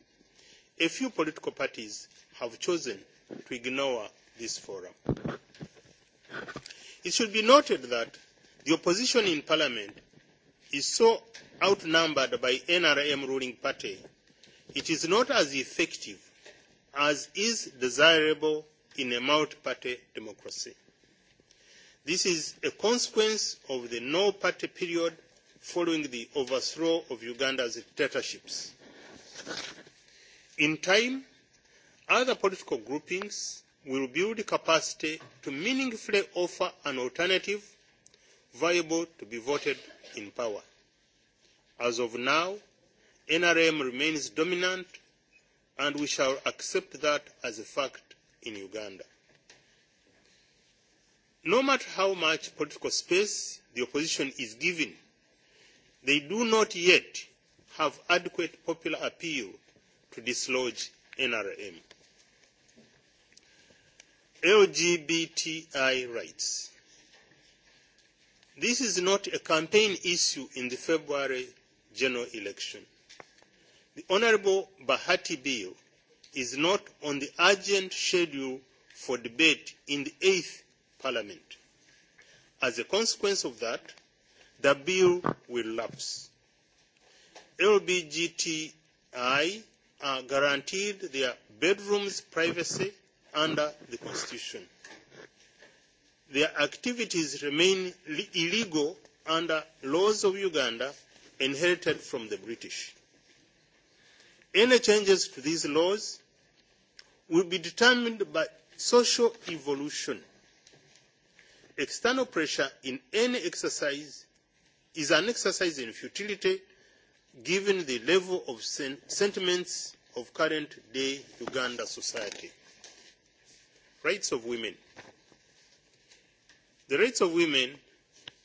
A few political parties have chosen to ignore this forum. It should be noted that the opposition in parliament is so outnumbered by NRM ruling party It is not as effective as is desirable in a multi-party democracy. This is a consequence of the no-party period following the overthrow of Uganda's dictatorships. In time, other political groupings will build capacity to meaningfully offer an alternative viable to be voted in power. As of now, NRM remains dominant and we shall accept that as a fact in Uganda. No matter how much political space the opposition is given, they do not yet have adequate popular appeal to dislodge NRM. LGBTI rights. This is not a campaign issue in the February general election. The Honourable Bahati Bill is not on the urgent schedule for debate in the eighth Parliament. As a consequence of that, the bill will lapse. LBGTI are guaranteed their bedrooms privacy under the Constitution. Their activities remain illegal under laws of Uganda inherited from the British. Any changes to these laws will be determined by social evolution. External pressure in any exercise is an exercise in futility given the level of sen- sentiments of current day Uganda society. Rights of women. The rights of women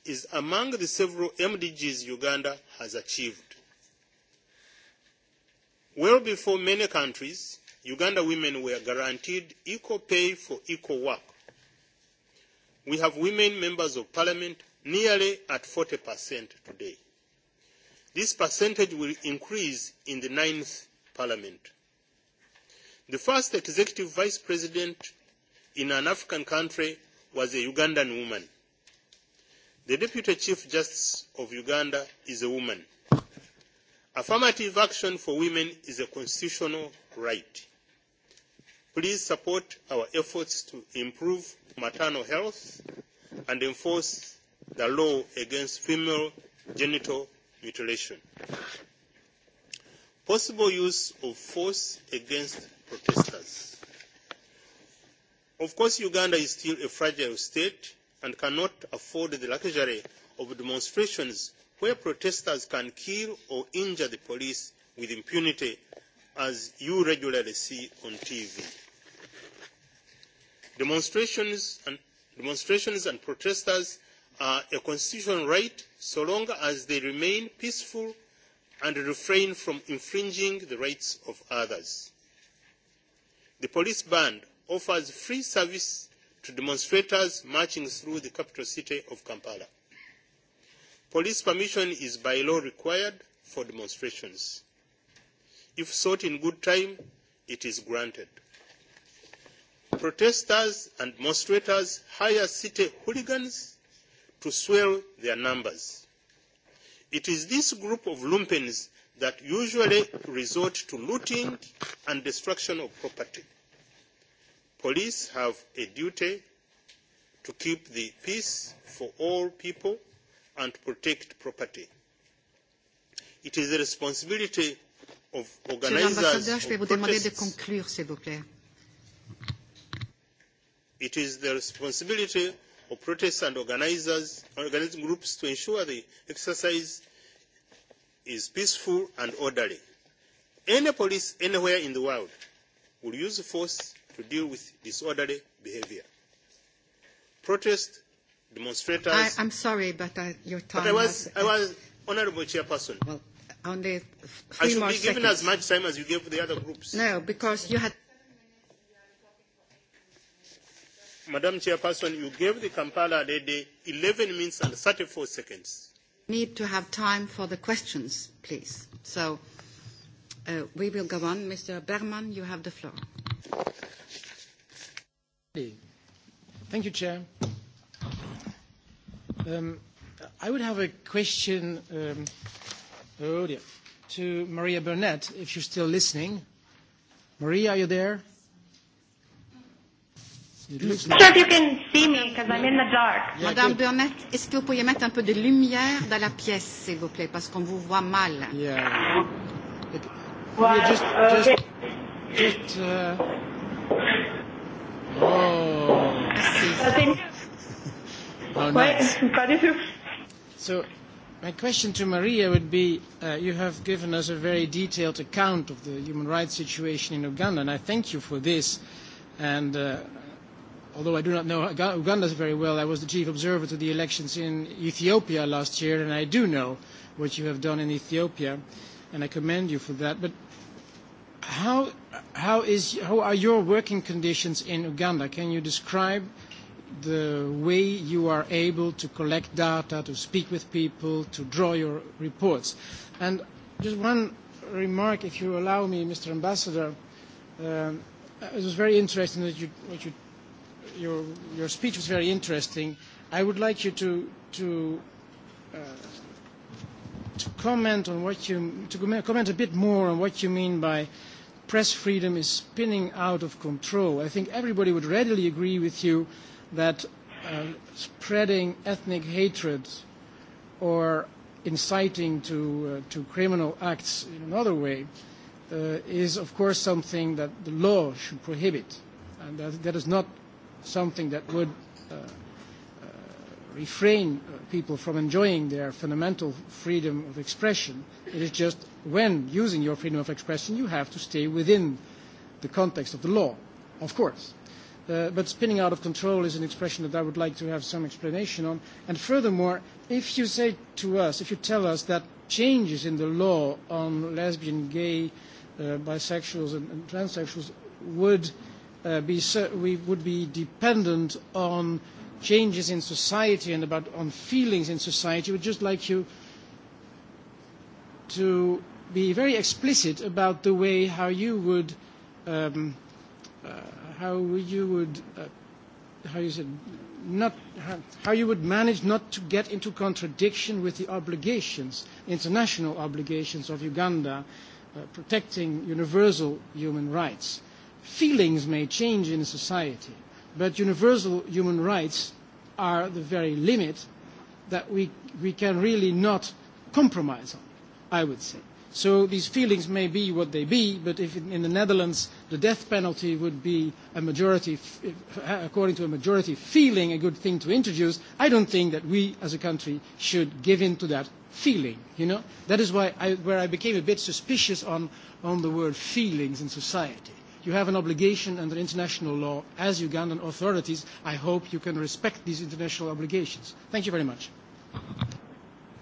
is among the several MDGs Uganda has achieved. Well before many countries, Uganda women were guaranteed equal pay for equal work. We have women members of parliament nearly at 40% today. This percentage will increase in the ninth parliament. The first executive vice president in an African country was a Ugandan woman. The deputy chief justice of Uganda is a woman. Affirmative action for women is a constitutional right. Please support our efforts to improve maternal health and enforce the law against female genital mutilation. Possible use of force against protesters. Of course, Uganda is still a fragile state and cannot afford the luxury of demonstrations where protesters can kill or injure the police with impunity, as you regularly see on TV. Demonstrations and, demonstrations and protesters are a constitutional right so long as they remain peaceful and refrain from infringing the rights of others. The police band offers free service to demonstrators marching through the capital city of Kampala. Police permission is by law required for demonstrations. If sought in good time, it is granted. Protesters and demonstrators hire city hooligans to swell their numbers. It is this group of lumpens that usually resort to looting and destruction of property. Police have a duty to keep the peace for all people and protect property. It is the responsibility of organizers of protests. It is the responsibility of protests and organizers, organizing groups to ensure the exercise is peaceful and orderly. Any police anywhere in the world will use force to deal with disorderly behavior. Protests, demonstrators. I, I'm sorry, but I, your time. But I was, has, I was honourable chairperson. Well, only three more seconds. I should more be given seconds. as much time as you gave the other groups. No, because you had. Madam Chairperson, you gave the Kampala lady 11 minutes and 34 seconds. Need to have time for the questions, please. So uh, we will go on. Mr. Berman, you have the floor. Thank you, Chair. Um, I would have a question um, oh dear, to Maria Burnett, if you're still listening. Maria, are you there? Sure, you can see me because I'm in the dark. Madame Burnett, est-ce que vous pourriez mettre un peu de lumière dans la pièce, s'il vous plaît, parce qu'on vous voit mal. Yeah. Well, just, okay. just, just, uh... Oh. Merci nice. So my question to Maria would be, uh, you have given us a very detailed account of the human rights situation in Uganda, and I thank you for this. And uh, although I do not know Uganda very well, I was the chief observer to the elections in Ethiopia last year, and I do know what you have done in Ethiopia, and I commend you for that. But how, how, is, how are your working conditions in Uganda? Can you describe – the way you are able to collect data, to speak with people, to draw your reports. And just one remark, if you allow me, Mr. Ambassador. it was very interesting that you, what you, your, your speech was very interesting. I would like you to, to, to comment on what you, to comment a bit more on what you mean by press freedom is spinning out of control. I think everybody would readily agree with you that uh, spreading ethnic hatred or inciting to, uh, to criminal acts in another way uh, is, of course, something that the law should prohibit. And that, that is not something that would uh, uh, refrain people from enjoying their fundamental freedom of expression. It is just when using your freedom of expression, you have to stay within the context of the law, of course but spinning out of control is an expression that I would like to have some explanation on. And furthermore, if you say to us, if you tell us that changes in the law on lesbian, gay, bisexuals, and, transsexuals would be we would be dependent on changes in society and about on feelings in society. We'd just like you to be very explicit about the way how you would um, uh, how you would, uh, how you said, not how, how you would manage not to get into contradiction with the obligations, international obligations of Uganda, uh, protecting universal human rights. Feelings may change in society, but universal human rights are the very limit that we, we can really not compromise on, I would say. So these feelings may be what they be, but if in the Netherlands the death penalty would be a majority, according to a majority feeling, a good thing to introduce, I don't think that we as a country should give in to that feeling. You know, that is why I, where I became a bit suspicious on on the word feelings in society. You have an obligation under international law as Ugandan authorities. I hope you can respect these international obligations. Thank you very much.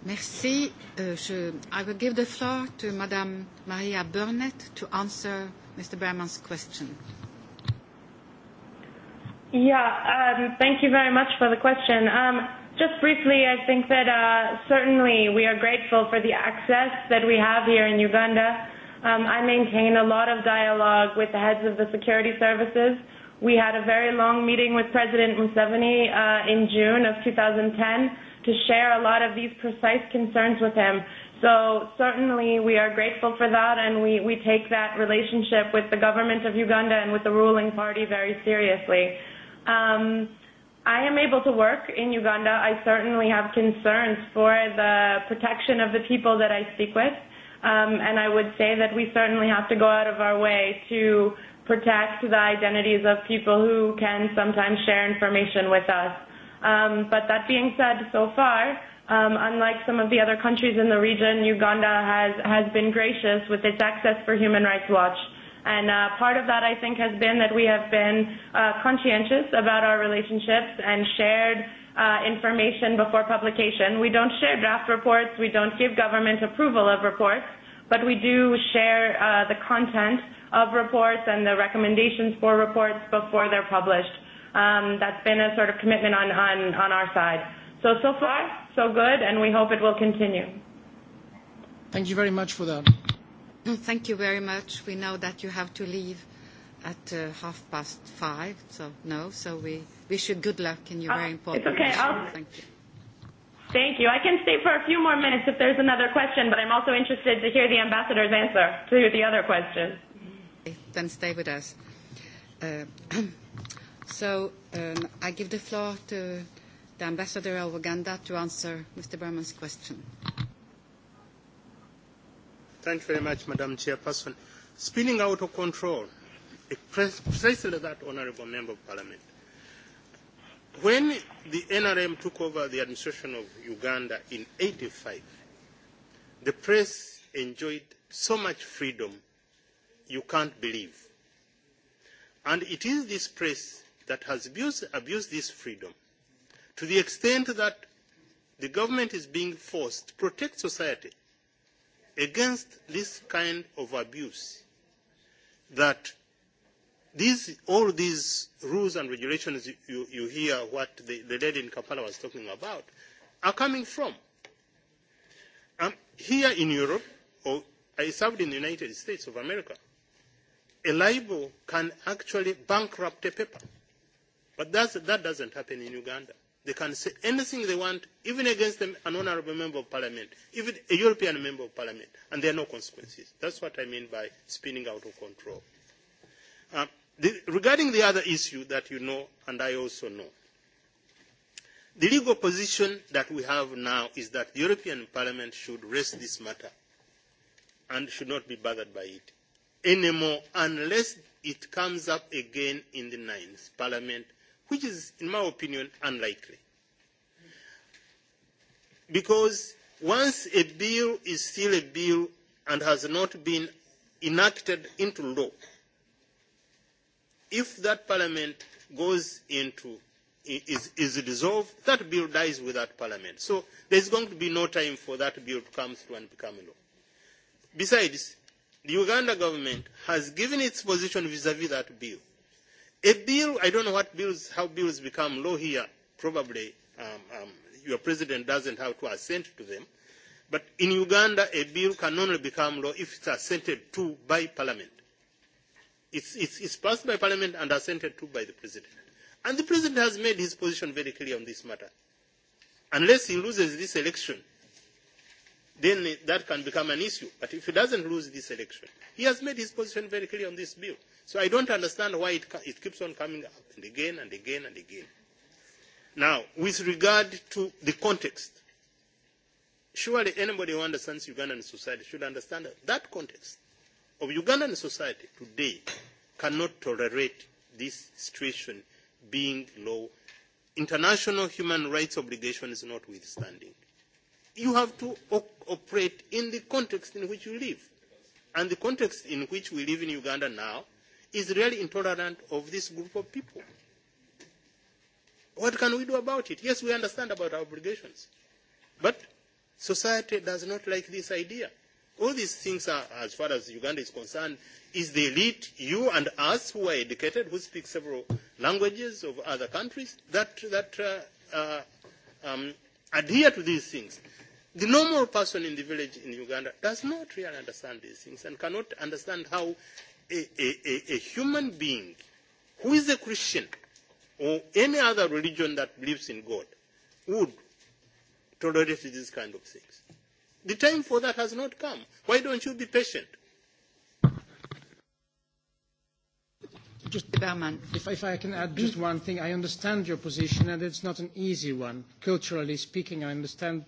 Merci. Uh, je, I will give the floor to Madame Maria Burnett to answer Mr. Berman's question. Yeah, thank you very much for the question. Just briefly, I think that uh certainly we are grateful for the access that we have here in Uganda. Um I maintain a lot of dialogue with the heads of the security services. We had a very long meeting with President Museveni uh in June of 2010 to share a lot of these precise concerns with him. So certainly we are grateful for that and we, we take that relationship with the government of Uganda and with the ruling party very seriously. Um, I am able to work in Uganda. I certainly have concerns for the protection of the people that I speak with. Um, and I would say that we certainly have to go out of our way to protect the identities of people who can sometimes share information with us. Um, but that being said, so far, um, unlike some of the other countries in the region, Uganda has, has been gracious with its access for Human Rights Watch. And uh, part of that, I think, has been that we have been uh, conscientious about our relationships and shared uh, information before publication. We don't share draft reports. We don't give government approval of reports, but we do share uh, the content of reports and the recommendations for reports before they're published Um, that's been a sort of commitment on, on, on our side. So, so far, so good, and we hope it will continue. Thank you very much for that. Thank you very much. We know that you have to leave at uh, half past five, so no, so we wish you good luck in your uh, very important It's okay. I'll, Thank you. Thank you. I can stay for a few more minutes if there's another question, but I'm also interested to hear the ambassador's answer to the other question. Then stay with us. Uh, So um, I give the floor to the ambassador of Uganda to answer Mr. Berman's question. Thank you very much, Madam Chairperson. Spinning out of control, precisely that, Honourable Member of Parliament. When the NRM took over the administration of Uganda in 85, the press enjoyed so much freedom you can't believe. And it is this press that has abused, abused this freedom to the extent that the government is being forced to protect society against this kind of abuse that these, all these rules and regulations you, you hear what the, the lady in Kampala was talking about are coming from. Um, here in Europe, or I served in the United States of America, a libel can actually bankrupt a paper But that's, that doesn't happen in Uganda. They can say anything they want, even against an honorable member of parliament, even a European member of parliament, and there are no consequences. That's what I mean by spinning out of control. Uh, the, regarding the other issue that you know, and I also know, the legal position that we have now is that the European Parliament should raise this matter and should not be bothered by it anymore unless it comes up again in the ninth Parliament which is, in my opinion, unlikely. Because once a bill is still a bill and has not been enacted into law, if that parliament goes into is, is dissolved, that bill dies with that parliament. So there's going to be no time for that bill to come through and become law. Besides, the Uganda government has given its position vis-à-vis that bill A bill, I don't know what bills, how bills become law here. Probably um, um, your president doesn't have to assent to them. But in Uganda, a bill can only become law if it's assented to by parliament. It's, it's, it's passed by parliament and assented to by the president. And the president has made his position very clear on this matter. Unless he loses this election, then that can become an issue. But if he doesn't lose this election, he has made his position very clear on this bill. So I don't understand why it, it keeps on coming up and again and again and again. Now, with regard to the context, surely anybody who understands Ugandan society should understand that, that context of Ugandan society today cannot tolerate this situation being low, international human rights obligations notwithstanding. You have to op- operate in the context in which you live. And the context in which we live in Uganda now is really intolerant of this group of people. What can we do about it? Yes, we understand about our obligations. But society does not like this idea. All these things are, as far as Uganda is concerned, is the elite, you and us who are educated, who speak several languages of other countries, that, that uh, uh, um, adhere to these things. The normal person in the village in Uganda does not really understand these things and cannot understand how a, a, a, a human being who is a Christian or any other religion that believes in God would tolerate these kind of things. The time for that has not come. Why don't you be patient? Just, if, if I can add just one thing, I understand your position, and it's not an easy one. Culturally speaking, I understand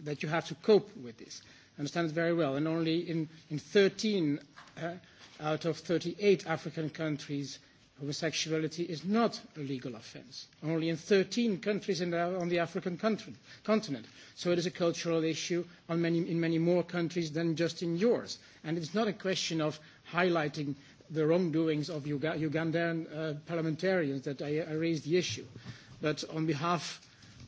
that you have to cope with this understand it very well. And only in, in 13 uh, out of 38 African countries, homosexuality is not a legal offense. Only in 13 countries in the, on the African continent. So it is a cultural issue on many, in many more countries than just in yours. And it's not a question of highlighting the wrongdoings of Uga- Ugandan uh, parliamentarians that I, I raised the issue. But on behalf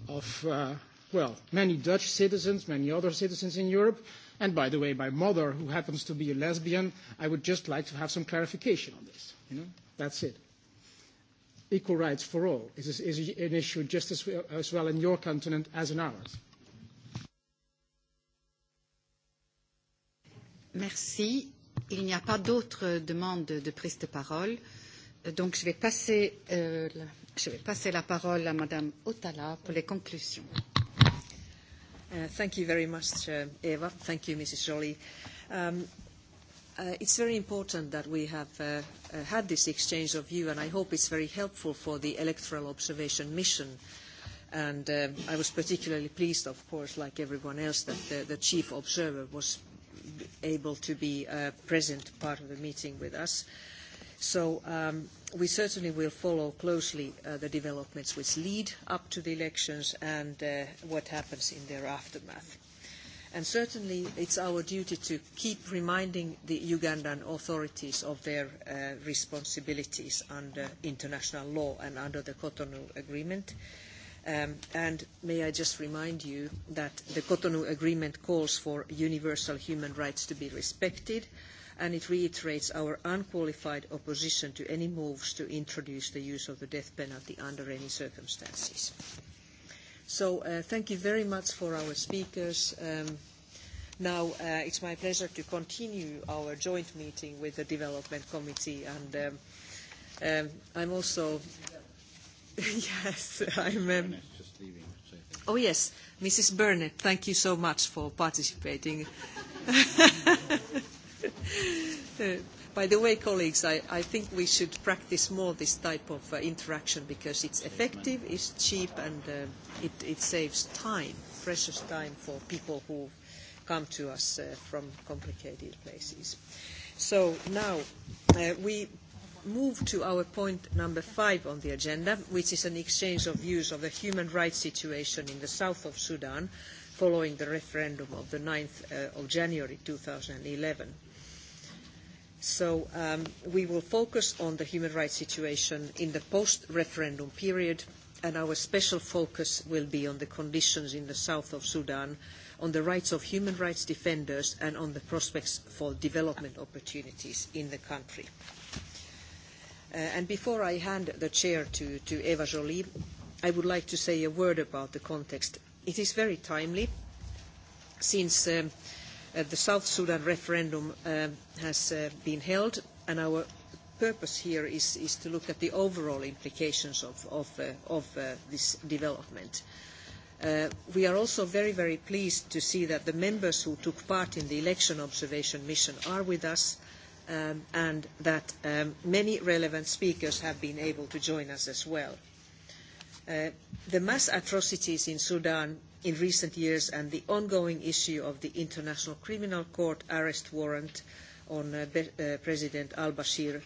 of uh, well, many Dutch citizens, many other citizens in Europe, and by the way, my mother, who happens to be a lesbian, I would just like to have some clarification on this. You know, that's it. Equal rights for all is, is an issue just as, as well in your continent as in ours. Merci. Il n'y a pas d'autres demandes de prise de parole. Donc je vais passer, euh, je vais passer la parole à Madame Otala pour les conclusions. Thank you very much, Eva. Thank you, Mrs. Joly. It's very important that we have had this exchange of view, and I hope it's very helpful for the electoral observation mission. And I was particularly pleased, of course, like everyone else, that the chief observer was able to be present part of the meeting with us. So we certainly will follow closely the developments which lead up to the elections and what happens in their aftermath. And certainly it's our duty to keep reminding the Ugandan authorities of their responsibilities under international law and under the Cotonou Agreement. and may I just remind you that the Cotonou Agreement calls for universal human rights to be respected, and it reiterates our unqualified opposition to any moves to introduce the use of the death penalty under any circumstances. So thank you very much for our speakers. now it's my pleasure to continue our joint meeting with the Development Committee and um, I'm also... yes, I'm... Um, oh, yes, Mrs. Burnett, thank you so much for participating. By the way, colleagues, I, I think we should practice more this type of uh, interaction because it's effective, it's cheap, and uh, it, it saves time, precious time for people who come to us uh, from complicated places. So now uh, we move to our point number five on the agenda, which is an exchange of views of the human rights situation in the south of Sudan following the referendum of the 9th uh, of January 2011. So we will focus on the human rights situation in the post-referendum period, and our special focus will be on the conditions in the south of Sudan, on the rights of human rights defenders, and on the prospects for development opportunities in the country. and before I hand the chair to, to Eva Joly, I would like to say a word about the context. It is very timely since the South Sudan referendum has been held, and our purpose here is, to look at the overall implications of, this development. we are also very, very pleased to see that the members who took part in the election observation mission are with us and that many relevant speakers have been able to join us as well. the mass atrocities in Sudan in recent years and the ongoing issue of the International Criminal Court arrest warrant on President al-Bashir,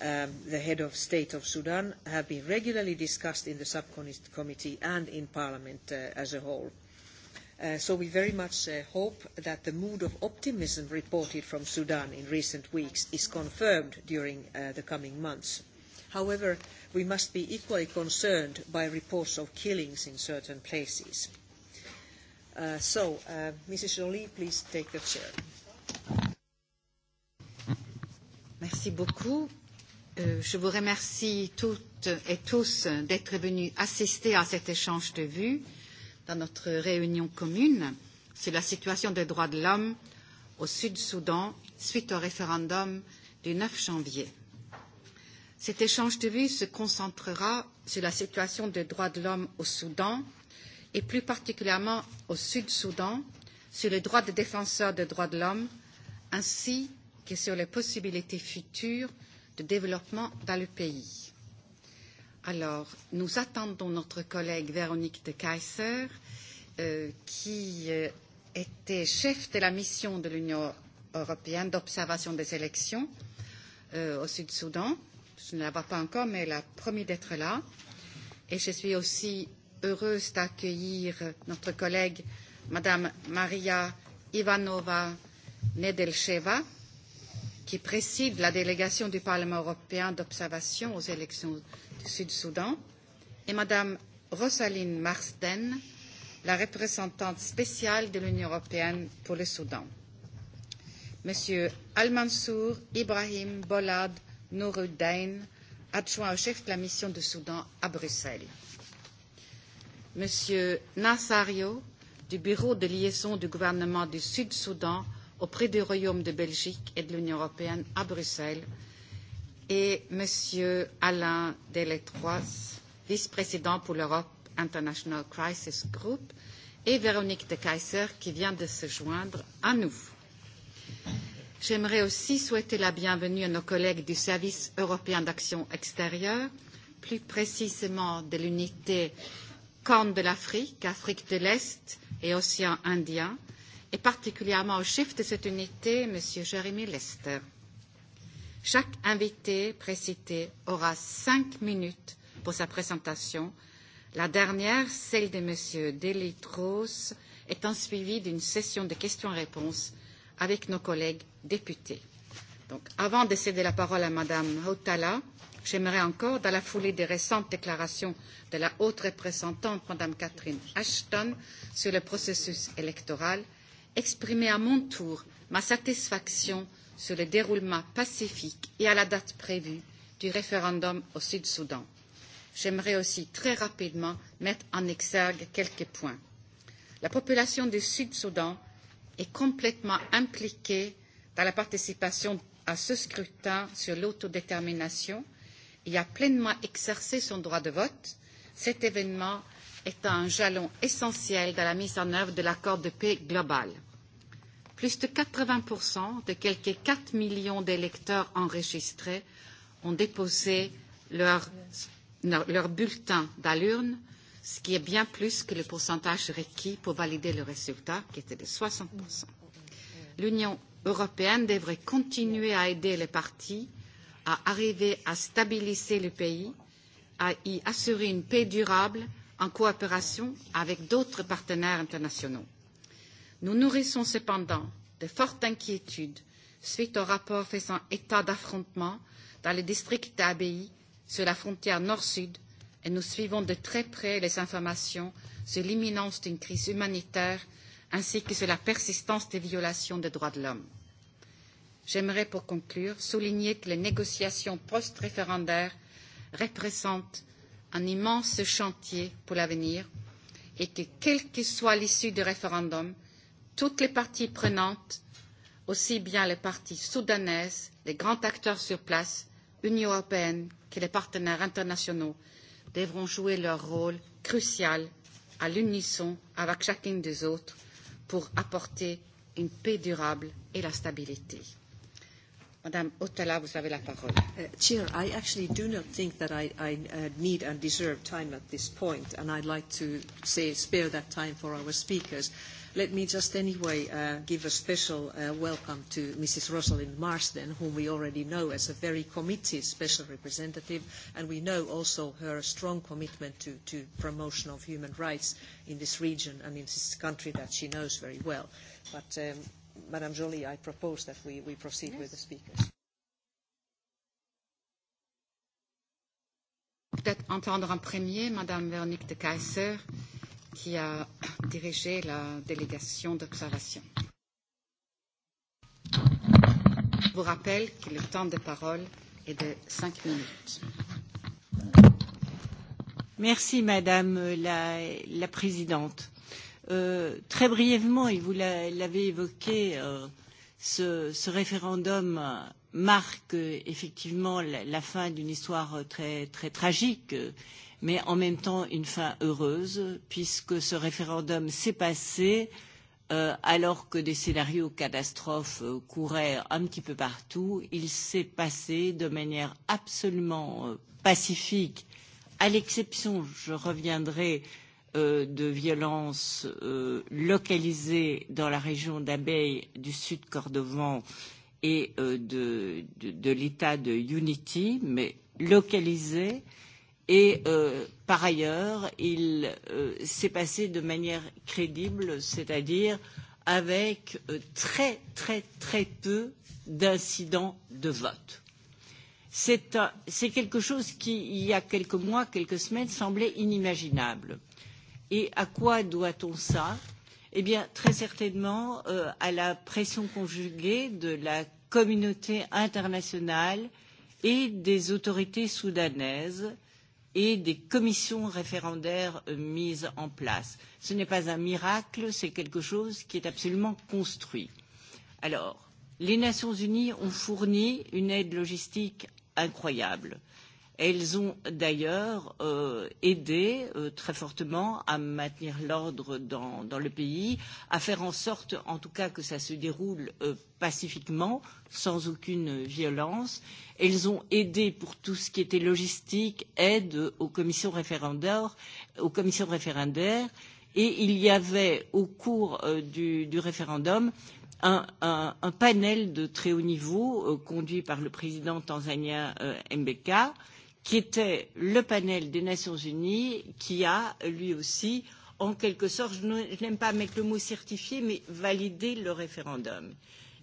the head of state of Sudan, have been regularly discussed in the subcommittee and in Parliament as a whole. so we very much hope that the mood of optimism reported from Sudan in recent weeks is confirmed during the coming months. However, we must be equally concerned by reports of killings in certain places so, Mrs. Joly, please take the chair. Merci beaucoup. je vous remercie toutes et tous d'être venus assister à cet échange de vues dans notre réunion commune sur la situation des droits de l'homme au Sud-Soudan suite au référendum du 9 janvier. Cet échange de vues se concentrera sur la situation des droits de l'homme au Soudan et plus particulièrement au Sud-Soudan, sur les droits des défenseurs des droits de l'homme, ainsi que sur les possibilités futures de développement dans le pays. Alors, nous attendons notre collègue Véronique de euh, qui était chef de la mission de l'Union européenne d'observation des élections au Sud-Soudan. Je ne la vois pas encore, mais elle a promis d'être là. Et je suis aussi heureuse d'accueillir notre collègue Madame Maria Ivanova Nedelcheva, qui préside la délégation du Parlement européen d'observation aux élections du Sud-Soudan, et Madame Rosaline Marsden, la représentante spéciale de l'Union européenne pour le Soudan. Monsieur Al-Mansour Ibrahim Bolad Nouruddin, adjoint au chef de la mission du Soudan à Bruxelles. M. Nassario du Bureau de liaison du gouvernement du Sud-Soudan auprès du Royaume de Belgique et de l'Union européenne à Bruxelles et M. Alain Delectroix, vice-président pour l'Europe International Crisis Group, et Véronique de Keyser qui vient de se joindre à nous. J'aimerais aussi souhaiter la bienvenue à nos collègues du Service européen d'action extérieure, plus précisément de l'unité Corne de l'Afrique, Afrique de l'Est et Océan Indien, et particulièrement au chef de cette unité, M. Jérémy Lester. Chaque invité précité aura cinq minutes pour sa présentation. La dernière, celle de M. Delitros, étant suivie d'une session de questions-réponses avec nos collègues députés. Donc, avant de céder la parole à Mme Hautala, J'aimerais encore, dans la foulée des récentes déclarations de la haute représentante, Mme Catherine Ashton, sur le processus électoral, exprimer à mon tour ma satisfaction sur le déroulement pacifique et à la date prévue du référendum au Sud-Soudan. J'aimerais aussi très rapidement mettre en exergue quelques points. La population du Sud-Soudan est complètement impliquée dans la participation à ce scrutin sur l'autodétermination et a pleinement exercé son droit de vote, cet événement est un jalon essentiel dans la mise en œuvre de l'accord de paix global. Plus de 80% de quelques 4 millions d'électeurs enregistrés ont déposé leur, leur bulletin dans l'urne, ce qui est bien plus que le pourcentage requis pour valider le résultat, qui était de 60%. L'Union européenne devrait continuer à aider les partis à arriver à stabiliser le pays, à y assurer une paix durable en coopération avec d'autres partenaires internationaux. Nous nourrissons cependant de fortes inquiétudes suite au rapport faisant état d'affrontements dans le district d'Abei sur la frontière nord-sud et nous suivons de très près les informations sur l'imminence d'une crise humanitaire ainsi que sur la persistance des violations des droits de l'homme j'aimerais pour conclure souligner que les négociations post-référendaires représentent un immense chantier pour l'avenir et que, quelle que soit l'issue du référendum, toutes les parties prenantes, aussi bien les parties soudanaises, les grands acteurs sur place, l'Union européenne que les partenaires internationaux, devront jouer leur rôle crucial à l'unisson avec chacune des autres pour apporter une paix durable et la stabilité. Madame Otala, vous avez la parole. Chair, I actually do not think that I, I uh, need and deserve time at this point, and I'd like to say spare that time for our speakers. Let me just anyway uh, give a special uh, welcome to Mrs. Rosalind Marsden, whom we already know as a very committed special representative, and we know also her strong commitment to, to promotion of human rights in this region and in this country that she knows very well. But um, Madame Joly, I propose that we, we proceed with the speakers. Peut-être entendre en premier Madame Véronique de Kaiser, qui a dirigé la délégation d'observation. Je vous rappelle que le temps de parole est de cinq minutes. Merci Madame la, la Présidente très brièvement, et vous l'avez évoqué, ce, ce référendum marque effectivement la, fin d'une histoire très, très tragique, mais en même temps une fin heureuse, puisque ce référendum s'est passé alors que des scénarios catastrophes couraient un petit peu partout. Il s'est passé de manière absolument pacifique, à l'exception, je reviendrai euh, de violences localisées dans la région d'Abeille du Sud Cordovan et de, l'État de Unity, mais localisées. Et par ailleurs, il s'est passé de manière crédible, c'est-à-dire avec très très très peu d'incidents de vote. C'est quelque chose qui, il y a quelques mois, quelques semaines, semblait inimaginable. Euh, Et à quoi doit-on ça Eh bien, très certainement à la pression conjuguée de la communauté internationale et des autorités soudanaises et des commissions référendaires mises en place. Ce n'est pas un miracle, c'est quelque chose qui est absolument construit. Alors, les Nations Unies ont fourni une aide logistique incroyable. Euh, Elles ont d'ailleurs euh, aidé euh, très fortement à maintenir l'ordre dans, dans le pays, à faire en sorte, en tout cas, que ça se déroule euh, pacifiquement, sans aucune violence. Elles ont aidé pour tout ce qui était logistique, aide aux commissions référendaires, aux commissions référendaires et il y avait au cours euh, du, du référendum un, un, un panel de très haut niveau euh, conduit par le président tanzanien euh, Mbeka qui était le panel des Nations Unies, qui a, lui aussi, en quelque sorte, je n'aime pas mettre le mot certifié, mais validé le référendum.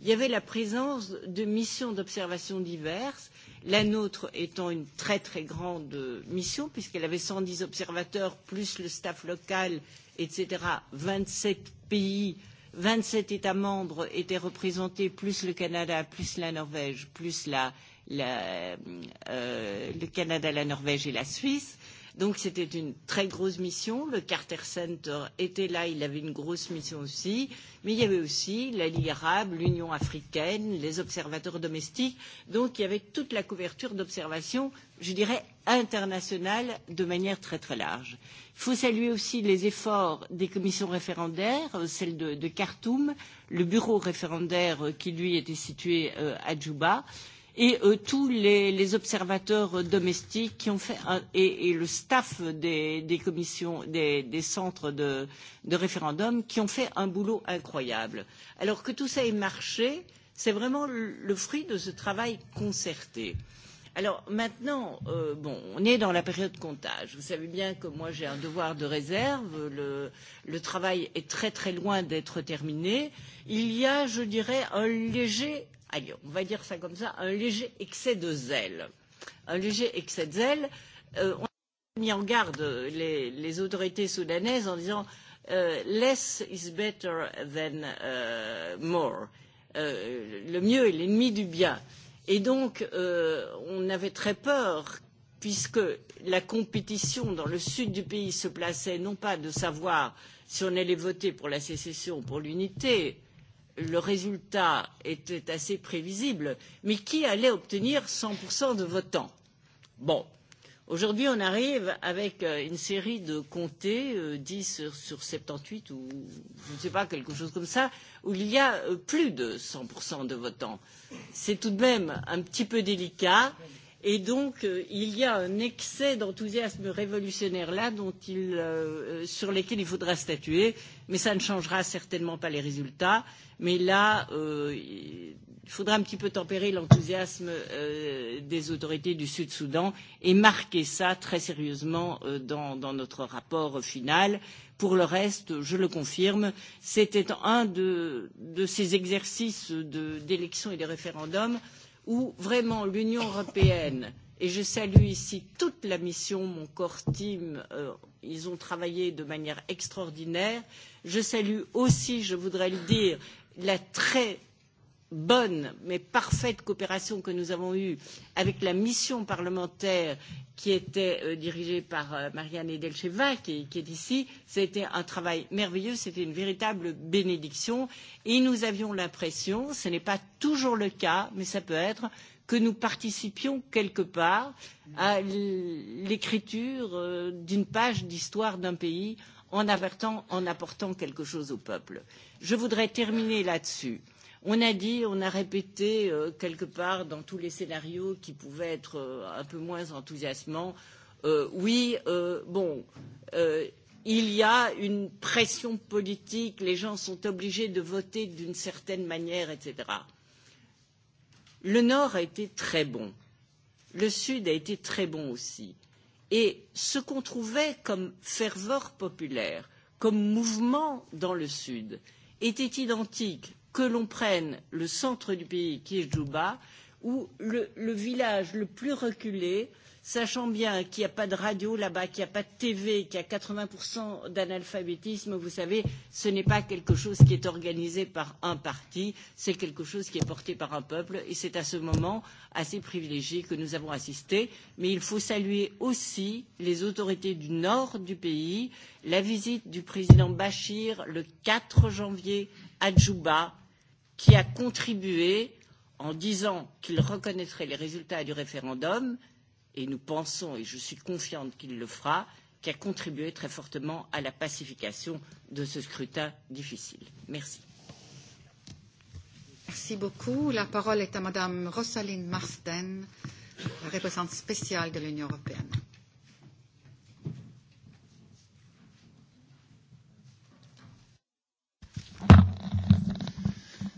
Il y avait la présence de missions d'observation diverses, la nôtre étant une très très grande mission, puisqu'elle avait cent dix observateurs, plus le staff local, etc. Vingt sept pays, vingt sept États membres étaient représentés, plus le Canada, plus la Norvège, plus la la, euh, le Canada, la Norvège et la Suisse. Donc c'était une très grosse mission. Le Carter Center était là, il avait une grosse mission aussi. Mais il y avait aussi la Ligue arabe, l'Union africaine, les observateurs domestiques. Donc il y avait toute la couverture d'observation, je dirais, internationale de manière très très large. Il faut saluer aussi les efforts des commissions référendaires, celle de, de Khartoum, le bureau référendaire qui lui était situé à Djouba et tous les, observateurs domestiques qui ont fait et, le staff des, commissions des, centres de, référendum qui ont fait un boulot incroyable. Alors que tout cela ait marché, c'est vraiment le fruit de ce travail concerté. Alors maintenant, on est dans la période comptage. Vous savez bien que moi j'ai un devoir de réserve. Le, travail est très très loin d'être terminé. Il y a, je dirais, un léger allez, on va dire ça comme ça, un léger excès de zèle. Un léger excès de zèle. Euh, on a mis en garde les, les autorités soudanaises en disant euh, less is better than euh, more. Euh, le mieux est l'ennemi du bien. Et donc, euh, on avait très peur puisque la compétition dans le sud du pays se plaçait non pas de savoir si on allait voter pour la sécession ou pour l'unité, le résultat était assez prévisible, mais qui allait obtenir 100% de votants Bon, aujourd'hui on arrive avec une série de comtés, dix sur, soixante huit ou je ne sais pas, quelque chose comme ça, où il y a plus de 100% de votants. C'est tout de même un petit peu délicat Et donc, il y a un excès d'enthousiasme révolutionnaire là sur lequel il faudra statuer, mais ça ne changera certainement pas les résultats. Mais là, il faudra un petit peu tempérer l'enthousiasme des autorités du Sud-Soudan et marquer ça très sérieusement dans, notre rapport final. Pour le reste, je le confirme, c'était un de, ces exercices d'élections et de référendums euh, où vraiment l'Union européenne et je salue ici toute la mission, mon core team, ils ont travaillé de manière extraordinaire. Je salue aussi, je voudrais le dire, la très bonne mais parfaite coopération que nous avons eue avec la mission parlementaire qui était dirigée par Marianne Edelcheva, qui, est ici, c'était un travail merveilleux, c'était une véritable bénédiction. Et nous avions l'impression, ce n'est pas toujours le cas, mais ça peut être, que nous participions quelque part à l'écriture d'une page d'histoire d'un pays en apportant, quelque chose au peuple. Je voudrais terminer là-dessus On a dit, on a répété euh, quelque part dans tous les scénarios qui pouvaient être euh, un peu moins enthousiasmants, euh, oui, euh, bon, euh, il y a une pression politique, les gens sont obligés de voter d'une certaine manière, etc. Le Nord a été très bon, le Sud a été très bon aussi. Et ce qu'on trouvait comme ferveur populaire, comme mouvement dans le Sud, était identique que l'on prenne le centre du pays qui est Djouba ou le, village le plus reculé, sachant bien qu'il n'y a pas de radio là-bas, qu'il n'y a pas de TV, qu'il y a quatre 80% d'analphabétisme, vous savez, ce n'est pas quelque chose qui est organisé par un parti, c'est quelque chose qui est porté par un peuple et c'est à ce moment assez privilégié que nous avons assisté. Mais il faut saluer aussi les autorités du nord du pays, la visite du président Bachir le quatre janvier à Djouba, qui a contribué en disant qu'il reconnaîtrait les résultats du référendum, et nous pensons, et je suis confiante qu'il le fera, qui a contribué très fortement à la pacification de ce scrutin difficile. Merci. Merci beaucoup. La parole est à Madame Rosalind Marsden, la représentante spéciale de l'Union européenne.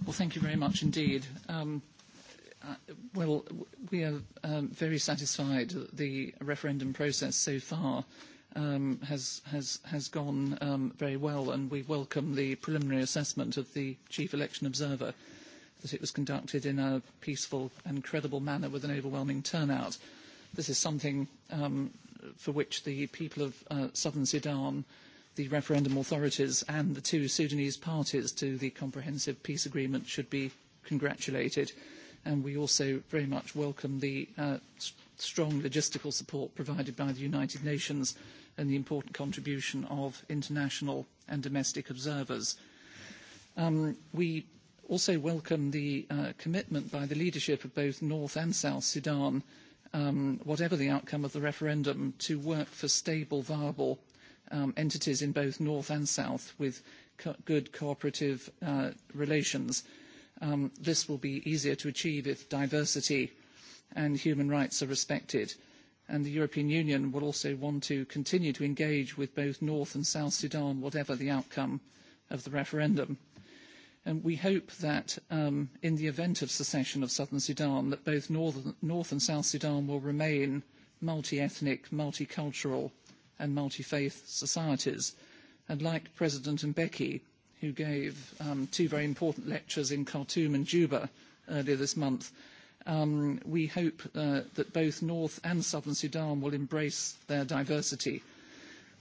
Well, thank you very much indeed. Um, well, we are um, very satisfied that the referendum process so far um, has, has, has gone um, very well, and we welcome the preliminary assessment of the chief election observer that it was conducted in a peaceful and credible manner with an overwhelming turnout. This is something um, for which the people of uh, southern Sudan the referendum authorities and the two Sudanese parties to the comprehensive peace agreement should be congratulated. And we also very much welcome the strong logistical support provided by the United Nations and the important contribution of international and domestic observers. we also welcome the commitment by the leadership of both North and South Sudan, whatever the outcome of the referendum, to work for stable, viable entities in both north and south with good cooperative relations. this will be easier to achieve if diversity and human rights are respected. And the European Union will also want to continue to engage with both North and South Sudan, whatever the outcome of the referendum. we hope that in the event of secession of Southern Sudan, that both North and South Sudan will remain multi-ethnic, multicultural and multi-faith societies. And like President Mbeki, who gave um, two very important lectures in Khartoum and Juba earlier this month, um, we hope uh, that both North and Southern Sudan will embrace their diversity.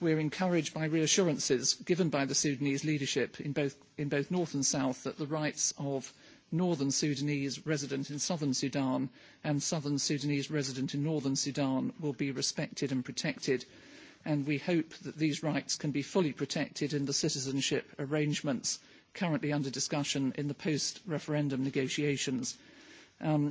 We're encouraged by reassurances given by the Sudanese leadership in both, in both North and South that the rights of northern Sudanese resident in southern Sudan and southern Sudanese resident in northern Sudan will be respected and protected and we hope that these rights can be fully protected in the citizenship arrangements currently under discussion in the post-referendum negotiations.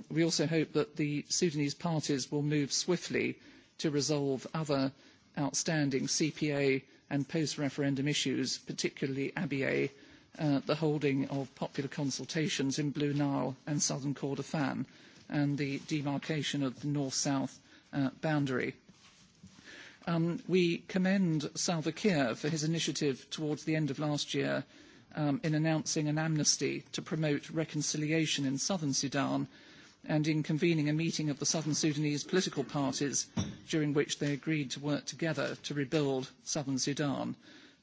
we also hope that the Sudanese parties will move swiftly to resolve other outstanding CPA and post-referendum issues, particularly ABA, the holding of popular consultations in Blue Nile and southern Kordofan, and the demarcation of the north-south boundary we commend Salva Kiir for his initiative towards the end of last year in announcing an amnesty to promote reconciliation in southern Sudan and in convening a meeting of the southern Sudanese political parties during which they agreed to work together to rebuild southern Sudan.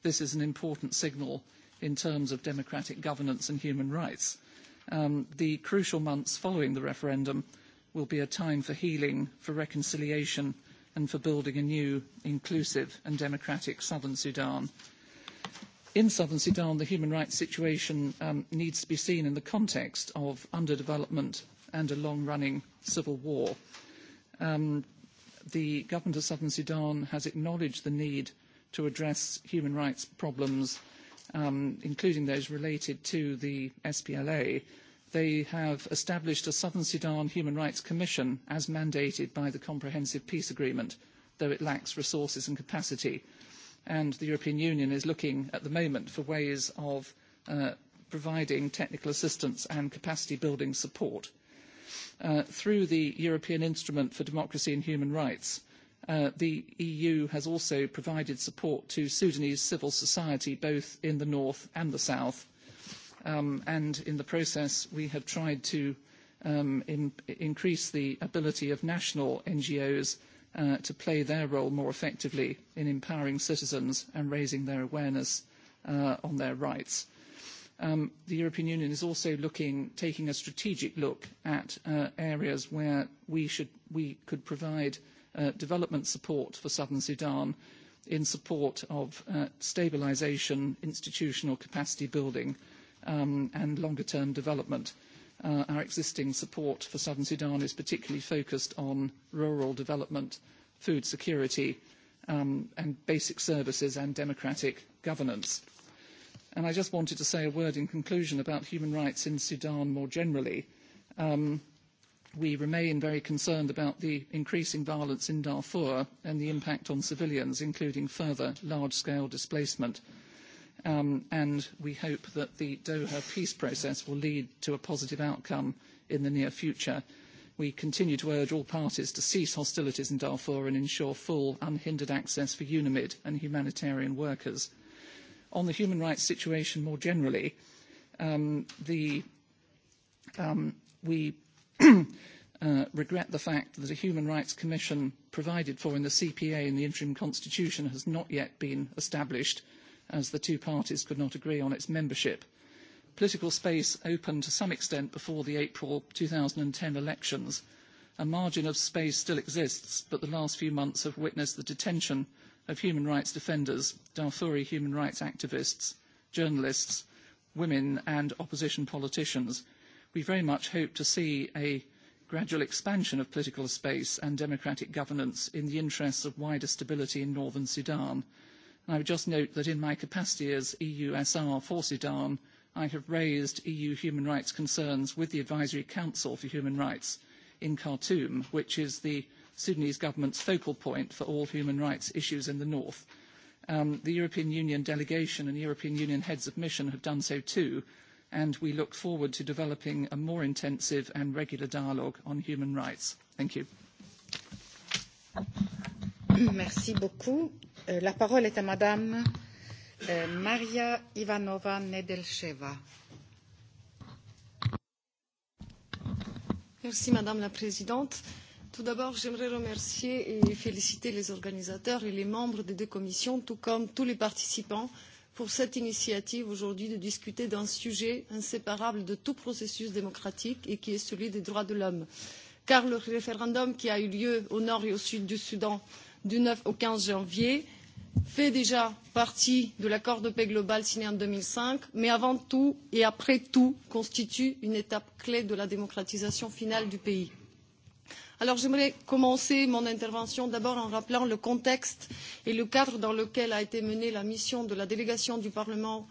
This is an important signal in terms of democratic governance and human rights. the crucial months following the referendum will be a time for healing, for reconciliation, and for building a new, inclusive and democratic southern Sudan. In southern Sudan, the human rights situation needs to be seen in the context of underdevelopment and a long-running civil war. the government of southern Sudan has acknowledged the need to address human rights problems, including those related to the SPLA, they have established a Southern Sudan Human Rights Commission as mandated by the Comprehensive Peace Agreement, though it lacks resources and capacity. And the European Union is looking at the moment for ways of providing technical assistance and capacity building support. through the European Instrument for Democracy and Human Rights, the EU has also provided support to Sudanese civil society both in the north and the south and in the process, we have tried to increase the ability of national NGOs to play their role more effectively in empowering citizens and raising their awareness on their rights. the European Union is also looking, taking a strategic look at areas where we, should, we could provide development support for southern Sudan in support of stabilisation, institutional capacity building, and longer-term development. Our existing support for Southern Sudan is particularly focused on rural development, food security, and basic services and democratic governance. I just wanted to say a word in conclusion about human rights in Sudan more generally. we remain very concerned about the increasing violence in Darfur and the impact on civilians, including further large-scale displacement and we hope that the Doha peace process will lead to a positive outcome in the near future. We continue to urge all parties to cease hostilities in Darfur and ensure full, unhindered access for UNAMID and humanitarian workers. On the human rights situation more generally, we regret the fact that a human rights commission provided for in the CPA in the interim constitution has not yet been established, as the two parties could not agree on its membership. Political space opened to some extent before the April ten elections. A margin of space still exists, but the last few months have witnessed the detention of human rights defenders, Darfuri human rights activists, journalists, women and opposition politicians. We very much hope to see a gradual expansion of political space and democratic governance in the interests of wider stability in northern Sudan I would just note that in my capacity as EUSR for Sudan, I have raised EU human rights concerns with the Advisory Council for Human Rights in Khartoum, which is the Sudanese government's focal point for all human rights issues in the north. the European Union delegation and European Union heads of mission have done so too, and we look forward to developing a more intensive and regular dialogue on human rights. Thank you. Merci beaucoup. La parole est à Madame Maria Ivanova Nedelcheva. Merci Madame la Présidente. Tout d'abord, j'aimerais remercier et féliciter les organisateurs et les membres des deux commissions, tout comme tous les participants, pour cette initiative aujourd'hui de discuter d'un sujet inséparable de tout processus démocratique et qui est celui des droits de l'homme. Car le référendum qui a eu lieu au nord et au sud du Soudan du neuf au quinze janvier fait déjà partie de l'accord de paix global signé en deux mille cinq, mais avant tout et après tout constitue une étape clé de la démocratisation finale du pays. Alors j'aimerais commencer mon intervention d'abord en rappelant le contexte et le cadre dans lequel a été menée la mission de la délégation du Parlement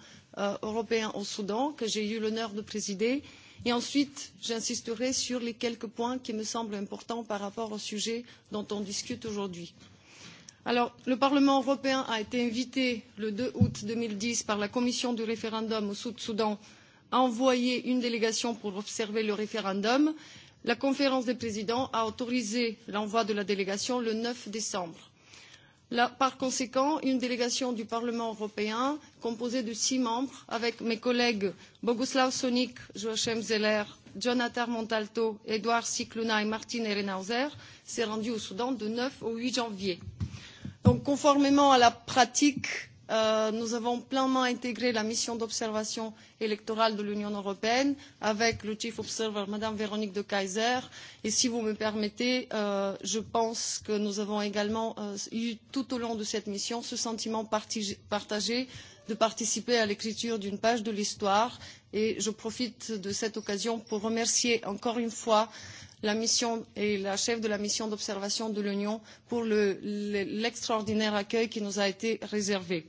européen au Soudan, que j'ai eu l'honneur de présider, et ensuite j'insisterai sur les quelques points qui me semblent importants par rapport au sujet dont on discute aujourd'hui. Alors, le Parlement européen a été invité le deux août deux mille dix par la commission du référendum au Sud-Soudan à envoyer une délégation pour observer le référendum. La conférence des présidents a autorisé l'envoi de la délégation le neuf décembre. par conséquent, une délégation du Parlement européen composée de six membres, avec mes collègues Boguslav Sonik, Joachim Zeller, Jonathan Montalto, Edouard Sikluna et Martine Ehrenhauser, s'est rendue au Soudan du neuf au huit janvier. Donc, conformément à la pratique, nous avons pleinement intégré la mission d'observation électorale de l'Union européenne avec le chief observer, Madame Véronique de Keyser. Et si vous me permettez, je pense que nous avons également eu tout au long de cette mission ce sentiment partagé de participer à l'écriture d'une page de l'histoire. Et je profite de cette occasion pour remercier encore une fois la mission et la chef de la mission d'observation de l'Union pour l'extraordinaire accueil qui nous a été réservé.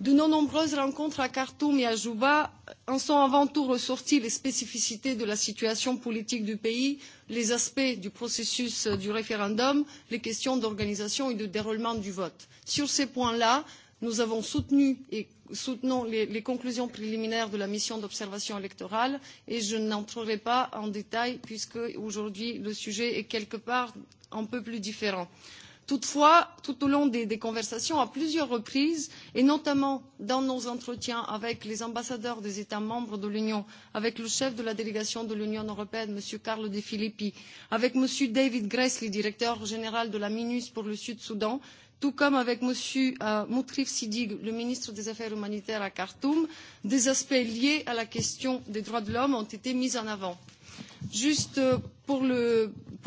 De nos nombreuses rencontres à Khartoum et à Juba en sont avant tout ressorties les spécificités de la situation politique du pays, les aspects du processus du référendum, les questions d'organisation et de déroulement du vote. Sur ces points-là, nous avons soutenu et soutenons les, conclusions préliminaires de la mission d'observation électorale et je n'entrerai pas en détail puisque aujourd'hui le sujet est quelque part un peu plus différent. Toutefois, tout au long des, conversations, à plusieurs reprises, et notamment dans nos entretiens avec les ambassadeurs des États membres de l'Union, avec le chef de la délégation de l'Union européenne, M. Carlo De Filippi, avec M. David Gressly, directeur général de la MINUS pour le Sud-Soudan, tout comme avec M. Moutrif Sidig, le ministre des Affaires humanitaires à Khartoum, des aspects liés à la question des droits de l'homme ont été mis en avant. Juste pour,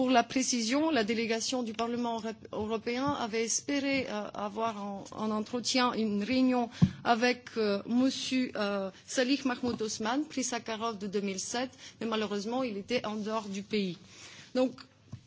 la précision, la délégation du Parlement européen avait espéré avoir en, entretien une réunion avec M. Salih Mahmoud Osman, prix Sakharov de deux mille sept, mais malheureusement, il était en dehors du pays. Donc,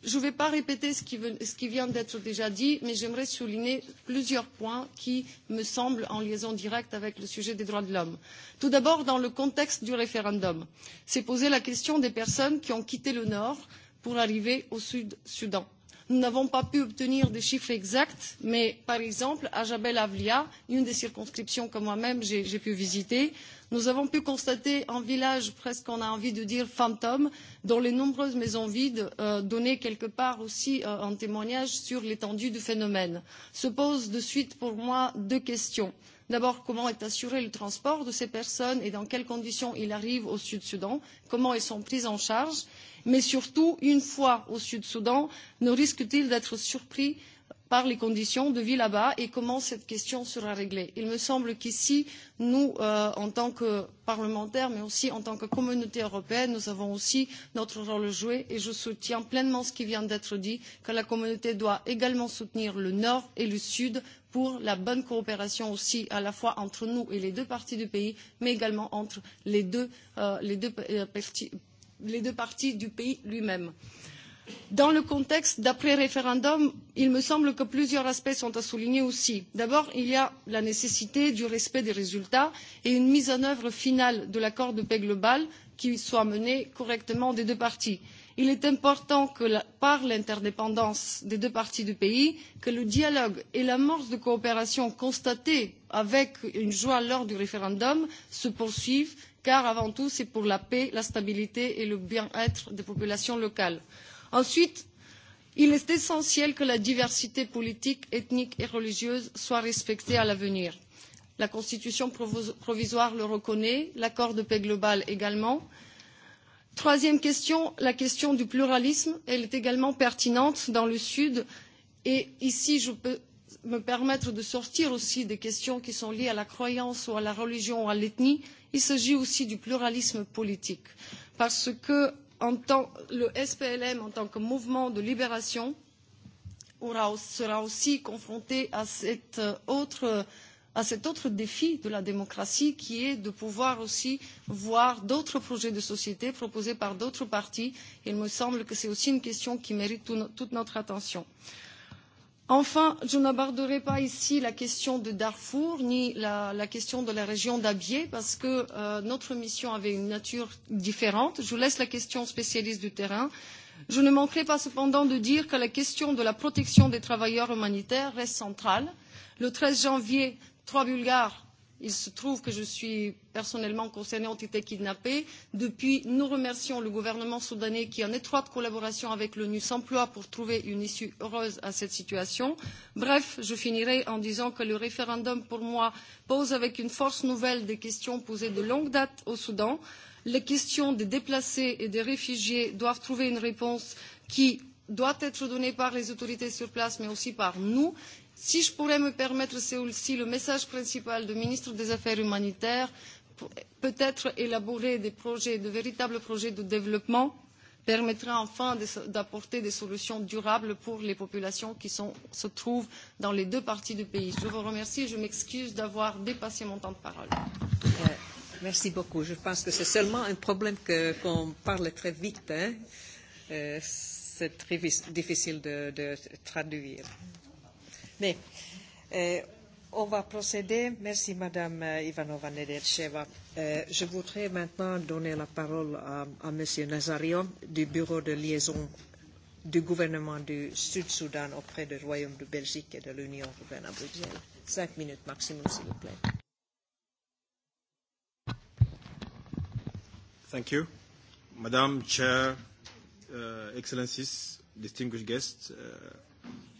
Je ne vais pas répéter ce qui, vient d'être déjà dit, mais j'aimerais souligner plusieurs points qui me semblent en liaison directe avec le sujet des droits de l'homme. Tout d'abord, dans le contexte du référendum, s'est posée la question des personnes qui ont quitté le Nord pour arriver au Sud-Soudan Nous n'avons pas pu obtenir des chiffres exacts, mais par exemple, à Jabel Avlia, une des circonscriptions que moi-même j'ai pu visiter, nous avons pu constater un village presque on a envie de dire fantôme dont les nombreuses maisons vides donnaient quelque part aussi un témoignage sur l'étendue du phénomène. se posent de suite pour moi deux questions. D'abord, comment est assuré le transport de ces personnes et dans quelles conditions ils arrivent au Sud-Soudan, comment ils sont pris en charge, mais surtout, une fois au Sud-Soudan, ne risquent-ils d'être surpris par les conditions de vie là-bas et comment cette question sera réglée. Il me semble qu'ici, nous, en tant que parlementaires, mais aussi en tant que communauté européenne, nous avons aussi notre rôle à jouer et je soutiens pleinement ce qui vient d'être dit, que la communauté doit également soutenir le Nord et le Sud pour la bonne coopération aussi à la fois entre nous et les deux parties du pays, mais également entre les deux, parties du pays lui-même. Dans le contexte d'après-référendum, il me semble que plusieurs aspects sont à souligner aussi. D'abord, il y a la nécessité du respect des résultats et une mise en œuvre finale de l'accord de paix global qui soit menée correctement des deux parties il est important que par l'interdépendance des deux parties du pays que le dialogue et l'amorce de coopération constatée avec une joie lors du référendum se poursuivent car avant tout c'est pour la paix la stabilité et le bien être des populations locales. ensuite il est essentiel que la diversité politique ethnique et religieuse soit respectée à l'avenir. la constitution provisoire le reconnaît l'accord de paix global également Troisième question, la question du pluralisme, elle est également pertinente dans le Sud. Et ici, je peux me permettre de sortir aussi des questions qui sont liées à la croyance ou à la religion ou à l'ethnie. Il s'agit aussi du pluralisme politique. Parce que le SPLM, en tant que mouvement de libération, sera aussi confronté à cette autre euh, à cet autre défi de la démocratie qui est de pouvoir aussi voir d'autres projets de société proposés par d'autres partis. Il me semble que c'est aussi une question qui mérite toute notre attention. Enfin, je n'aborderai pas ici la question de Darfour ni la, question de la région d'Abyei parce que notre mission avait une nature différente. Je laisse la question aux spécialistes du terrain. Je ne manquerai pas cependant de dire que la question de la protection des travailleurs humanitaires reste centrale. Le treize janvier, trois Bulgares. Il se trouve que je suis personnellement concernée ont été kidnappés. Depuis, nous remercions le gouvernement soudanais qui, en étroite collaboration avec l'ONU, s'emploie pour trouver une issue heureuse à cette situation. Bref, je finirai en disant que le référendum, pour moi, pose avec une force nouvelle des questions posées de longue date au Soudan. Les questions des déplacés et des réfugiés doivent trouver une réponse qui doit être donnée par les autorités sur place, mais aussi par nous. Si je pourrais me permettre, c'est aussi le message principal du ministre des Affaires humanitaires, peut-être élaborer des projets, de véritables projets de développement permettra enfin d'apporter des solutions durables pour les populations qui se trouvent dans les deux parties du pays. Je vous remercie et je m'excuse d'avoir dépassé mon temps de parole. Merci beaucoup. Je pense que c'est seulement un problème qu'on parle très vite. c'est très difficile de, traduire. On va procéder. Merci Madame Ivanova Euh, Je voudrais maintenant donner la parole à, à Monsieur Nazario du bureau de liaison du gouvernement du Sud-Soudan auprès du Royaume de Belgique et de l'Union européenne à Bruxelles. Cinq minutes maximum, s'il vous plaît. Thank you. Madame Chair, uh, Excellencies, distinguished guests, uh,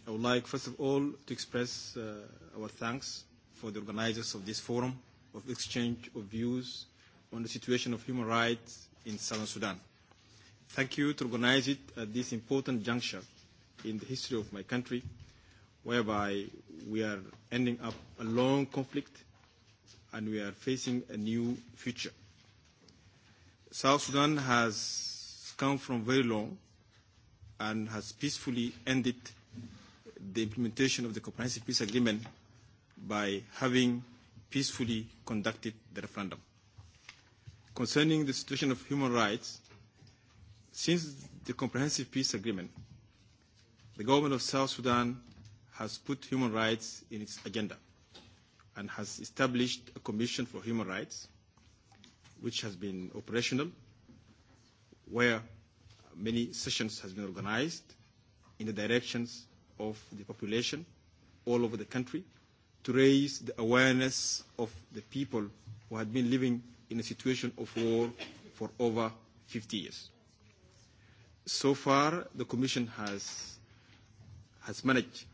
I would like, first of all, to express uh, our thanks for the organizers of this forum of exchange of views on the situation of human rights in southern Sudan. Thank you to organize it at this important juncture in the history of my country, whereby we are ending up a long conflict and we are facing a new future. South Sudan has come from very long and has peacefully ended the implementation of the Comprehensive Peace Agreement by having peacefully conducted the referendum. Concerning the situation of human rights, since the Comprehensive Peace Agreement, the government of South Sudan has put human rights in its agenda and has established a Commission for Human Rights, which has been operational, where many sessions have been organized in the directions of the population all over the country to raise the awareness of the people who had been living in a situation of war for over 50 years. So far, the Commission has, has managed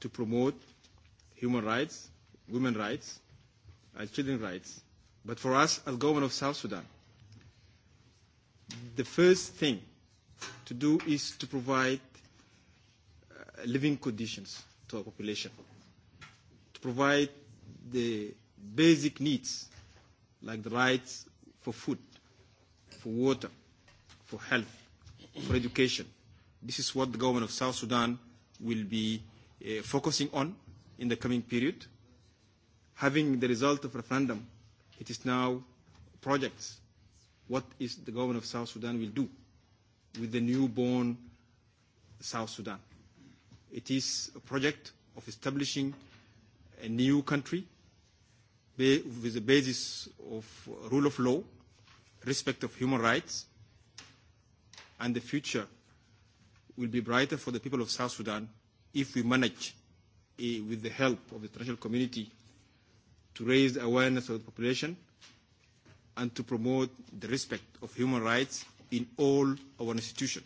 to promote human rights, women's rights, and children's rights. But for us, as government of South Sudan, the first thing to do is to provide living conditions to our population, to provide the basic needs like the rights for food, for water, for health, for education. This is what the government of South Sudan will be uh, focusing on in the coming period. Having the result of referendum, it is now projects. What is the government of South Sudan will do with the newborn South Sudan? It is a project of establishing a new country with the basis of rule of law, respect of human rights, and the future will be brighter for the people of South Sudan if we manage, with the help of the international community, to raise awareness of the population and to promote the respect of human rights in all our institutions.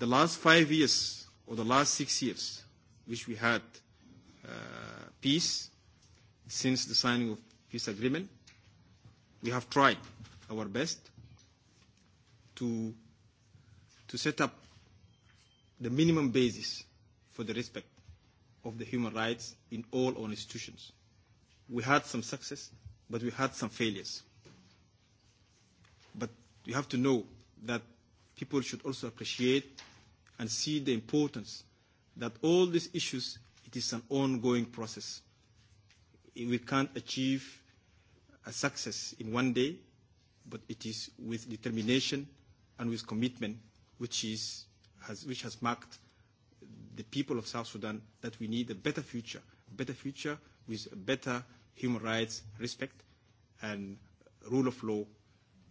The last five years or the last six years, which we had uh, peace since the signing of peace agreement, we have tried our best to, to set up the minimum basis for the respect of the human rights in all our institutions. We had some success, but we had some failures. But you have to know that people should also appreciate and see the importance that all these issues, it is an ongoing process. We can't achieve a success in one day, but it is with determination and with commitment, which, is, has, which has marked the people of South Sudan that we need a better future, a better future with better human rights respect and rule of law,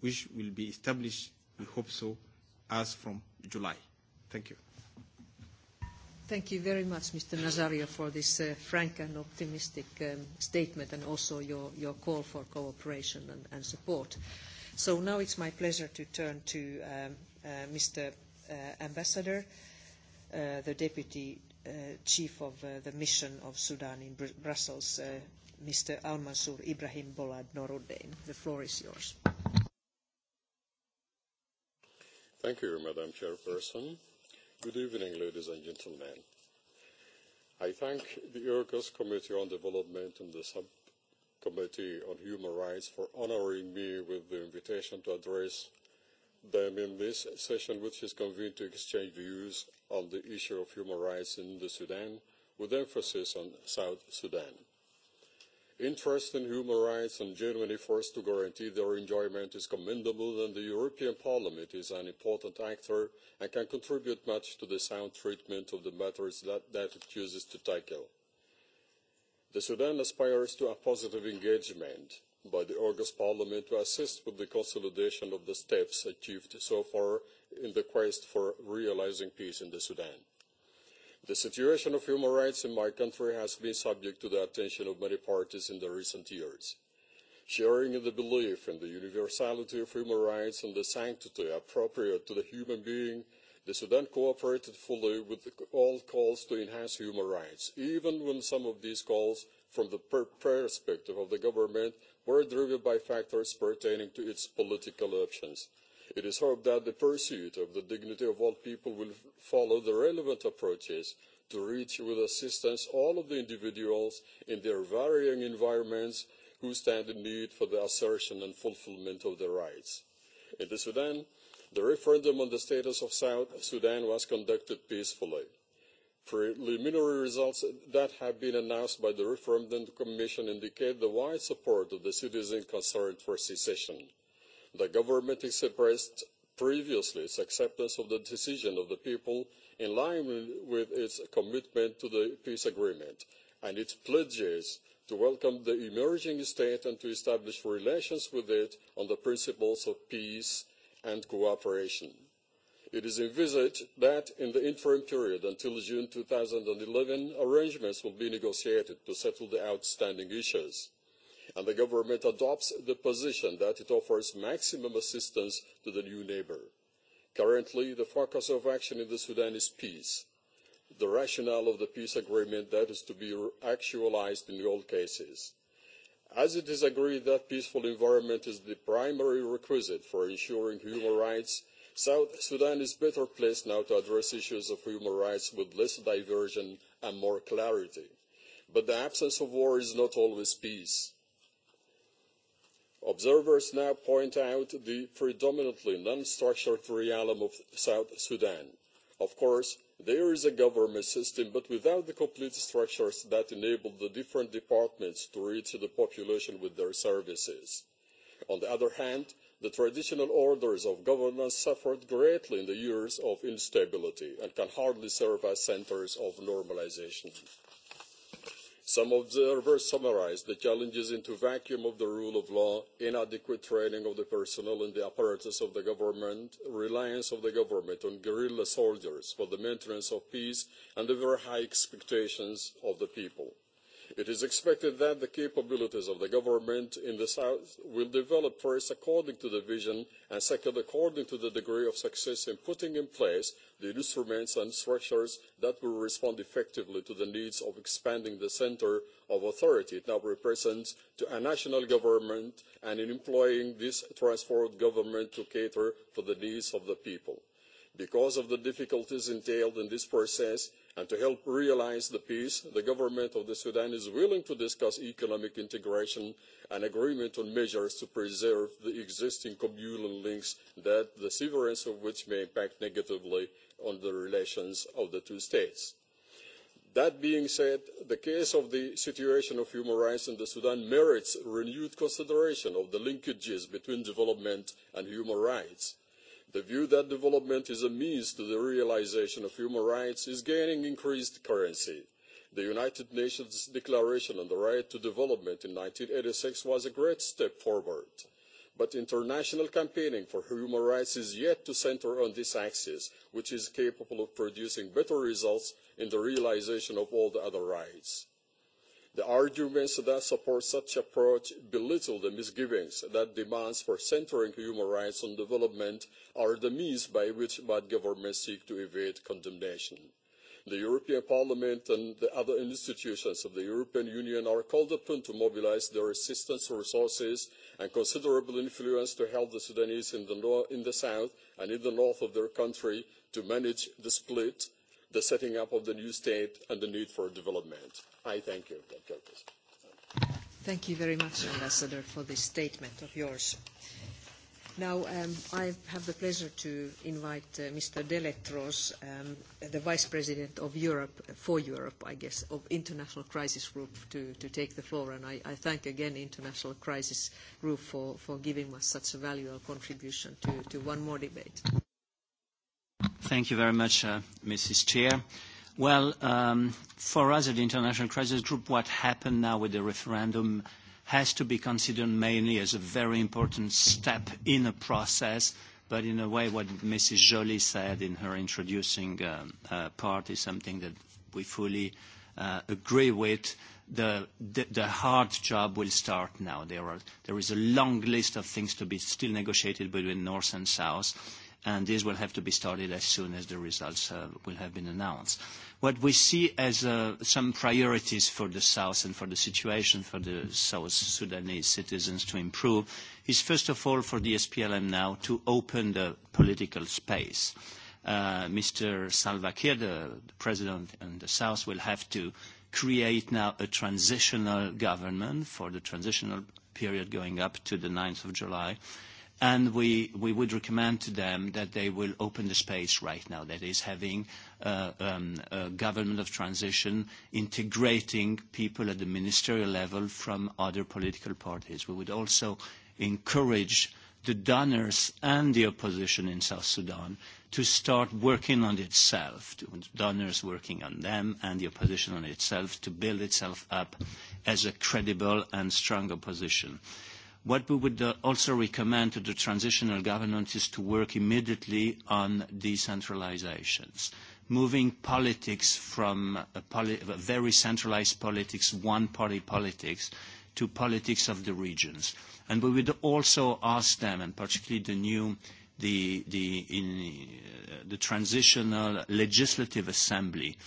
which will be established, we hope so, as from July. Thank you. Thank you very much, Mr. Nazario, for this frank and optimistic statement and also your call for cooperation and support. So Now it's my pleasure to turn to Mr. Ambassador, the Deputy Chief of the Mission of Sudan in Brussels, Mr. Almansur Ibrahim Bolad Noruddin. The floor is yours. Thank you, Madam Chairperson Good evening, ladies and gentlemen. I thank the IRCAS Committee on Development and the Subcommittee on Human Rights for honoring me with the invitation to address them in this session, which is convened to exchange views on the issue of human rights in the Sudan, with emphasis on South Sudan interest in human rights and genuine efforts to guarantee their enjoyment is commendable and the european parliament is an important actor and can contribute much to the sound treatment of the matters that it chooses to tackle. The sudan aspires to a positive engagement by the august parliament to assist with the consolidation of the steps achieved so far in the quest for realising peace in sudan. The situation of human rights in my country has been subject to the attention of many parties in the recent years. Sharing in the belief in the universality of human rights and the sanctity appropriate to the human being, the Sudan cooperated fully with all calls to enhance human rights, even when some of these calls, from the perspective of the government, were driven by factors pertaining to its political options It is hoped that the pursuit of the dignity of all people will follow the relevant approaches to reach with assistance all of the individuals in their varying environments who stand in need for the assertion and fulfilment of their rights. In the Sudan, the referendum on the status of South Sudan was conducted peacefully. Preliminary results that have been announced by the Referendum Commission indicate the wide support of the citizens concerned for secession the government expressed previously its acceptance of the decision of the people in line with its commitment to the peace agreement and its pledges to welcome the emerging state and to establish relations with it on the principles of peace and cooperation. It is envisaged that in the interim period until June eleven arrangements will be negotiated to settle the outstanding issues and the government adopts the position that it offers maximum assistance to the new neighbour. Currently, the focus of action in Sudan is peace, the rationale of the peace agreement that is to be actualised in all cases. As it is agreed that a peaceful environment is the primary requisite for ensuring human rights, South Sudan is better placed now to address issues of human rights with less diversion and more clarity. But the absence of war is not always peace observers now point out the predominantly non structured realm of south sudan. of course there is a government system but without the complete structures that enable the different departments to reach the population with their services. on the other hand the traditional orders of governance suffered greatly in the years of instability and can hardly serve as centres of normalisation some observers summarised the challenges into a vacuum of the rule of law inadequate training of the personnel and the apparatus of the government reliance of the government on guerrilla soldiers for the maintenance of peace and the very high expectations of the people. It is expected that the capabilities of the government in the South will develop first according to the vision and second according to the degree of success in putting in place the instruments and structures that will respond effectively to the needs of expanding the centre of authority it now represents to a national government and in employing this transformed government to cater to the needs of the people. Because of the difficulties entailed in this process, to help realise the peace the government of sudan is willing to discuss economic integration and agreement on measures to preserve the existing communal links the severance of which may impact negatively on the relations of the two states. that being said the case of the situation of human rights in sudan merits renewed consideration of the linkages between development and human rights the view that development is a means to the realisation of human rights is gaining increased currency. the united nations declaration on the right to development in one thousand nine hundred and eighty six was a great step forward but international campaigning for human rights is yet to centre on this axis which is capable of producing better results in the realisation of all the other rights. The arguments that support such an approach belittle the misgivings that demands for centering human rights on development are the means by which bad governments seek to evade condemnation. The European Parliament and the other institutions of the European Union are called upon to mobilise their assistance resources and considerable influence to help the Sudanese in the, in the south and in the north of their country to manage the split the setting up of the new state and the need for development. I thank you, Thank you very much, Ambassador, for this statement of yours. Now, I have the pleasure to invite Mr. Deletros, the Vice President of Europe, for Europe, I guess, of International Crisis Group, to take the floor. And I thank again International Crisis Group for giving us such a valuable contribution to one more debate. Thank you very much, uh, Mrs. Chair. Well, um, for us at the International Crisis Group, what happened now with the referendum has to be considered mainly as a very important step in a process, but in a way what Mrs. Joly said in her introducing uh, part is something that we fully uh, agree with. The, the, the hard job will start now. There, are, there is a long list of things to be still negotiated between North and South and this will have to be started as soon as the results will have been announced. What we see as some priorities for the South and for the situation for the South Sudanese citizens to improve is, first of all, for the SPLM now to open the political space. Mr. Salva Kiir, the president in the South, will have to create now a transitional government for the transitional period going up to the 9th of July, And we, we would recommend to them that they will open the space right now, that is having a government of transition integrating people at the ministerial level from other political parties. We would also encourage the donors and the opposition in South Sudan to start working on itself, donors working on them and the opposition on itself to build itself up as a credible and strong opposition. What we would also recommend to the transitional government is to work immediately on decentralizations, moving politics from a very centralized politics, one-party politics, to politics of the regions. And we would also ask them, and particularly the new the, the transitional legislative assembly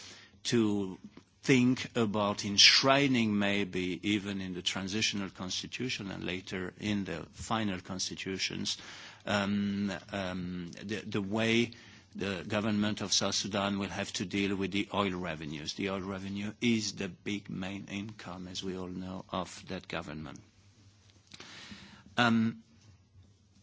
to think about enshrining maybe even in the transitional constitution and later in the final constitutions um, um, the, the way the government of South Sudan will have to deal with the oil revenues. The oil revenue is the big main income, as we all know, of that government. Um,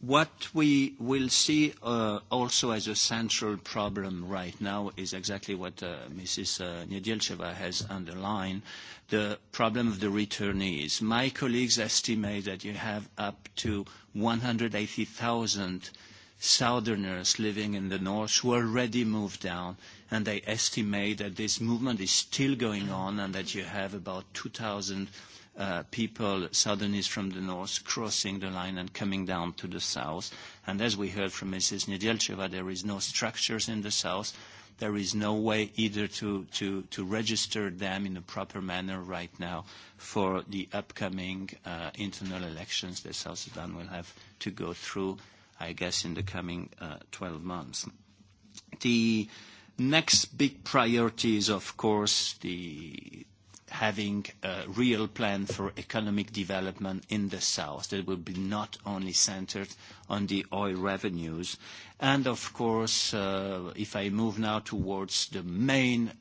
What we will see also as a central problem right now is exactly what Mrs. Nedelcheva has underlined, the problem of the returnees. My colleagues estimate that you have up to one hundred eighty 180,000 southerners living in the north who already moved down, and they estimate that this movement is still going on and that you have about two 2,000 people, Southerners from the north, crossing the line and coming down to the south. And as we heard from Mrs. Nedelcheva, there is no structures in the south. There is no way either to, to, to register them in a proper manner right now for the upcoming uh, internal elections that South Sudan will have to go through, I guess, in the coming uh, 12 months. The next big priority is, of course, the having a real plan for economic development in the south that will be not only centered on the oil revenues. And of course, if I move now towards the main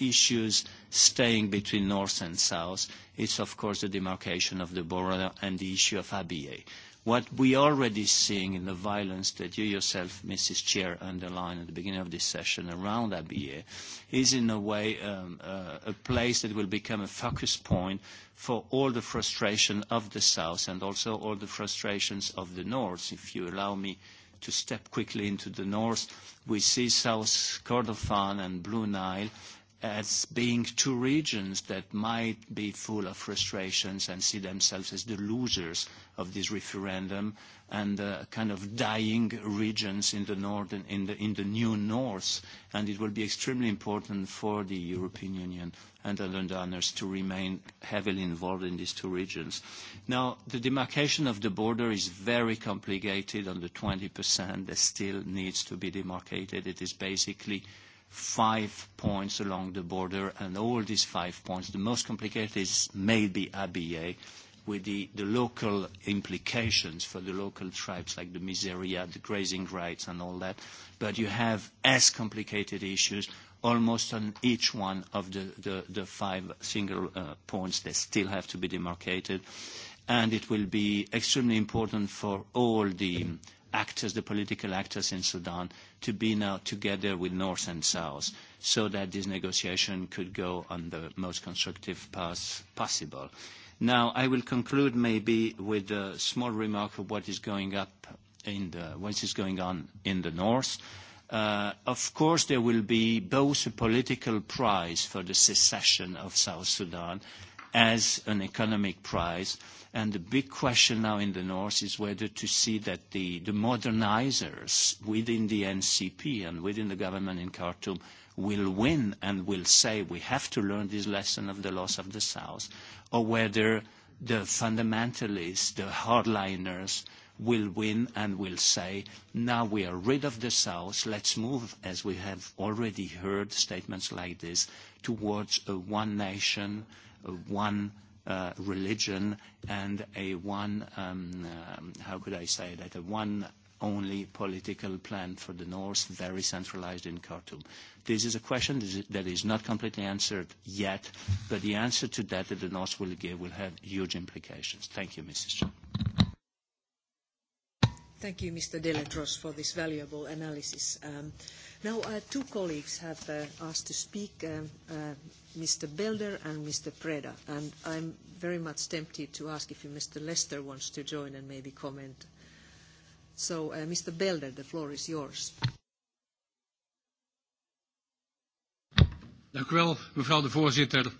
issues staying between north and south, it's of course the demarcation of the border and the issue of ABA what we are already seeing in the violence that you yourself, Mrs. Chair, underlined at the beginning of this session around Abyei is in a way um, uh, a place that will become a focus point for all the frustration of the South and also all the frustrations of the North. If you allow me to step quickly into the North, we see South Kordofan and Blue Nile as being two regions that might be full of frustrations and see themselves as the losers of this referendum and uh, kind of dying regions in the northern in the in the new north and it will be extremely important for the European Union and the Londoners to remain heavily involved in these two regions. Now the demarcation of the border is very complicated on the 20% that still needs to be demarcated. It is basically five points along the border, and all these five points, the most complicated is maybe Abyei, with the local implications for the local tribes, like the miseria, the grazing rights, and all that. But you have as complicated issues almost on each one of the five single points that still have to be demarcated. And it will be extremely important for all the actors, the political actors in Sudan, to be now together with North and South so that this negotiation could go on the most constructive path possible. Now, I will conclude maybe with a small remark of what is going up in the, what is going on in the North. Of course, there will be both a political prize for the secession of South Sudan as an economic prize, And the big question now in the North is whether to see that the, the modernizers within the NCP and within the government in Khartoum will win and will say we have to learn this lesson of the loss of the South, or whether the fundamentalists, the hardliners, will win and will say, now we are rid of the South, let's move, as we have already heard statements like this, towards a one nation, a one uh, religion and a one, um, how could I say that, a one only political plan for the North, very centralized in Khartoum. This is a question that is not completely answered yet, but the answer to that that the North will give will have huge implications. Thank you, Mrs. Chair. Thank you, Mr. De La Deletros, for this valuable analysis. Um, now, uh, two colleagues have uh, asked to speak, um, uh, Mr. Belder and Mr. Preda, and I'm very much tempted to ask if Mr. Lester wants to join and maybe comment. So, uh, Mr. Belder, the floor is yours. Dank u wel, mevrouw de voorzitter.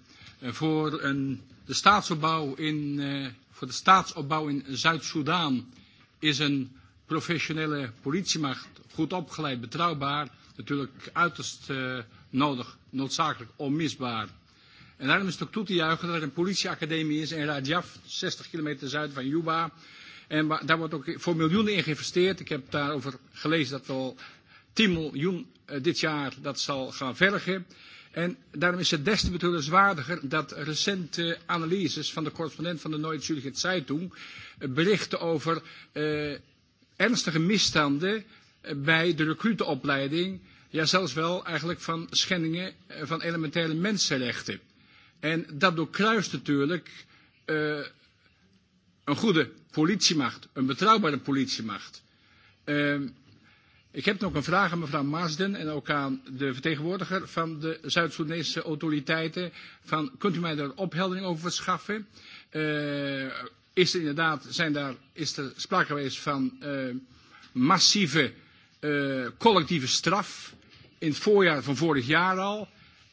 Voor een, de staatsopbouw in, voor de staatsopbouw in Zuid-Soedan is een professionele politiemacht, goed opgeleid, betrouwbaar, natuurlijk uiterst uh, nodig, noodzakelijk, onmisbaar. En daarom is het ook toe te juichen dat er een politieacademie is in Rajaf, 60 kilometer zuid van Juba. En daar wordt ook voor miljoenen in geïnvesteerd. Ik heb daarover gelezen dat al 10 miljoen dit jaar dat zal gaan vergen. En daarom is het des te betreurenswaardiger dat recente analyses van de correspondent van de Nooit Zurich Zeitung berichten over ernstige misstanden bij de recruteopleiding, ja zelfs wel eigenlijk van schendingen van elementaire mensenrechten. En dat doorkruist natuurlijk uh, een goede politiemacht, een betrouwbare politiemacht. Uh, ik heb nog een vraag aan mevrouw Maasden en ook aan de vertegenwoordiger van de Zuid-Soedanese autoriteiten. Van, kunt u mij daar opheldering over verschaffen? Uh, is er inderdaad zijn daar, is er sprake geweest van uh, massieve uh, collectieve straf. In het voorjaar van vorig jaar al.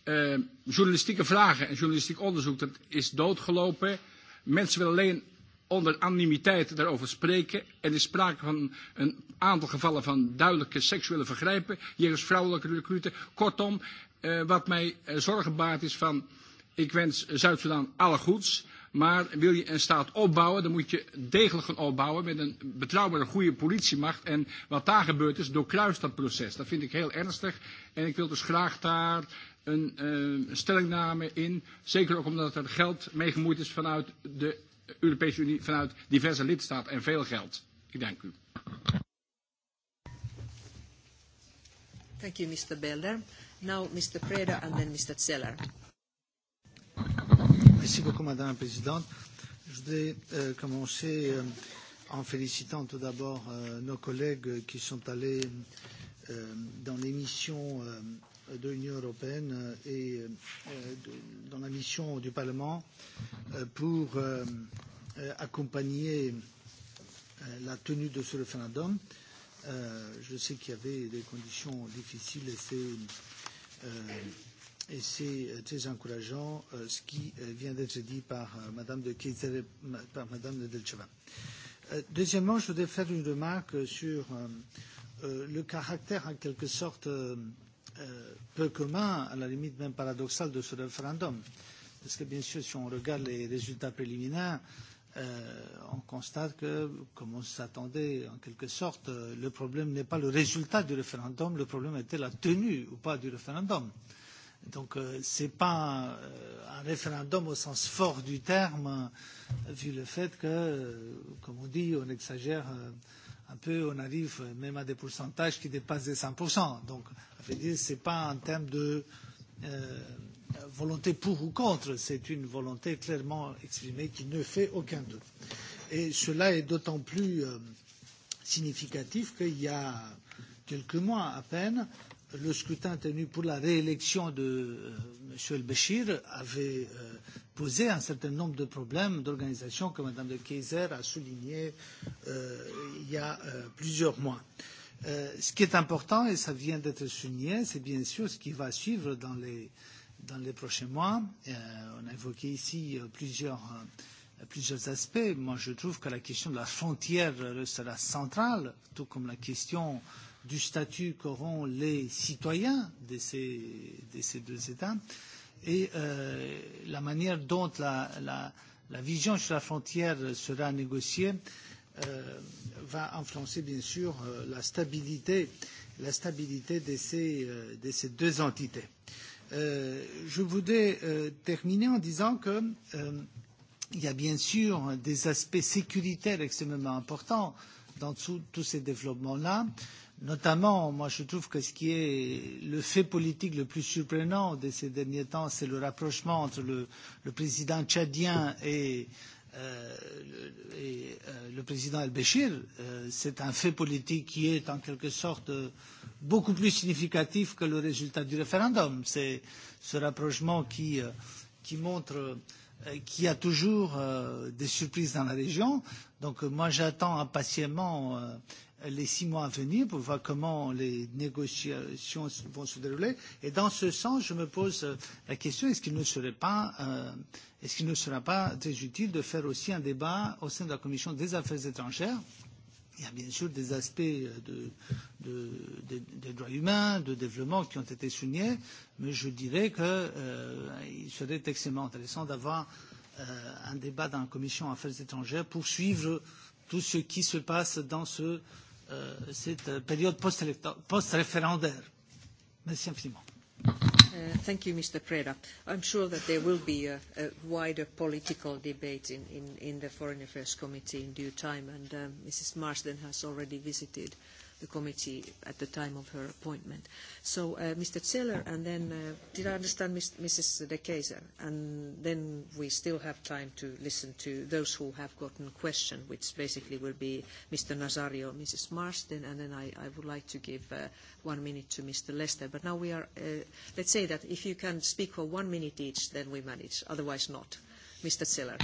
Uh, journalistieke vragen en journalistiek onderzoek, dat is doodgelopen. Mensen willen alleen onder anonimiteit daarover spreken. Er is sprake van een aantal gevallen van duidelijke seksuele vergrijpen. jegens vrouwelijke recruten. Kortom, uh, wat mij uh, zorgen baart is van... Ik wens zuid sudan alle goeds. Maar wil je een staat opbouwen, dan moet je degelijk gaan opbouwen met een betrouwbare, goede politiemacht. En wat daar gebeurd is, doorkruist dat proces. Dat vind ik heel ernstig. En ik wil dus graag daar een uh, stellingname in. Zeker ook omdat er geld mee gemoeid is vanuit de Europese Unie, vanuit diverse lidstaten en veel geld. Ik dank u. Dank u, Mr. Belder. Nu Mr. Preda en dan Mr. Zeller. Merci beaucoup, Madame la Présidente. Je voudrais euh, commencer euh, en félicitant tout d'abord euh, nos collègues qui sont allés euh, dans les missions euh, de l'Union européenne et euh, de, dans la mission du Parlement euh, pour euh, accompagner euh, la tenue de ce référendum. Euh, je sais qu'il y avait des conditions difficiles et c'est euh, Et c'est très encourageant ce qui vient d'être dit par Madame de Kizere, par Madame de Delcheva. Deuxièmement, je voudrais faire une remarque sur le caractère en quelque sorte peu commun, à la limite même paradoxal, de ce référendum. Parce que bien sûr, si on regarde les résultats préliminaires, on constate que, comme on s'attendait en quelque sorte, le problème n'est pas le résultat du référendum, le problème était la tenue ou pas du référendum. Euh, Donc ce n'est pas un référendum au sens fort du terme, vu le fait que, comme on dit, on exagère un peu, on arrive même à des pourcentages qui dépassent les 100%. Donc, à ce n'est pas un terme de volonté pour ou contre, c'est une volonté clairement exprimée qui ne fait aucun doute. Et cela est d'autant plus significatif qu'il y a quelques mois à peine, le scrutin tenu pour la réélection de M. El-Béchir avait posé un certain nombre de problèmes d'organisation que Mme de Keyser a souligné il y a plusieurs mois. ce qui est important, et cela vient d'être souligné, c'est bien sûr ce qui va suivre dans les, dans les prochains mois. on a évoqué ici plusieurs plusieurs aspects. Moi, je trouve que la question de la frontière restera centrale, tout comme la question du statut qu'auront les citoyens de ces, de ces deux États et euh, la manière dont la, la, la vision sur la frontière sera négociée euh, va influencer bien sûr la stabilité, la stabilité de, ces, de ces deux entités. Euh, je voudrais euh, terminer en disant que euh, il y a bien sûr des aspects sécuritaires extrêmement importants dans tous ces développements-là. Euh, Notamment, moi je trouve que ce qui est le fait politique le plus surprenant de ces derniers temps, c'est le rapprochement entre le, le président tchadien et, euh, et euh, le président El-Béchir. Euh, c'est un fait politique qui est en quelque sorte beaucoup plus significatif que le résultat du référendum. C'est ce rapprochement qui, euh, qui montre qu'il y a toujours euh, des surprises dans la région. Donc moi j'attends impatiemment. Euh, les six mois à venir pour voir comment les négociations vont se dérouler. Et dans ce sens, je me pose la question est-ce qu'il ne serait pas, est-ce qu'il ne sera pas très utile de faire aussi un débat au sein de la commission des affaires étrangères Il y a bien sûr des aspects de, de, de, des droits humains, de développement qui ont été soulignés, mais je dirais qu'il euh, serait extrêmement intéressant d'avoir euh, un débat dans la commission affaires étrangères pour suivre tout ce qui se passe dans ce cette période post-référendaire. Merci infiniment. Thank you, Mr. Preda. I'm sure that there will be a a wider political debate in in, in the Foreign Affairs Committee in due time, and um, Mrs. Marsden has already visited the committee at the time of her appointment. So uh, Mr. Zeller, and then uh, did I understand Ms. Mrs. De Keyser? And then we still have time to listen to those who have gotten question, which basically will be Mr. Nazario, Mrs. Marsden, and then I, I would like to give uh, one minute to Mr. Lester. But now we are, uh, let's say that if you can speak for one minute each, then we manage. Otherwise not. Mr. Zeller.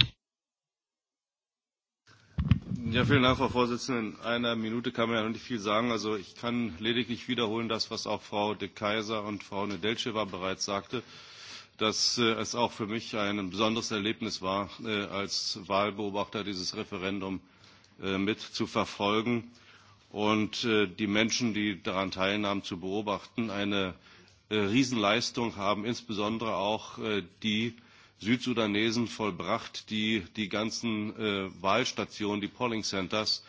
Ja, vielen Dank, Frau Vorsitzende. In einer Minute kann man ja noch nicht viel sagen. Also ich kann lediglich wiederholen das, was auch Frau de Keyser und Frau Nedelcheva bereits sagte, dass es auch für mich ein besonderes Erlebnis war, als Wahlbeobachter dieses Referendum mit zu verfolgen und die Menschen, die daran teilnahmen, zu beobachten. Eine Riesenleistung haben insbesondere auch die, Südsudanesen vollbracht, die die ganzen Wahlstationen, die Polling Centers,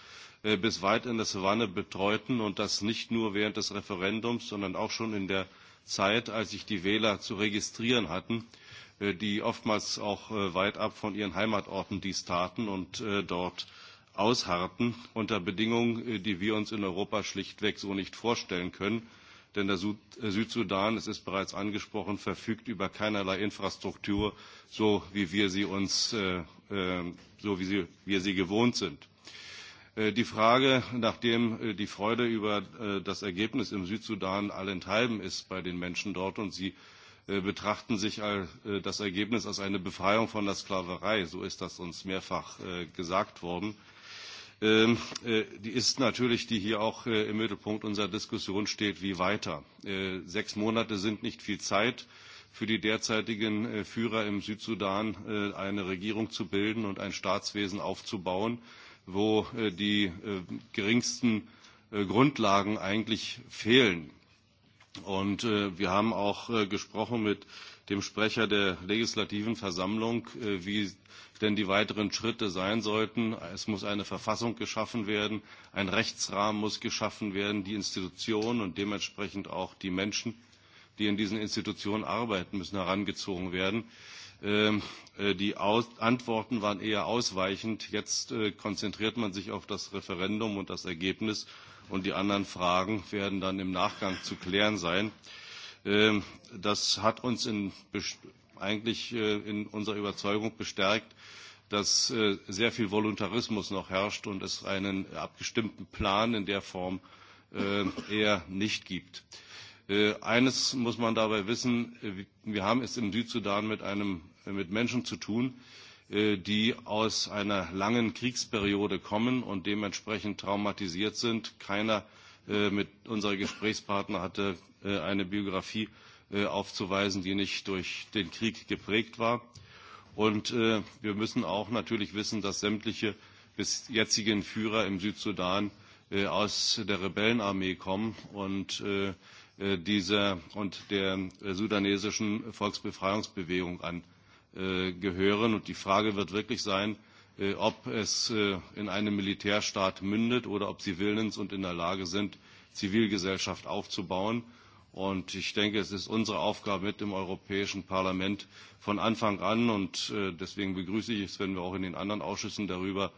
bis weit in der Savanne betreuten und das nicht nur während des Referendums, sondern auch schon in der Zeit, als sich die Wähler zu registrieren hatten, die oftmals auch weit ab von ihren Heimatorten dies taten und dort ausharrten unter Bedingungen, die wir uns in Europa schlichtweg so nicht vorstellen können Denn der Südsudan, es ist bereits angesprochen, verfügt über keinerlei Infrastruktur, so wie wir sie uns, so wie wir sie gewohnt sind. Die Frage, nachdem die Freude über das Ergebnis im Südsudan allenthalben ist bei den Menschen dort und sie betrachten sich das Ergebnis als eine Befreiung von der Sklaverei, so ist das uns mehrfach gesagt worden, die ist natürlich, die hier auch im Mittelpunkt unserer Diskussion steht, wie weiter. Sechs Monate sind nicht viel Zeit für die derzeitigen Führer im Südsudan, eine Regierung zu bilden und ein Staatswesen aufzubauen, wo die geringsten Grundlagen eigentlich fehlen Und wir haben auch gesprochen mit dem Sprecher der legislativen Versammlung, wie denn die weiteren Schritte sein sollten. Es muss eine Verfassung geschaffen werden, ein Rechtsrahmen muss geschaffen werden, die Institutionen und dementsprechend auch die Menschen, die in diesen Institutionen arbeiten, müssen herangezogen werden. Die Antworten waren eher ausweichend. Jetzt konzentriert man sich auf das Referendum und das Ergebnis und die anderen Fragen werden dann im Nachgang zu klären sein. Das hat uns in, eigentlich in unserer Überzeugung bestärkt, dass sehr viel Voluntarismus noch herrscht und es einen abgestimmten Plan in der Form eher nicht gibt. Eines muss man dabei wissen, wir haben es im Südsudan mit, einem, mit Menschen zu tun, die aus einer langen Kriegsperiode kommen und dementsprechend traumatisiert sind. Keiner mit unserer Gesprächspartner hatte eine Biografie aufzuweisen, die nicht durch den Krieg geprägt war. Und wir müssen auch natürlich wissen, dass sämtliche bis jetzigen Führer im Südsudan aus der Rebellenarmee kommen und dieser und der sudanesischen Volksbefreiungsbewegung an gehören. Und die Frage wird wirklich sein, ob es in einem Militärstaat mündet oder ob sie willens und in der Lage sind, Zivilgesellschaft aufzubauen. Und ich denke, es ist unsere Aufgabe mit dem Europäischen Parlament von Anfang an, und deswegen begrüße ich es, wenn wir auch in den anderen Ausschüssen darüber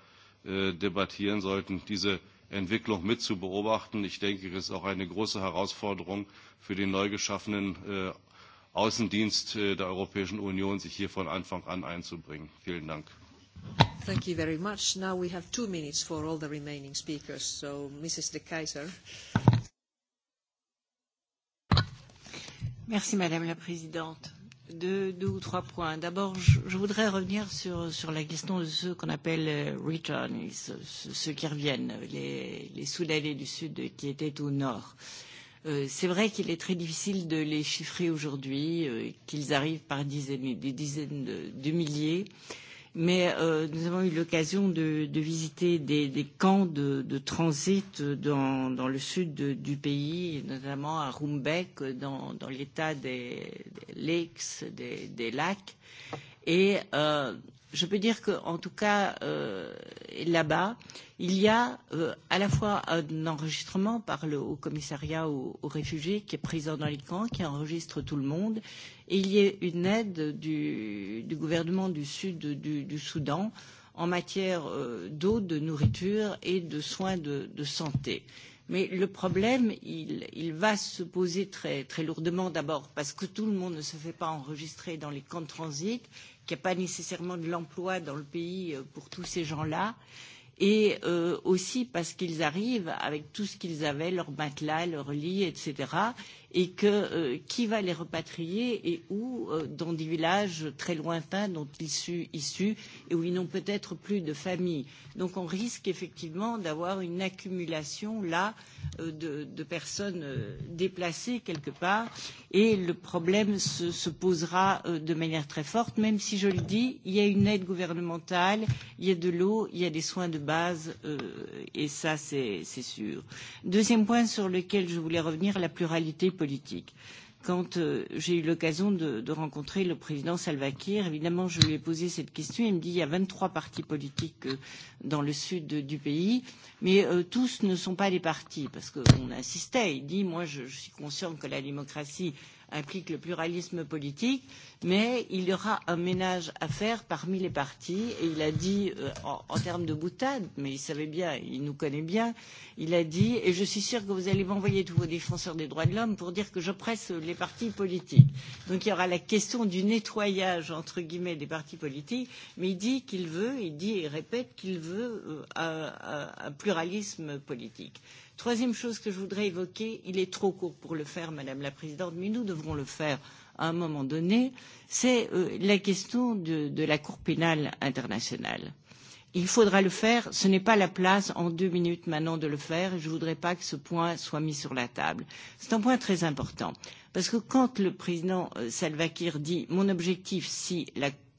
debattieren sollten, diese Entwicklung mit zu beobachten. Ich denke, es ist auch eine große Herausforderung für den neu geschaffenen Außendienst der Europäischen Union sich hier von Anfang an einzubringen. Vielen Dank. Thank you very much. Now we have two minutes for all the remaining speakers. So, Mrs. De Merci, Madame la Présidente. Deux, deux ou trois points. D'abord, je, je voudrais revenir sur, sur la question de ceux qu'on appelle returnees, ceux qui reviennent, les, les Soudanais du Sud qui étaient au Nord. Euh, c'est vrai qu'il est très difficile de les chiffrer aujourd'hui, euh, qu'ils arrivent par dizaines, des dizaines de, de milliers. Mais euh, nous avons eu l'occasion de, de visiter des, des camps de, de transit dans, dans le sud de, du pays, notamment à Rumbek, dans, dans l'état des, des lakes, des, des lacs. Et euh, je peux dire qu'en tout cas, euh, là-bas, il y a euh, à la fois un enregistrement par le Haut Commissariat aux, aux réfugiés qui est présent dans les camps, qui enregistre tout le monde, et il y a une aide du, du gouvernement du sud du, du Soudan en matière euh, d'eau, de nourriture et de soins de, de santé. Mais le problème, il, il va se poser très, très lourdement d'abord parce que tout le monde ne se fait pas enregistrer dans les camps de transit qu'il n'y a pas nécessairement de l'emploi dans le pays pour tous ces gens-là, et euh, aussi parce qu'ils arrivent avec tout ce qu'ils avaient, leur matelas, leur lit, etc et que euh, qui va les repatrier et où euh, dans des villages très lointains dont ils sont issus et où ils n'ont peut-être plus de famille. Donc on risque effectivement d'avoir une accumulation là euh, de, de personnes euh, déplacées quelque part et le problème se, se posera euh, de manière très forte même si je le dis, il y a une aide gouvernementale, il y a de l'eau, il y a des soins de base euh, et ça c'est sûr. Deuxième point sur lequel je voulais revenir, la pluralité politique politique. Quand euh, j'ai eu l'occasion de, de rencontrer le président Salva Kiir, évidemment, je lui ai posé cette question. Il me dit il y a 23 partis politiques euh, dans le sud de, du pays, mais euh, tous ne sont pas des partis, parce qu'on insistait. Il dit moi, je, je suis conscient que la démocratie implique le pluralisme politique, mais il y aura un ménage à faire parmi les partis. Et il a dit, en, termes de boutade, mais il savait bien, il nous connaît bien, il a dit, et je suis sûr que vous allez m'envoyer tous vos défenseurs des droits de l'homme pour dire que je presse les partis politiques. Donc il y aura la question du nettoyage, entre guillemets, des partis politiques, mais il dit qu'il veut, il dit et répète qu'il veut un pluralisme politique. Troisième chose que je voudrais évoquer, il est trop court pour le faire, Madame la Présidente, mais nous devrons le faire à un moment donné, c'est la question de, la Cour pénale internationale. Il faudra le faire, ce n'est pas la place en deux minutes maintenant de le faire, et je ne voudrais pas que ce point soit mis sur la table. C'est un point très important, parce que quand le président Salva Kiir dit mon objectif, si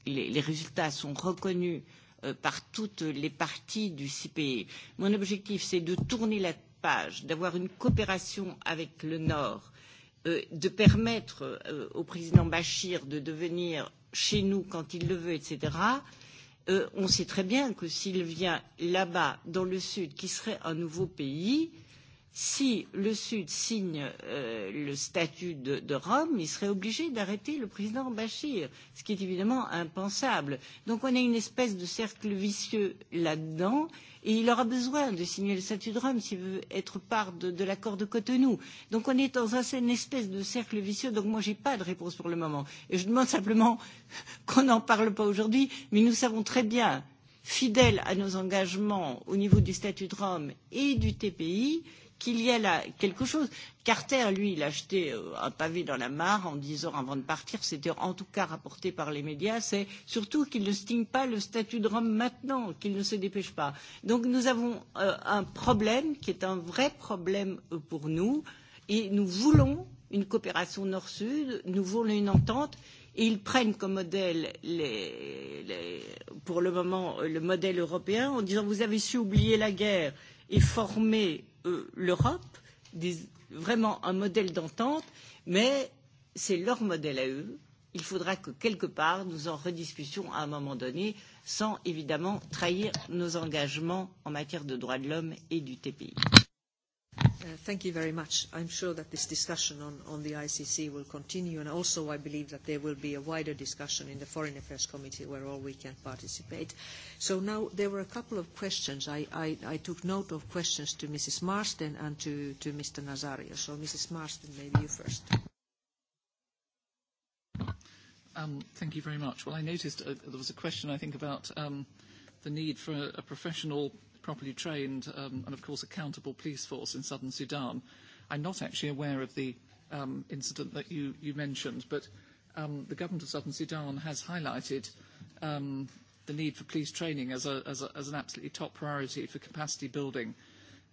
les, résultats sont reconnus par toutes les parties du CPE, mon objectif c'est de tourner la page, d'avoir une coopération avec le Nord, de permettre au président Bachir de devenir chez nous quand il le veut, etc., on sait très bien que s'il vient là-bas, dans le Sud, qui serait un nouveau pays, euh, si le Sud signe le statut de, Rome, il serait obligé d'arrêter le président Bachir, ce qui est évidemment impensable. Donc on a une espèce de cercle vicieux là-dedans, et il aura besoin de signer le statut de Rome s'il veut être part de, l'accord de Cotonou. Donc on est dans une espèce de cercle vicieux, donc moi je n'ai pas de réponse pour le moment. Et je demande simplement qu'on n'en parle pas aujourd'hui, mais nous savons très bien, fidèles à nos engagements au niveau du statut de Rome et du TPI, qu'il y ait là quelque chose. Carter, lui, il a acheté un pavé dans la mare en disant avant de partir, c'était en tout cas rapporté par les médias, c'est surtout qu'il ne stigne pas le statut de Rome maintenant, qu'il ne se dépêche pas. Donc nous avons un problème qui est un vrai problème pour nous, et nous voulons une coopération nord-sud, nous voulons une entente, et ils prennent comme modèle, les, les, pour le moment, le modèle européen en disant vous avez su oublier la guerre et former l'Europe, vraiment un modèle d'entente, mais c'est leur modèle à eux. Il faudra que quelque part nous en rediscutions à un moment donné, sans évidemment trahir nos engagements en matière de droits de l'homme et du TPI. Thank you very much. I'm sure that this discussion on the ICC will continue, and also I believe that there will be a wider discussion in the Foreign Affairs Committee where all we can participate. So Now there were a couple of questions. I took note of questions to Mrs. Marsden and to Mr. Nazario. So Mrs. Marsden, maybe you first. Thank you very much. Well, I noticed there was a question, I think, about the need for a professional properly trained um, and, of course, accountable police force in southern Sudan. I'm not actually aware of the um, incident that you, you mentioned, but um, the government of southern Sudan has highlighted um, the need for police training as, a, as, a, as an absolutely top priority for capacity building.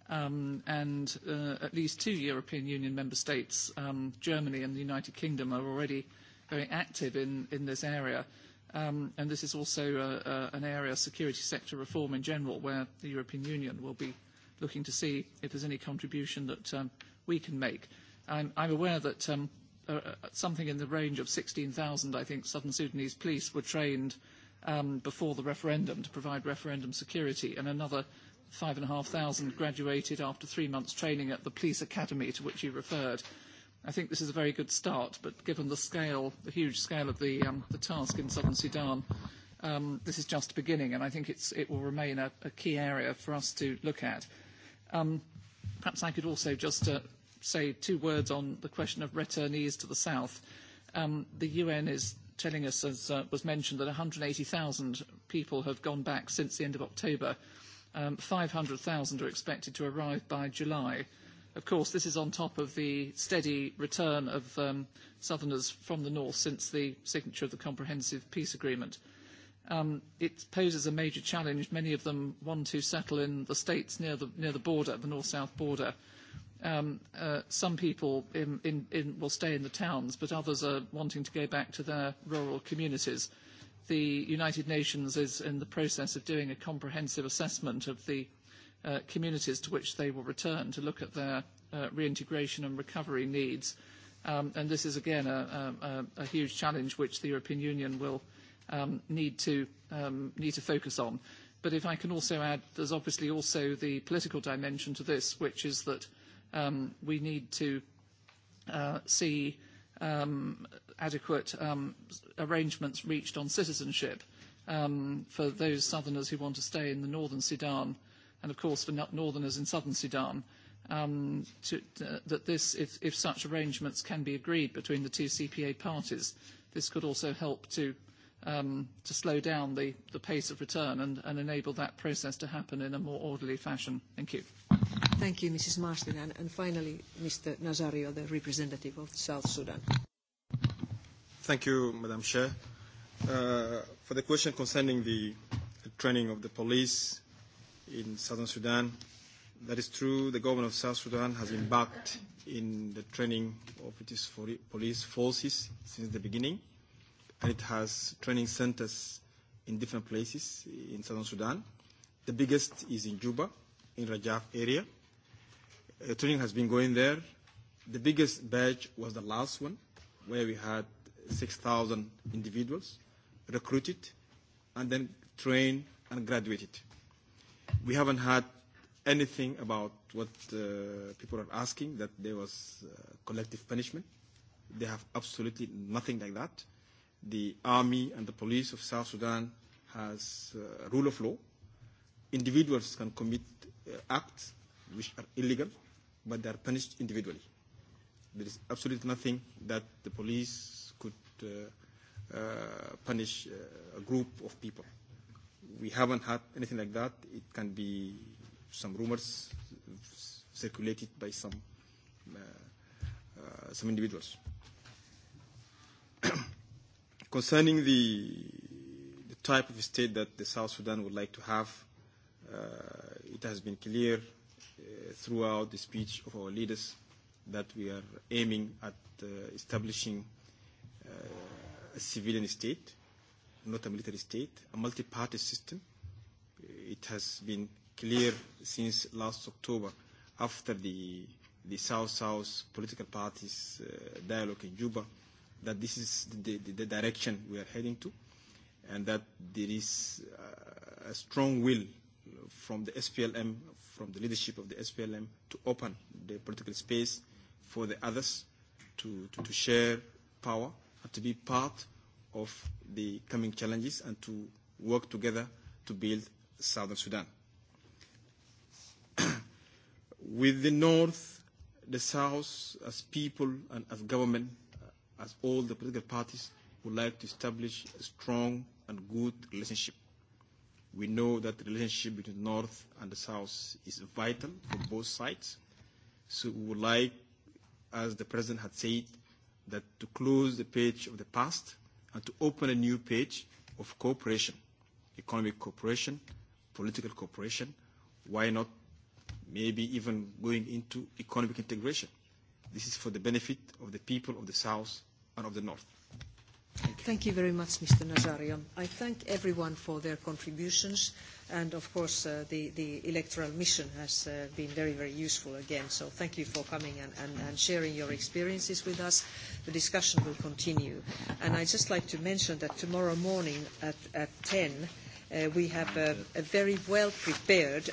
Um, and uh, at least two European Union member states, um, Germany and the United Kingdom, are already very active in, in this area Um, and this is also an area, security sector reform in general, where the European Union will be looking to see if there's any contribution that um, we can make. I'm, I'm aware that um, uh, something in the range of 16,000, I think, Southern Sudanese police were trained um, before the referendum to provide referendum security, and another 5,500 graduated after three months training at the police academy to which you referred. I think this is a very good start, but given the scale, the huge scale of the, um, the task in southern Sudan, um, this is just beginning, and I think it's, it will remain a, a key area for us to look at. Um, perhaps I could also just uh, say two words on the question of returnees to the south. Um, the UN is telling us, as uh, was mentioned, that 180,000 people have gone back since the end of October. Um, 500,000 are expected to arrive by July. Of course, this is on top of the steady return of um, southerners from the north since the signature of the Comprehensive Peace Agreement. Um, it poses a major challenge. Many of them want to settle in the states near the, near the border, the north-south border. Um, uh, some people in, in, in will stay in the towns, but others are wanting to go back to their rural communities the United Nations is in the process of doing a comprehensive assessment of the communities to which they will return to look at their reintegration and recovery needs. and this is, again, a, a, a huge challenge which the European Union will need, to, need to focus on. But if I can also add, there's obviously also the political dimension to this, which is that we need to see adequate arrangements reached on citizenship for those southerners who want to stay in the northern Sudan and of course for northerners in southern Sudan, um, to, uh, that this, if, if such arrangements can be agreed between the two CPA parties, this could also help to, um, to slow down the, the pace of return and, and enable that process to happen in a more orderly fashion. Thank you. Thank you, Mrs. Marsden. And, and finally, Mr. Nazario, the representative of South Sudan. Thank you, Madam Chair. Uh, for the question concerning the training of the police in southern Sudan. That is true. The government of South Sudan has embarked in the training of its police forces since the beginning, and it has training centers in different places in southern Sudan. The biggest is in Juba, in Rajaf area. Uh, training has been going there. The biggest badge was the last one, where we had 6,000 individuals recruited and then trained and graduated we haven't had anything about what uh, people are asking, that there was uh, collective punishment. They have absolutely nothing like that. The army and the police of South Sudan has uh, rule of law. Individuals can commit uh, acts which are illegal, but they are punished individually. There is absolutely nothing that the police could uh, uh, punish uh, a group of people we haven't had anything like that. It can be some rumors circulated by some uh, uh, some individuals. Concerning the the type of state that the South Sudan would like to have, uh, it has been clear uh, throughout the speech of our leaders that we are aiming at uh, establishing uh, a civilian state not a military state, a multi-party system. It has been clear since last October after the, the South-South political parties uh, dialogue in Juba that this is the, the, the direction we are heading to and that there is uh, a strong will from the SPLM, from the leadership of the SPLM to open the political space for the others to, to, to share power and to be part of the coming challenges and to work together to build southern Sudan. With the north, the south, as people and as government, as all the political parties, would like to establish a strong and good relationship. We know that the relationship between the north and the south is vital for both sides. So we would like, as the president had said, that to close the page of the past and to open a new page of cooperation, economic cooperation, political cooperation. Why not maybe even going into economic integration? This is for the benefit of the people of the South and of the North. Thank you very much, Mr. Nazario, I thank everyone for their contributions, and of course, the electoral mission has been very, very useful again. So thank you for coming and sharing your experiences with us. The discussion will continue. And I'd just like to mention that tomorrow morning at 10, we have a very well-prepared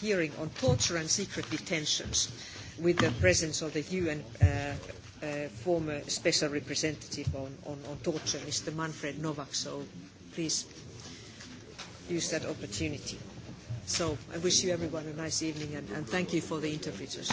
hearing on torture and secret detentions with the presence of the UN former special representative on, torture, Mr. Manfred Novak. So please use that opportunity. So I wish you everyone a nice evening and, and thank you for the interpreters.